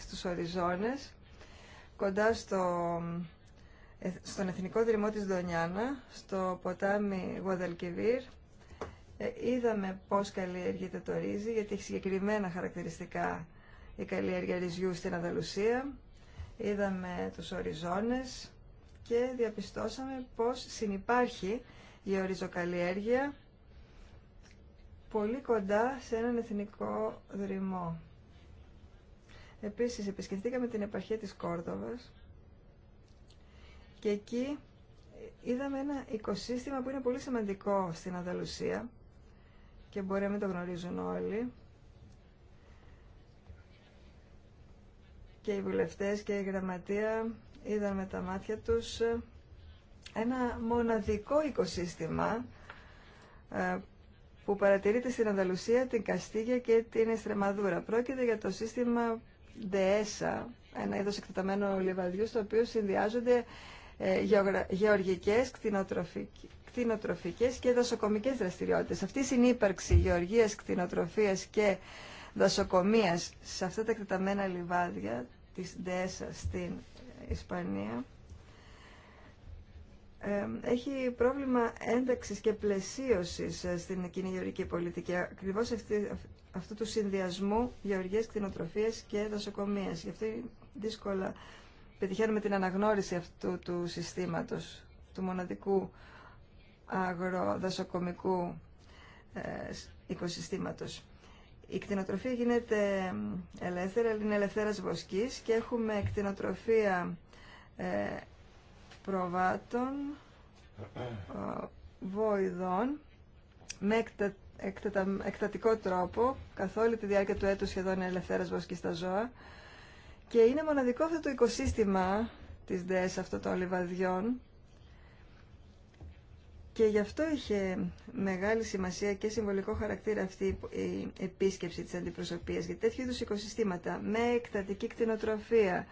στους οριζόνες κοντά στο, ε, στον Εθνικό Δρυμό της Δονιάνα, στο ποτάμι Γουαδαλκεβίρ. Ε, είδαμε πώς καλλιεργείται το ρύζι, γιατί έχει συγκεκριμένα χαρακτηριστικά η καλλιέργεια ρυζιού στην Ανταλουσία. Είδαμε τους οριζόνες και διαπιστώσαμε πώς συνυπάρχει η οριζοκαλλιέργεια πολύ κοντά σε έναν εθνικό δρυμό. Επίσης επισκεφτήκαμε την επαρχία της Κόρδοβας και εκεί είδαμε ένα οικοσύστημα που είναι πολύ σημαντικό στην Ανταλουσία και μπορεί να μην το γνωρίζουν όλοι. Και οι βουλευτές και η γραμματεία είδαν με τα μάτια τους ένα μοναδικό οικοσύστημα ε, που παρατηρείται στην Ανταλουσία, την Καστίγια και την Εστρεμαδούρα. Πρόκειται για το σύστημα ΔΕΕΣΑ, ένα είδος εκτεταμένου λιβαδιού, στο οποίο συνδυάζονται ε, γεωργικές, κτηνοτροφικές και δασοκομικές δραστηριότητες. Αυτή η συνύπαρξη γεωργίας, κτηνοτροφίας και δασοκομίας σε αυτά τα εκτεταμένα λιβάδια της ΔΕΣΑ στην Ισπανία έχει πρόβλημα ένταξης και πλαισίωσης ε, στην κοινή γεωργική πολιτική. Ακριβώς αυτού του συνδυασμού οργές κτηνοτροφίες και δασοκομείας. Γι' αυτό δύσκολα πετυχαίνουμε την αναγνώριση αυτού του συστήματος, του μοναδικού αγροδασοκομικού ε, οικοσυστήματος. Η κτηνοτροφία γίνεται ε, ελεύθερη, είναι ελευθέρας βοσκής και έχουμε κτηνοτροφία ε, προβάτων, βοηδών με εκτατικό τρόπο καθ' όλη τη διάρκεια του έτου σχεδόν ελευθέρας βοσκή στα ζώα και είναι μοναδικό αυτό το οικοσύστημα της ΔΕΣ αυτό των λιβαδιών και γι' αυτό είχε μεγάλη σημασία και συμβολικό χαρακτήρα αυτή η επίσκεψη της αντιπροσωπείας γιατί τέτοιου είδους οικοσυστήματα με εκτατική κτηνοτροφία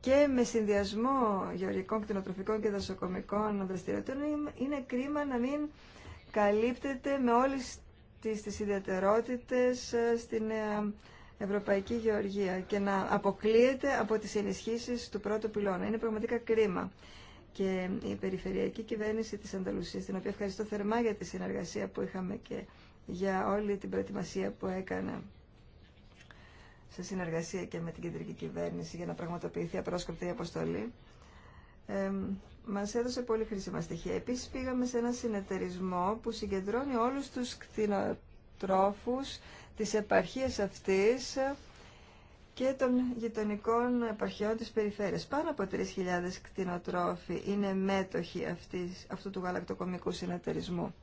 και με συνδυασμό γεωργικών, κτηνοτροφικών και δασοκομικών δραστηριοτήτων είναι κρίμα να μην καλύπτεται με όλες τις τις ιδιαιτερότητες ε, στην ε, Ευρωπαϊκή Γεωργία και να αποκλείεται από τις ενισχύσεις του πρώτου πυλώνα. Είναι πραγματικά κρίμα. Και η περιφερειακή κυβέρνηση της Ανταλουσίας, την οποία ευχαριστώ θερμά για τη συνεργασία που είχαμε και για όλη την προετοιμασία που έκανα σε συνεργασία και με την κεντρική κυβέρνηση για να πραγματοποιηθεί απρόσκοπτη η αποστολή ε, μας έδωσε πολύ χρήσιμα στοιχεία. Επίσης πήγαμε σε ένα συνεταιρισμό που συγκεντρώνει όλους τους κτηνοτρόφους της επαρχίας αυτής και των γειτονικών επαρχιών της περιφέρειας. Πάνω από 3.000 κτηνοτρόφοι είναι μέτοχοι αυτής, αυτού του γαλακτοκομικού συνεταιρισμού.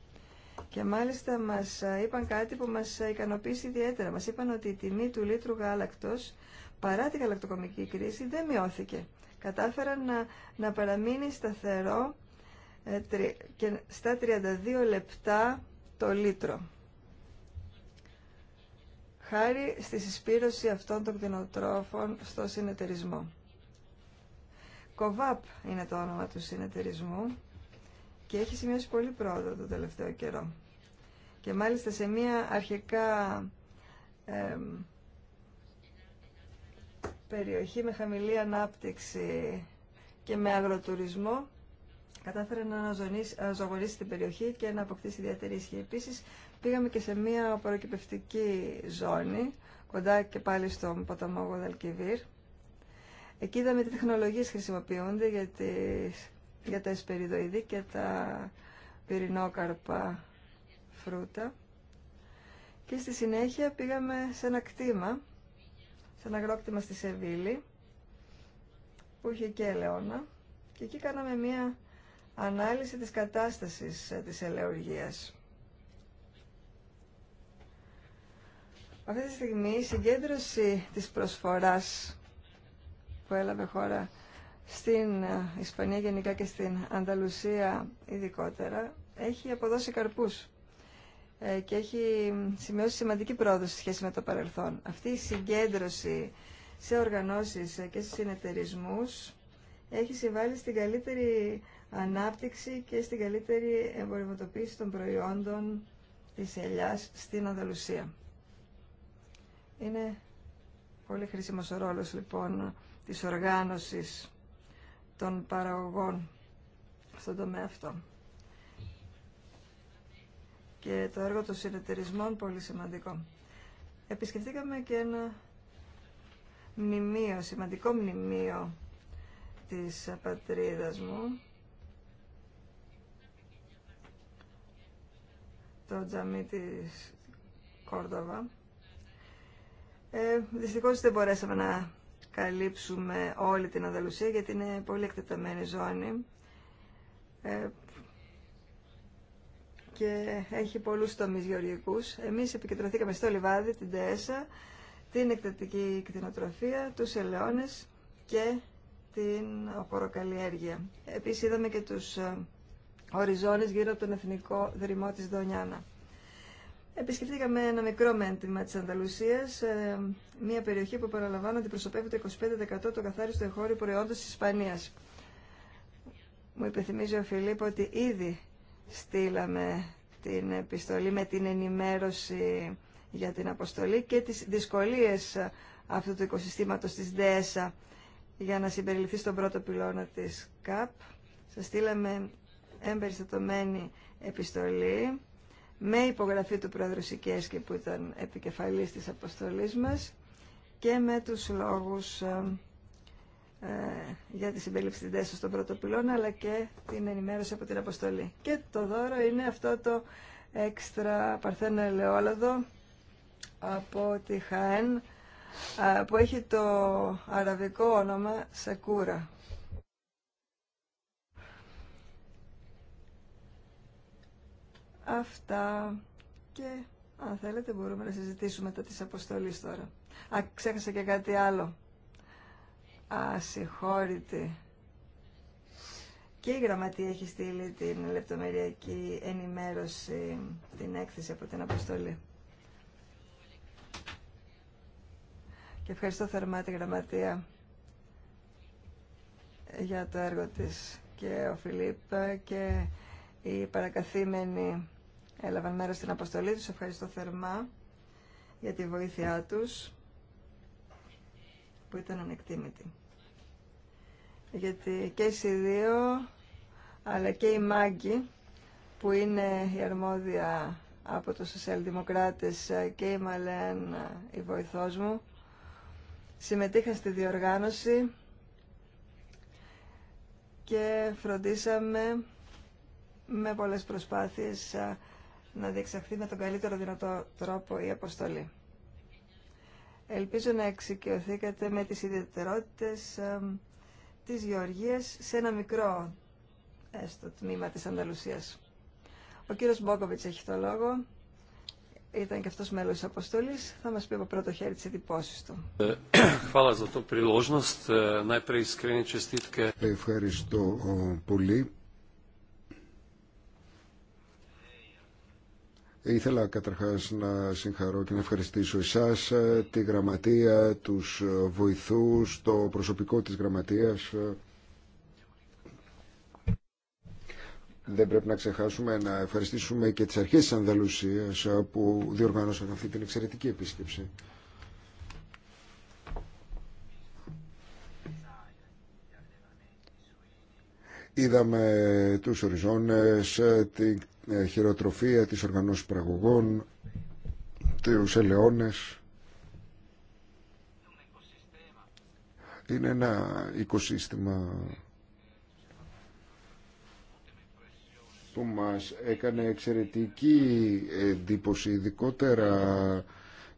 Και μάλιστα μας είπαν κάτι που μας ικανοποίησε ιδιαίτερα. Μας είπαν ότι η τιμή του λίτρου γάλακτος παρά τη γαλακτοκομική κρίση δεν μειώθηκε κατάφεραν να, να παραμείνει σταθερό ε, και στα 32 λεπτά το λίτρο. Χάρη στη συσπήρωση αυτών των κτηνοτρόφων στο συνεταιρισμό. Κοβάπ είναι το όνομα του συνεταιρισμού και έχει σημειώσει πολύ πρόοδο το τελευταίο καιρό. Και μάλιστα σε μια αρχικά περιοχή με χαμηλή ανάπτυξη και με αγροτουρισμό κατάφερε να αναζωογονήσει την περιοχή και να αποκτήσει ιδιαίτερη ισχύ. Επίσης, πήγαμε και σε μια προκυπευτική ζώνη, κοντά και πάλι στον ποταμό Γοδαλκιβίρ. Εκεί είδαμε τι τεχνολογίες χρησιμοποιούνται για, για τα εσπεριδοειδή και τα πυρηνόκαρπα φρούτα. Και στη συνέχεια πήγαμε σε ένα κτήμα σε ένα αγρόκτημα στη Σεβίλη που είχε και ελαιόνα και εκεί κάναμε μία ανάλυση της κατάστασης ε, της ελαιοργίας. Αυτή τη στιγμή η συγκέντρωση της προσφοράς που έλαβε χώρα στην ε, Ισπανία γενικά και στην Ανταλουσία ειδικότερα έχει αποδώσει καρπούς. Ε, και έχει σημειώσει σημαντική πρόοδο σε σχέση με το παρελθόν. Αυτή η συγκέντρωση σε οργανώσεις ε, και σε συνεταιρισμούς έχει συμβάλει στην καλύτερη ανάπτυξη και στην καλύτερη εμπορευματοποίηση των προϊόντων της ελιάς στην Ανδαλουσία. Είναι πολύ χρήσιμος ο ρόλος λοιπόν της οργάνωσης των παραγωγών στον τομέα αυτό και το έργο των συνεταιρισμών πολύ σημαντικό. Επισκεφτήκαμε και ένα μνημείο, σημαντικό μνημείο της πατρίδας μου, το τζαμί της Κόρδοβα. Ε, δυστυχώς δεν μπορέσαμε να καλύψουμε όλη την Ανταλουσία γιατί είναι πολύ εκτεταμένη ζώνη. Ε, και έχει πολλούς τομείς γεωργικούς. Εμείς επικεντρωθήκαμε στο λιβάδι, την ΤΕΣΑ, την εκτατική κτηνοτροφία, τους ελαιώνες και την οποροκαλλιέργεια. Επίσης είδαμε και τους ε, οριζόνες γύρω από τον Εθνικό Δρυμό της Δονιάνα. Επισκεφτήκαμε ένα μικρό μέντημα της Ανταλουσίας, ε, μια περιοχή που παραλαμβάνω ότι προσωπεύει το 25% του καθάριστου εγχώριου προϊόντο της Ισπανίας. Μου υπενθυμίζει ο Φιλίππ ότι ήδη στείλαμε την επιστολή με την ενημέρωση για την αποστολή και τις δυσκολίες αυτού του οικοσυστήματος της ΔΕΣΑ για να συμπεριληφθεί στον πρώτο πυλώνα της ΚΑΠ. Σας στείλαμε εμπεριστατωμένη επιστολή με υπογραφή του Πρόεδρου Σικέσκη που ήταν επικεφαλής της αποστολής μας και με τους λόγους ε, ε, για τη συμπέληψη της ΔΕΣΟ στον πρώτο πυλώνα, αλλά και την ενημέρωση από την αποστολή. Και το δώρο είναι αυτό το έξτρα παρθένο ελαιόλαδο από τη ΧΑΕΝ, που έχει το αραβικό όνομα Σακούρα. Αυτά και αν θέλετε μπορούμε να συζητήσουμε τα της αποστολής τώρα. Α, ξέχασα και κάτι άλλο ασυγχώρητη. Και η Γραμματεία έχει στείλει την λεπτομεριακή ενημέρωση, την έκθεση από την αποστολή. Και ευχαριστώ θερμά τη Γραμματεία για το έργο της και ο Φιλίπ και οι παρακαθήμενοι έλαβαν μέρος στην αποστολή τους. Ευχαριστώ θερμά για τη βοήθειά τους που ήταν ανεκτήμητη γιατί και οι δύο αλλά και η Μάγκη που είναι η αρμόδια από τους σοσιαλδημοκράτες και η Μαλέν η βοηθός μου συμμετείχαν στη διοργάνωση και φροντίσαμε με πολλές προσπάθειες να διεξαχθεί με τον καλύτερο δυνατό τρόπο η αποστολή. Ελπίζω να εξοικειωθήκατε με τις ιδιαιτερότητες της Γεωργίας σε ένα μικρό έστω τμήμα της Ανταλουσίας. Ο κύριος Μπόκοβιτς έχει το λόγο. Ήταν και αυτός μέλος της αποστολής. Θα μας πει από πρώτο χέρι τις εντυπώσεις του. Ευχαριστώ ε, πολύ Ήθελα καταρχάς να συγχαρώ και να ευχαριστήσω εσάς, ε, τη γραμματεία, τους ε, βοηθούς, το προσωπικό της γραμματείας. Δεν πρέπει να ξεχάσουμε να ευχαριστήσουμε και τις αρχές της Ανδαλουσίας ε, που διοργάνωσαν αυτή την εξαιρετική επίσκεψη. Είδαμε τους οριζόνες, την ε, χειροτροφία, της οργανώσεις παραγωγών, τους ελαιώνες. Είναι ένα οικοσύστημα που μας έκανε εξαιρετική εντύπωση, ειδικότερα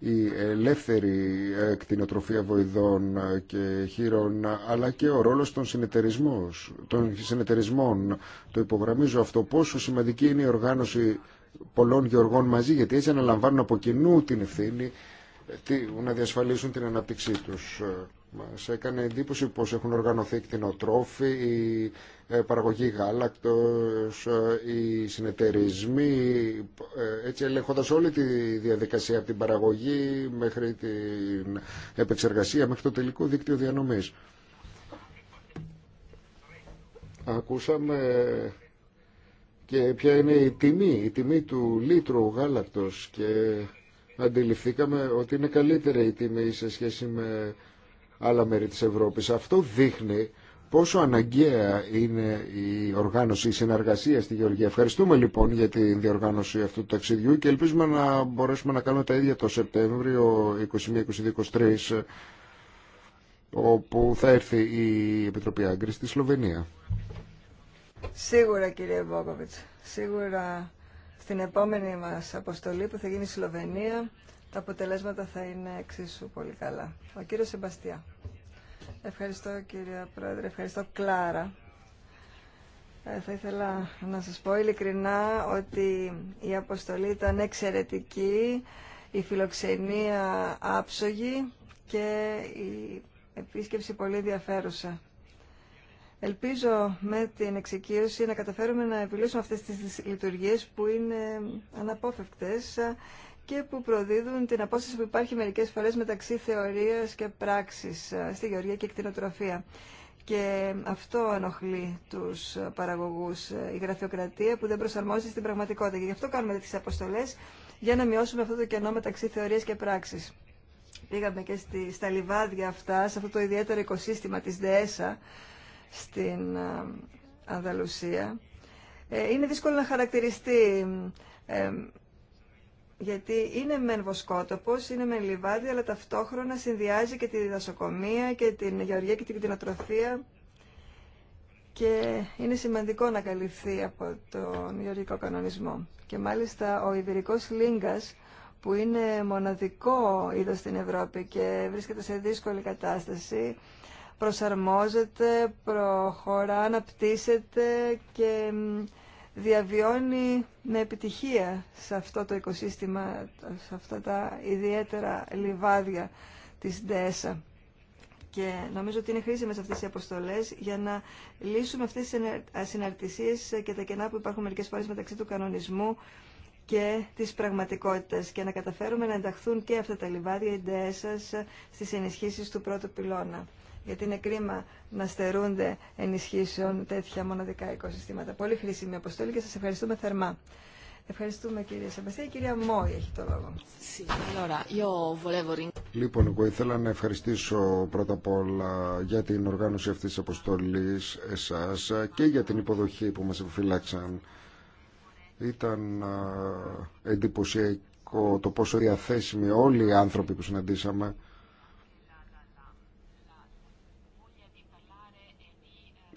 η ελεύθερη ε, κτηνοτροφία βοηδών ε, και χείρων, αλλά και ο ρόλος των, των συνεταιρισμών. Το υπογραμμίζω αυτό πόσο σημαντική είναι η οργάνωση πολλών γεωργών μαζί, γιατί έτσι αναλαμβάνουν από κοινού την ευθύνη ε, να διασφαλίσουν την ανάπτυξή τους. Μας έκανε εντύπωση πως έχουν οργανωθεί κτηνοτρόφοι, η ε, παραγωγή γάλακτος, ε, οι συνεταιρισμοί, ε, έτσι ελέγχοντας όλη τη διαδικασία από την παραγωγή μέχρι την επεξεργασία, μέχρι το τελικό δίκτυο διανομής. Ακούσαμε και ποια είναι η τιμή, η τιμή του λίτρου γάλακτος και αντιληφθήκαμε ότι είναι καλύτερη η τιμή σε σχέση με άλλα μέρη της Ευρώπης. Αυτό δείχνει πόσο αναγκαία είναι η οργάνωση, η συνεργασία στη Γεωργία. Ευχαριστούμε λοιπόν για την διοργάνωση αυτού του ταξιδιού και ελπίζουμε να μπορέσουμε να κάνουμε τα ίδια το Σεπτέμβριο 21-22-23 όπου θα έρθει η Επιτροπή Άγκρης στη Σλοβενία. Σίγουρα κύριε Βόκοβιτς, σίγουρα στην επόμενη μας αποστολή που θα γίνει η Σλοβενία τα αποτελέσματα θα είναι εξίσου πολύ καλά. Ο κύριος Σεμπαστιά. Ευχαριστώ κύριε Πρόεδρε, ευχαριστώ Κλάρα. Ε, θα ήθελα να σας πω ειλικρινά ότι η αποστολή ήταν εξαιρετική, η φιλοξενία άψογη και η επίσκεψη πολύ ενδιαφέρουσα. Ελπίζω με την εξοικείωση να καταφέρουμε να επιλύσουμε αυτές τις λειτουργίες που είναι αναπόφευκτες και που προδίδουν την απόσταση που υπάρχει μερικές φορές μεταξύ θεωρίας και πράξης ε, στη γεωργία και εκτινοτροφία. Και αυτό ενοχλεί τους παραγωγούς, ε, η γραφειοκρατία που δεν προσαρμόζεται στην πραγματικότητα. Και γι' αυτό κάνουμε τις αποστολές για να μειώσουμε αυτό το κενό μεταξύ θεωρίας και πράξης. Πήγαμε και στη, στα λιβάδια αυτά, σε αυτό το ιδιαίτερο οικοσύστημα της ΔΕΣΑ στην ε, Ανδαλουσία. Είναι δύσκολο να χαρακτηριστεί γιατί είναι μεν βοσκότοπος, είναι μεν λιβάδι, αλλά ταυτόχρονα συνδυάζει και τη δασοκομεία και την γεωργία και την κτηνοτροφία και είναι σημαντικό να καλυφθεί από τον γεωργικό κανονισμό. Και μάλιστα ο ιβυρικός Λίγκας, που είναι μοναδικό είδος στην Ευρώπη και βρίσκεται σε δύσκολη κατάσταση, προσαρμόζεται, προχωρά, αναπτύσσεται και διαβιώνει με επιτυχία σε αυτό το οικοσύστημα, σε αυτά τα ιδιαίτερα λιβάδια της ΔΕΣΑ. Και νομίζω ότι είναι χρήσιμες αυτές οι αποστολές για να λύσουμε αυτές τις ασυναρτησίες και τα κενά που υπάρχουν μερικές φορές μεταξύ του κανονισμού και της πραγματικότητας και να καταφέρουμε να ενταχθούν και αυτά τα λιβάδια ιδέες σας στις ενισχύσεις του πρώτου πυλώνα γιατί είναι κρίμα να στερούνται ενισχύσεων τέτοια μοναδικά οικοσυστήματα. Πολύ χρήσιμη αποστολή και σας ευχαριστούμε θερμά. Ευχαριστούμε κυρία Σεμπαστία. Η κυρία Μόη έχει το λόγο. Λοιπόν, εγώ ήθελα να ευχαριστήσω πρώτα απ' όλα για την οργάνωση αυτής της αποστολής εσάς και για την υποδοχή που μας επιφυλάξαν. Ήταν εντυπωσιακό το πόσο διαθέσιμοι όλοι οι άνθρωποι που συναντήσαμε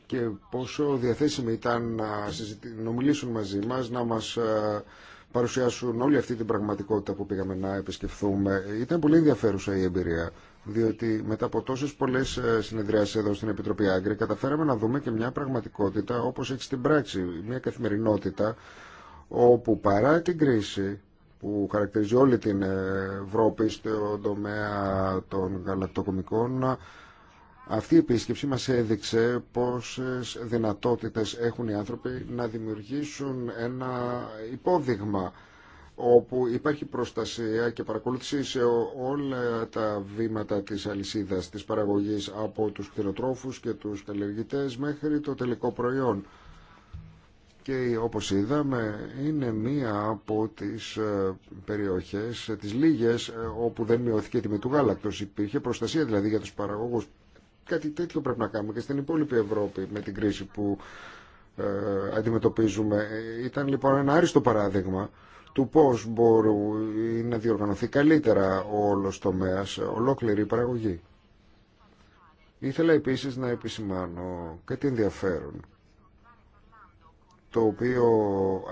και πόσο διαθέσιμοι ήταν να, να μιλήσουν μαζί μας, να μας ε, παρουσιάσουν όλη αυτή την πραγματικότητα που πήγαμε να επισκεφθούμε. Ήταν πολύ ενδιαφέρουσα η εμπειρία, διότι μετά από τόσες πολλές ε, συνεδριάσεις εδώ στην Επιτροπή Άγκρη καταφέραμε να δούμε και μια πραγματικότητα όπως έχει στην πράξη, μια καθημερινότητα όπου παρά την κρίση που χαρακτηρίζει όλη την ε, Ευρώπη στον τομέα των γαλακτοκομικών αυτή η επίσκεψη μας έδειξε πόσες δυνατότητες έχουν οι άνθρωποι να δημιουργήσουν ένα υπόδειγμα όπου υπάρχει προστασία και παρακολούθηση σε όλα τα βήματα της αλυσίδας της παραγωγής από τους κτηνοτρόφους και τους καλλιεργητές μέχρι το τελικό προϊόν. Και όπως είδαμε είναι μία από τις ε, περιοχές, ε, τις λίγες, ε, όπου δεν μειώθηκε η τιμή του γάλακτος. Υπήρχε προστασία δηλαδή για τους παραγωγούς κάτι τέτοιο πρέπει να κάνουμε και στην υπόλοιπη Ευρώπη με την κρίση που ε, αντιμετωπίζουμε. Ήταν λοιπόν ένα άριστο παράδειγμα του πώς μπορεί να διοργανωθεί καλύτερα ο όλος τομέας, ολόκληρη η παραγωγή. Ήθελα επίσης να επισημάνω κάτι ενδιαφέρον, το οποίο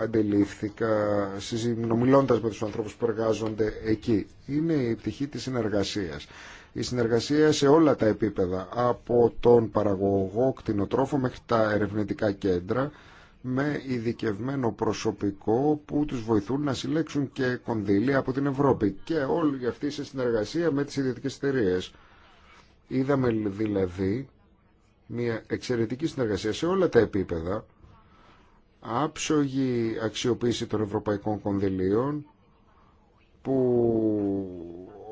αντελήφθηκα συζημινομιλώντας με τους ανθρώπους που εργάζονται εκεί. Είναι η πτυχή της συνεργασίας η συνεργασία σε όλα τα επίπεδα, από τον παραγωγό κτηνοτρόφο μέχρι τα ερευνητικά κέντρα, με ειδικευμένο προσωπικό που τους βοηθούν να συλλέξουν και κονδύλια από την Ευρώπη και όλη αυτή σε συνεργασία με τις ιδιωτικές εταιρείε. Είδαμε δηλαδή μια εξαιρετική συνεργασία σε όλα τα επίπεδα, άψογη αξιοποίηση των ευρωπαϊκών κονδυλίων που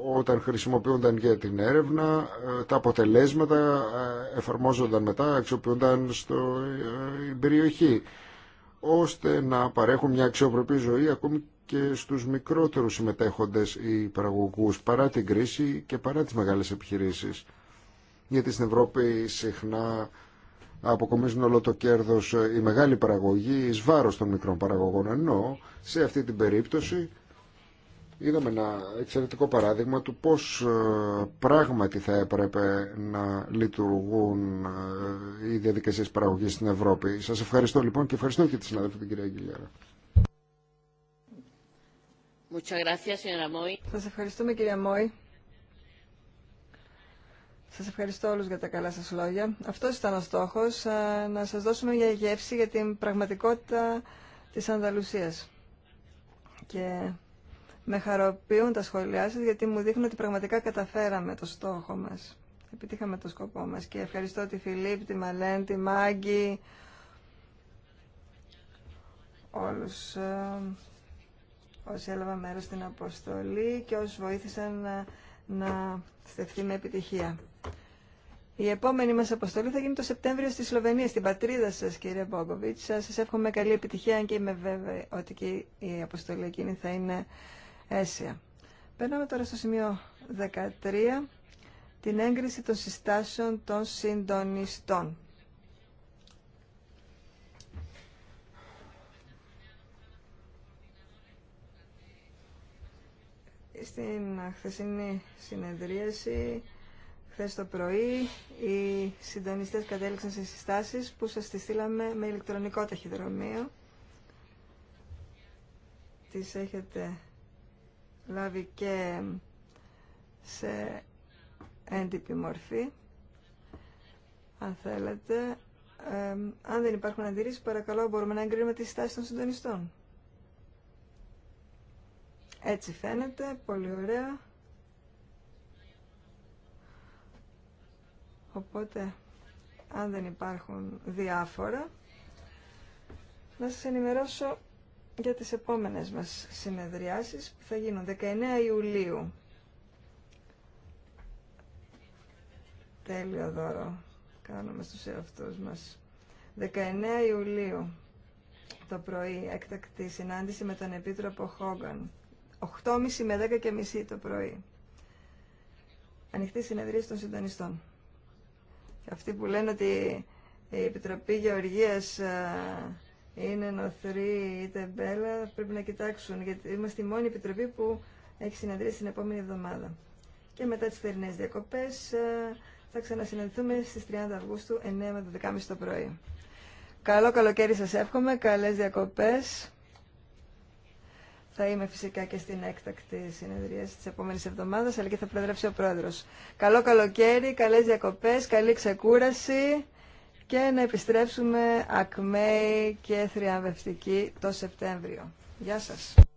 όταν χρησιμοποιούνταν για την έρευνα, ε, τα αποτελέσματα ε, εφαρμόζονταν μετά, αξιοποιούνταν στην ε, περιοχή, ώστε να παρέχουν μια αξιοπρεπή ζωή ακόμη και στους μικρότερους συμμετέχοντες ή παραγωγούς, παρά την κρίση και παρά τις μεγάλες επιχειρήσεις. Γιατί στην Ευρώπη συχνά αποκομίζουν όλο το κέρδος η μεγάλη παραγωγή εις βάρος των μικρών παραγωγών, ενώ σε αυτή την περίπτωση είδαμε ένα εξαιρετικό παράδειγμα του πώς ε, πράγματι θα έπρεπε να λειτουργούν ε, οι διαδικασίες παραγωγής στην Ευρώπη. Σας ευχαριστώ λοιπόν και ευχαριστώ και τη συναδέλφη την κυρία Αγγελίερα. Σας ευχαριστούμε κυρία Μόη. Σας ευχαριστώ όλους για τα καλά σας λόγια. Αυτός ήταν ο στόχος, ε, να σας δώσουμε μια γεύση για την πραγματικότητα της Ανταλουσίας. Και με χαροποιούν τα σχόλιά σας γιατί μου δείχνουν ότι πραγματικά καταφέραμε το στόχο μας. Επιτύχαμε το σκοπό μας και ευχαριστώ τη Φιλίπ, τη Μαλέν, τη Μάγκη, όλους ε, όσοι έλαβαν μέρος στην αποστολή και όσους βοήθησαν να, ε, να στεφθεί με επιτυχία. Η επόμενη μας αποστολή θα γίνει το Σεπτέμβριο στη Σλοβενία, στην πατρίδα σας κύριε Μπόγκοβιτς. Σας εύχομαι καλή επιτυχία, και είμαι βέβαιη ότι και η αποστολή εκείνη θα είναι αίσια. Περνάμε τώρα στο σημείο 13, την έγκριση των συστάσεων των συντονιστών. Στην χθεσινή συνεδρίαση, χθε το πρωί, οι συντονιστές κατέληξαν σε συστάσεις που σας τις στείλαμε με ηλεκτρονικό ταχυδρομείο. Τις έχετε λάβει και σε έντυπη μορφή. Αν θέλετε, αν δεν υπάρχουν αντιρρήσεις, παρακαλώ μπορούμε να εγκρίνουμε τη στάση των συντονιστών. Έτσι φαίνεται, πολύ ωραία. Οπότε, αν δεν υπάρχουν διάφορα, να σας ενημερώσω για τις επόμενες μας συνεδριάσεις που θα γίνουν 19 Ιουλίου. Τέλειο δώρο κάνουμε στους εαυτούς μας. 19 Ιουλίου το πρωί έκτακτη συνάντηση με τον Επίτροπο Χόγκαν. 8.30 με 10.30 το πρωί. Ανοιχτή συνεδρίαση των συντονιστών. Και αυτοί που λένε ότι η Επιτροπή Γεωργίας ε, είναι νοθροί είτε μπέλα, πρέπει να κοιτάξουν, γιατί είμαστε η μόνη επιτροπή που έχει συναντήσει την επόμενη εβδομάδα. Και μετά τις θερινές διακοπές ε, θα ξανασυναντηθούμε στις 30 Αυγούστου 9 με 12.30 το πρωί. Καλό καλοκαίρι σας εύχομαι, καλές διακοπές. Θα είμαι φυσικά και στην έκτακτη συνεδρία τη επόμενη εβδομάδα, αλλά και θα προεδρεύσει ο πρόεδρο. Καλό καλοκαίρι, καλέ διακοπέ, καλή ξεκούραση και να επιστρέψουμε ακμαίοι και θριαμβευτικοί το Σεπτέμβριο. Γεια σας.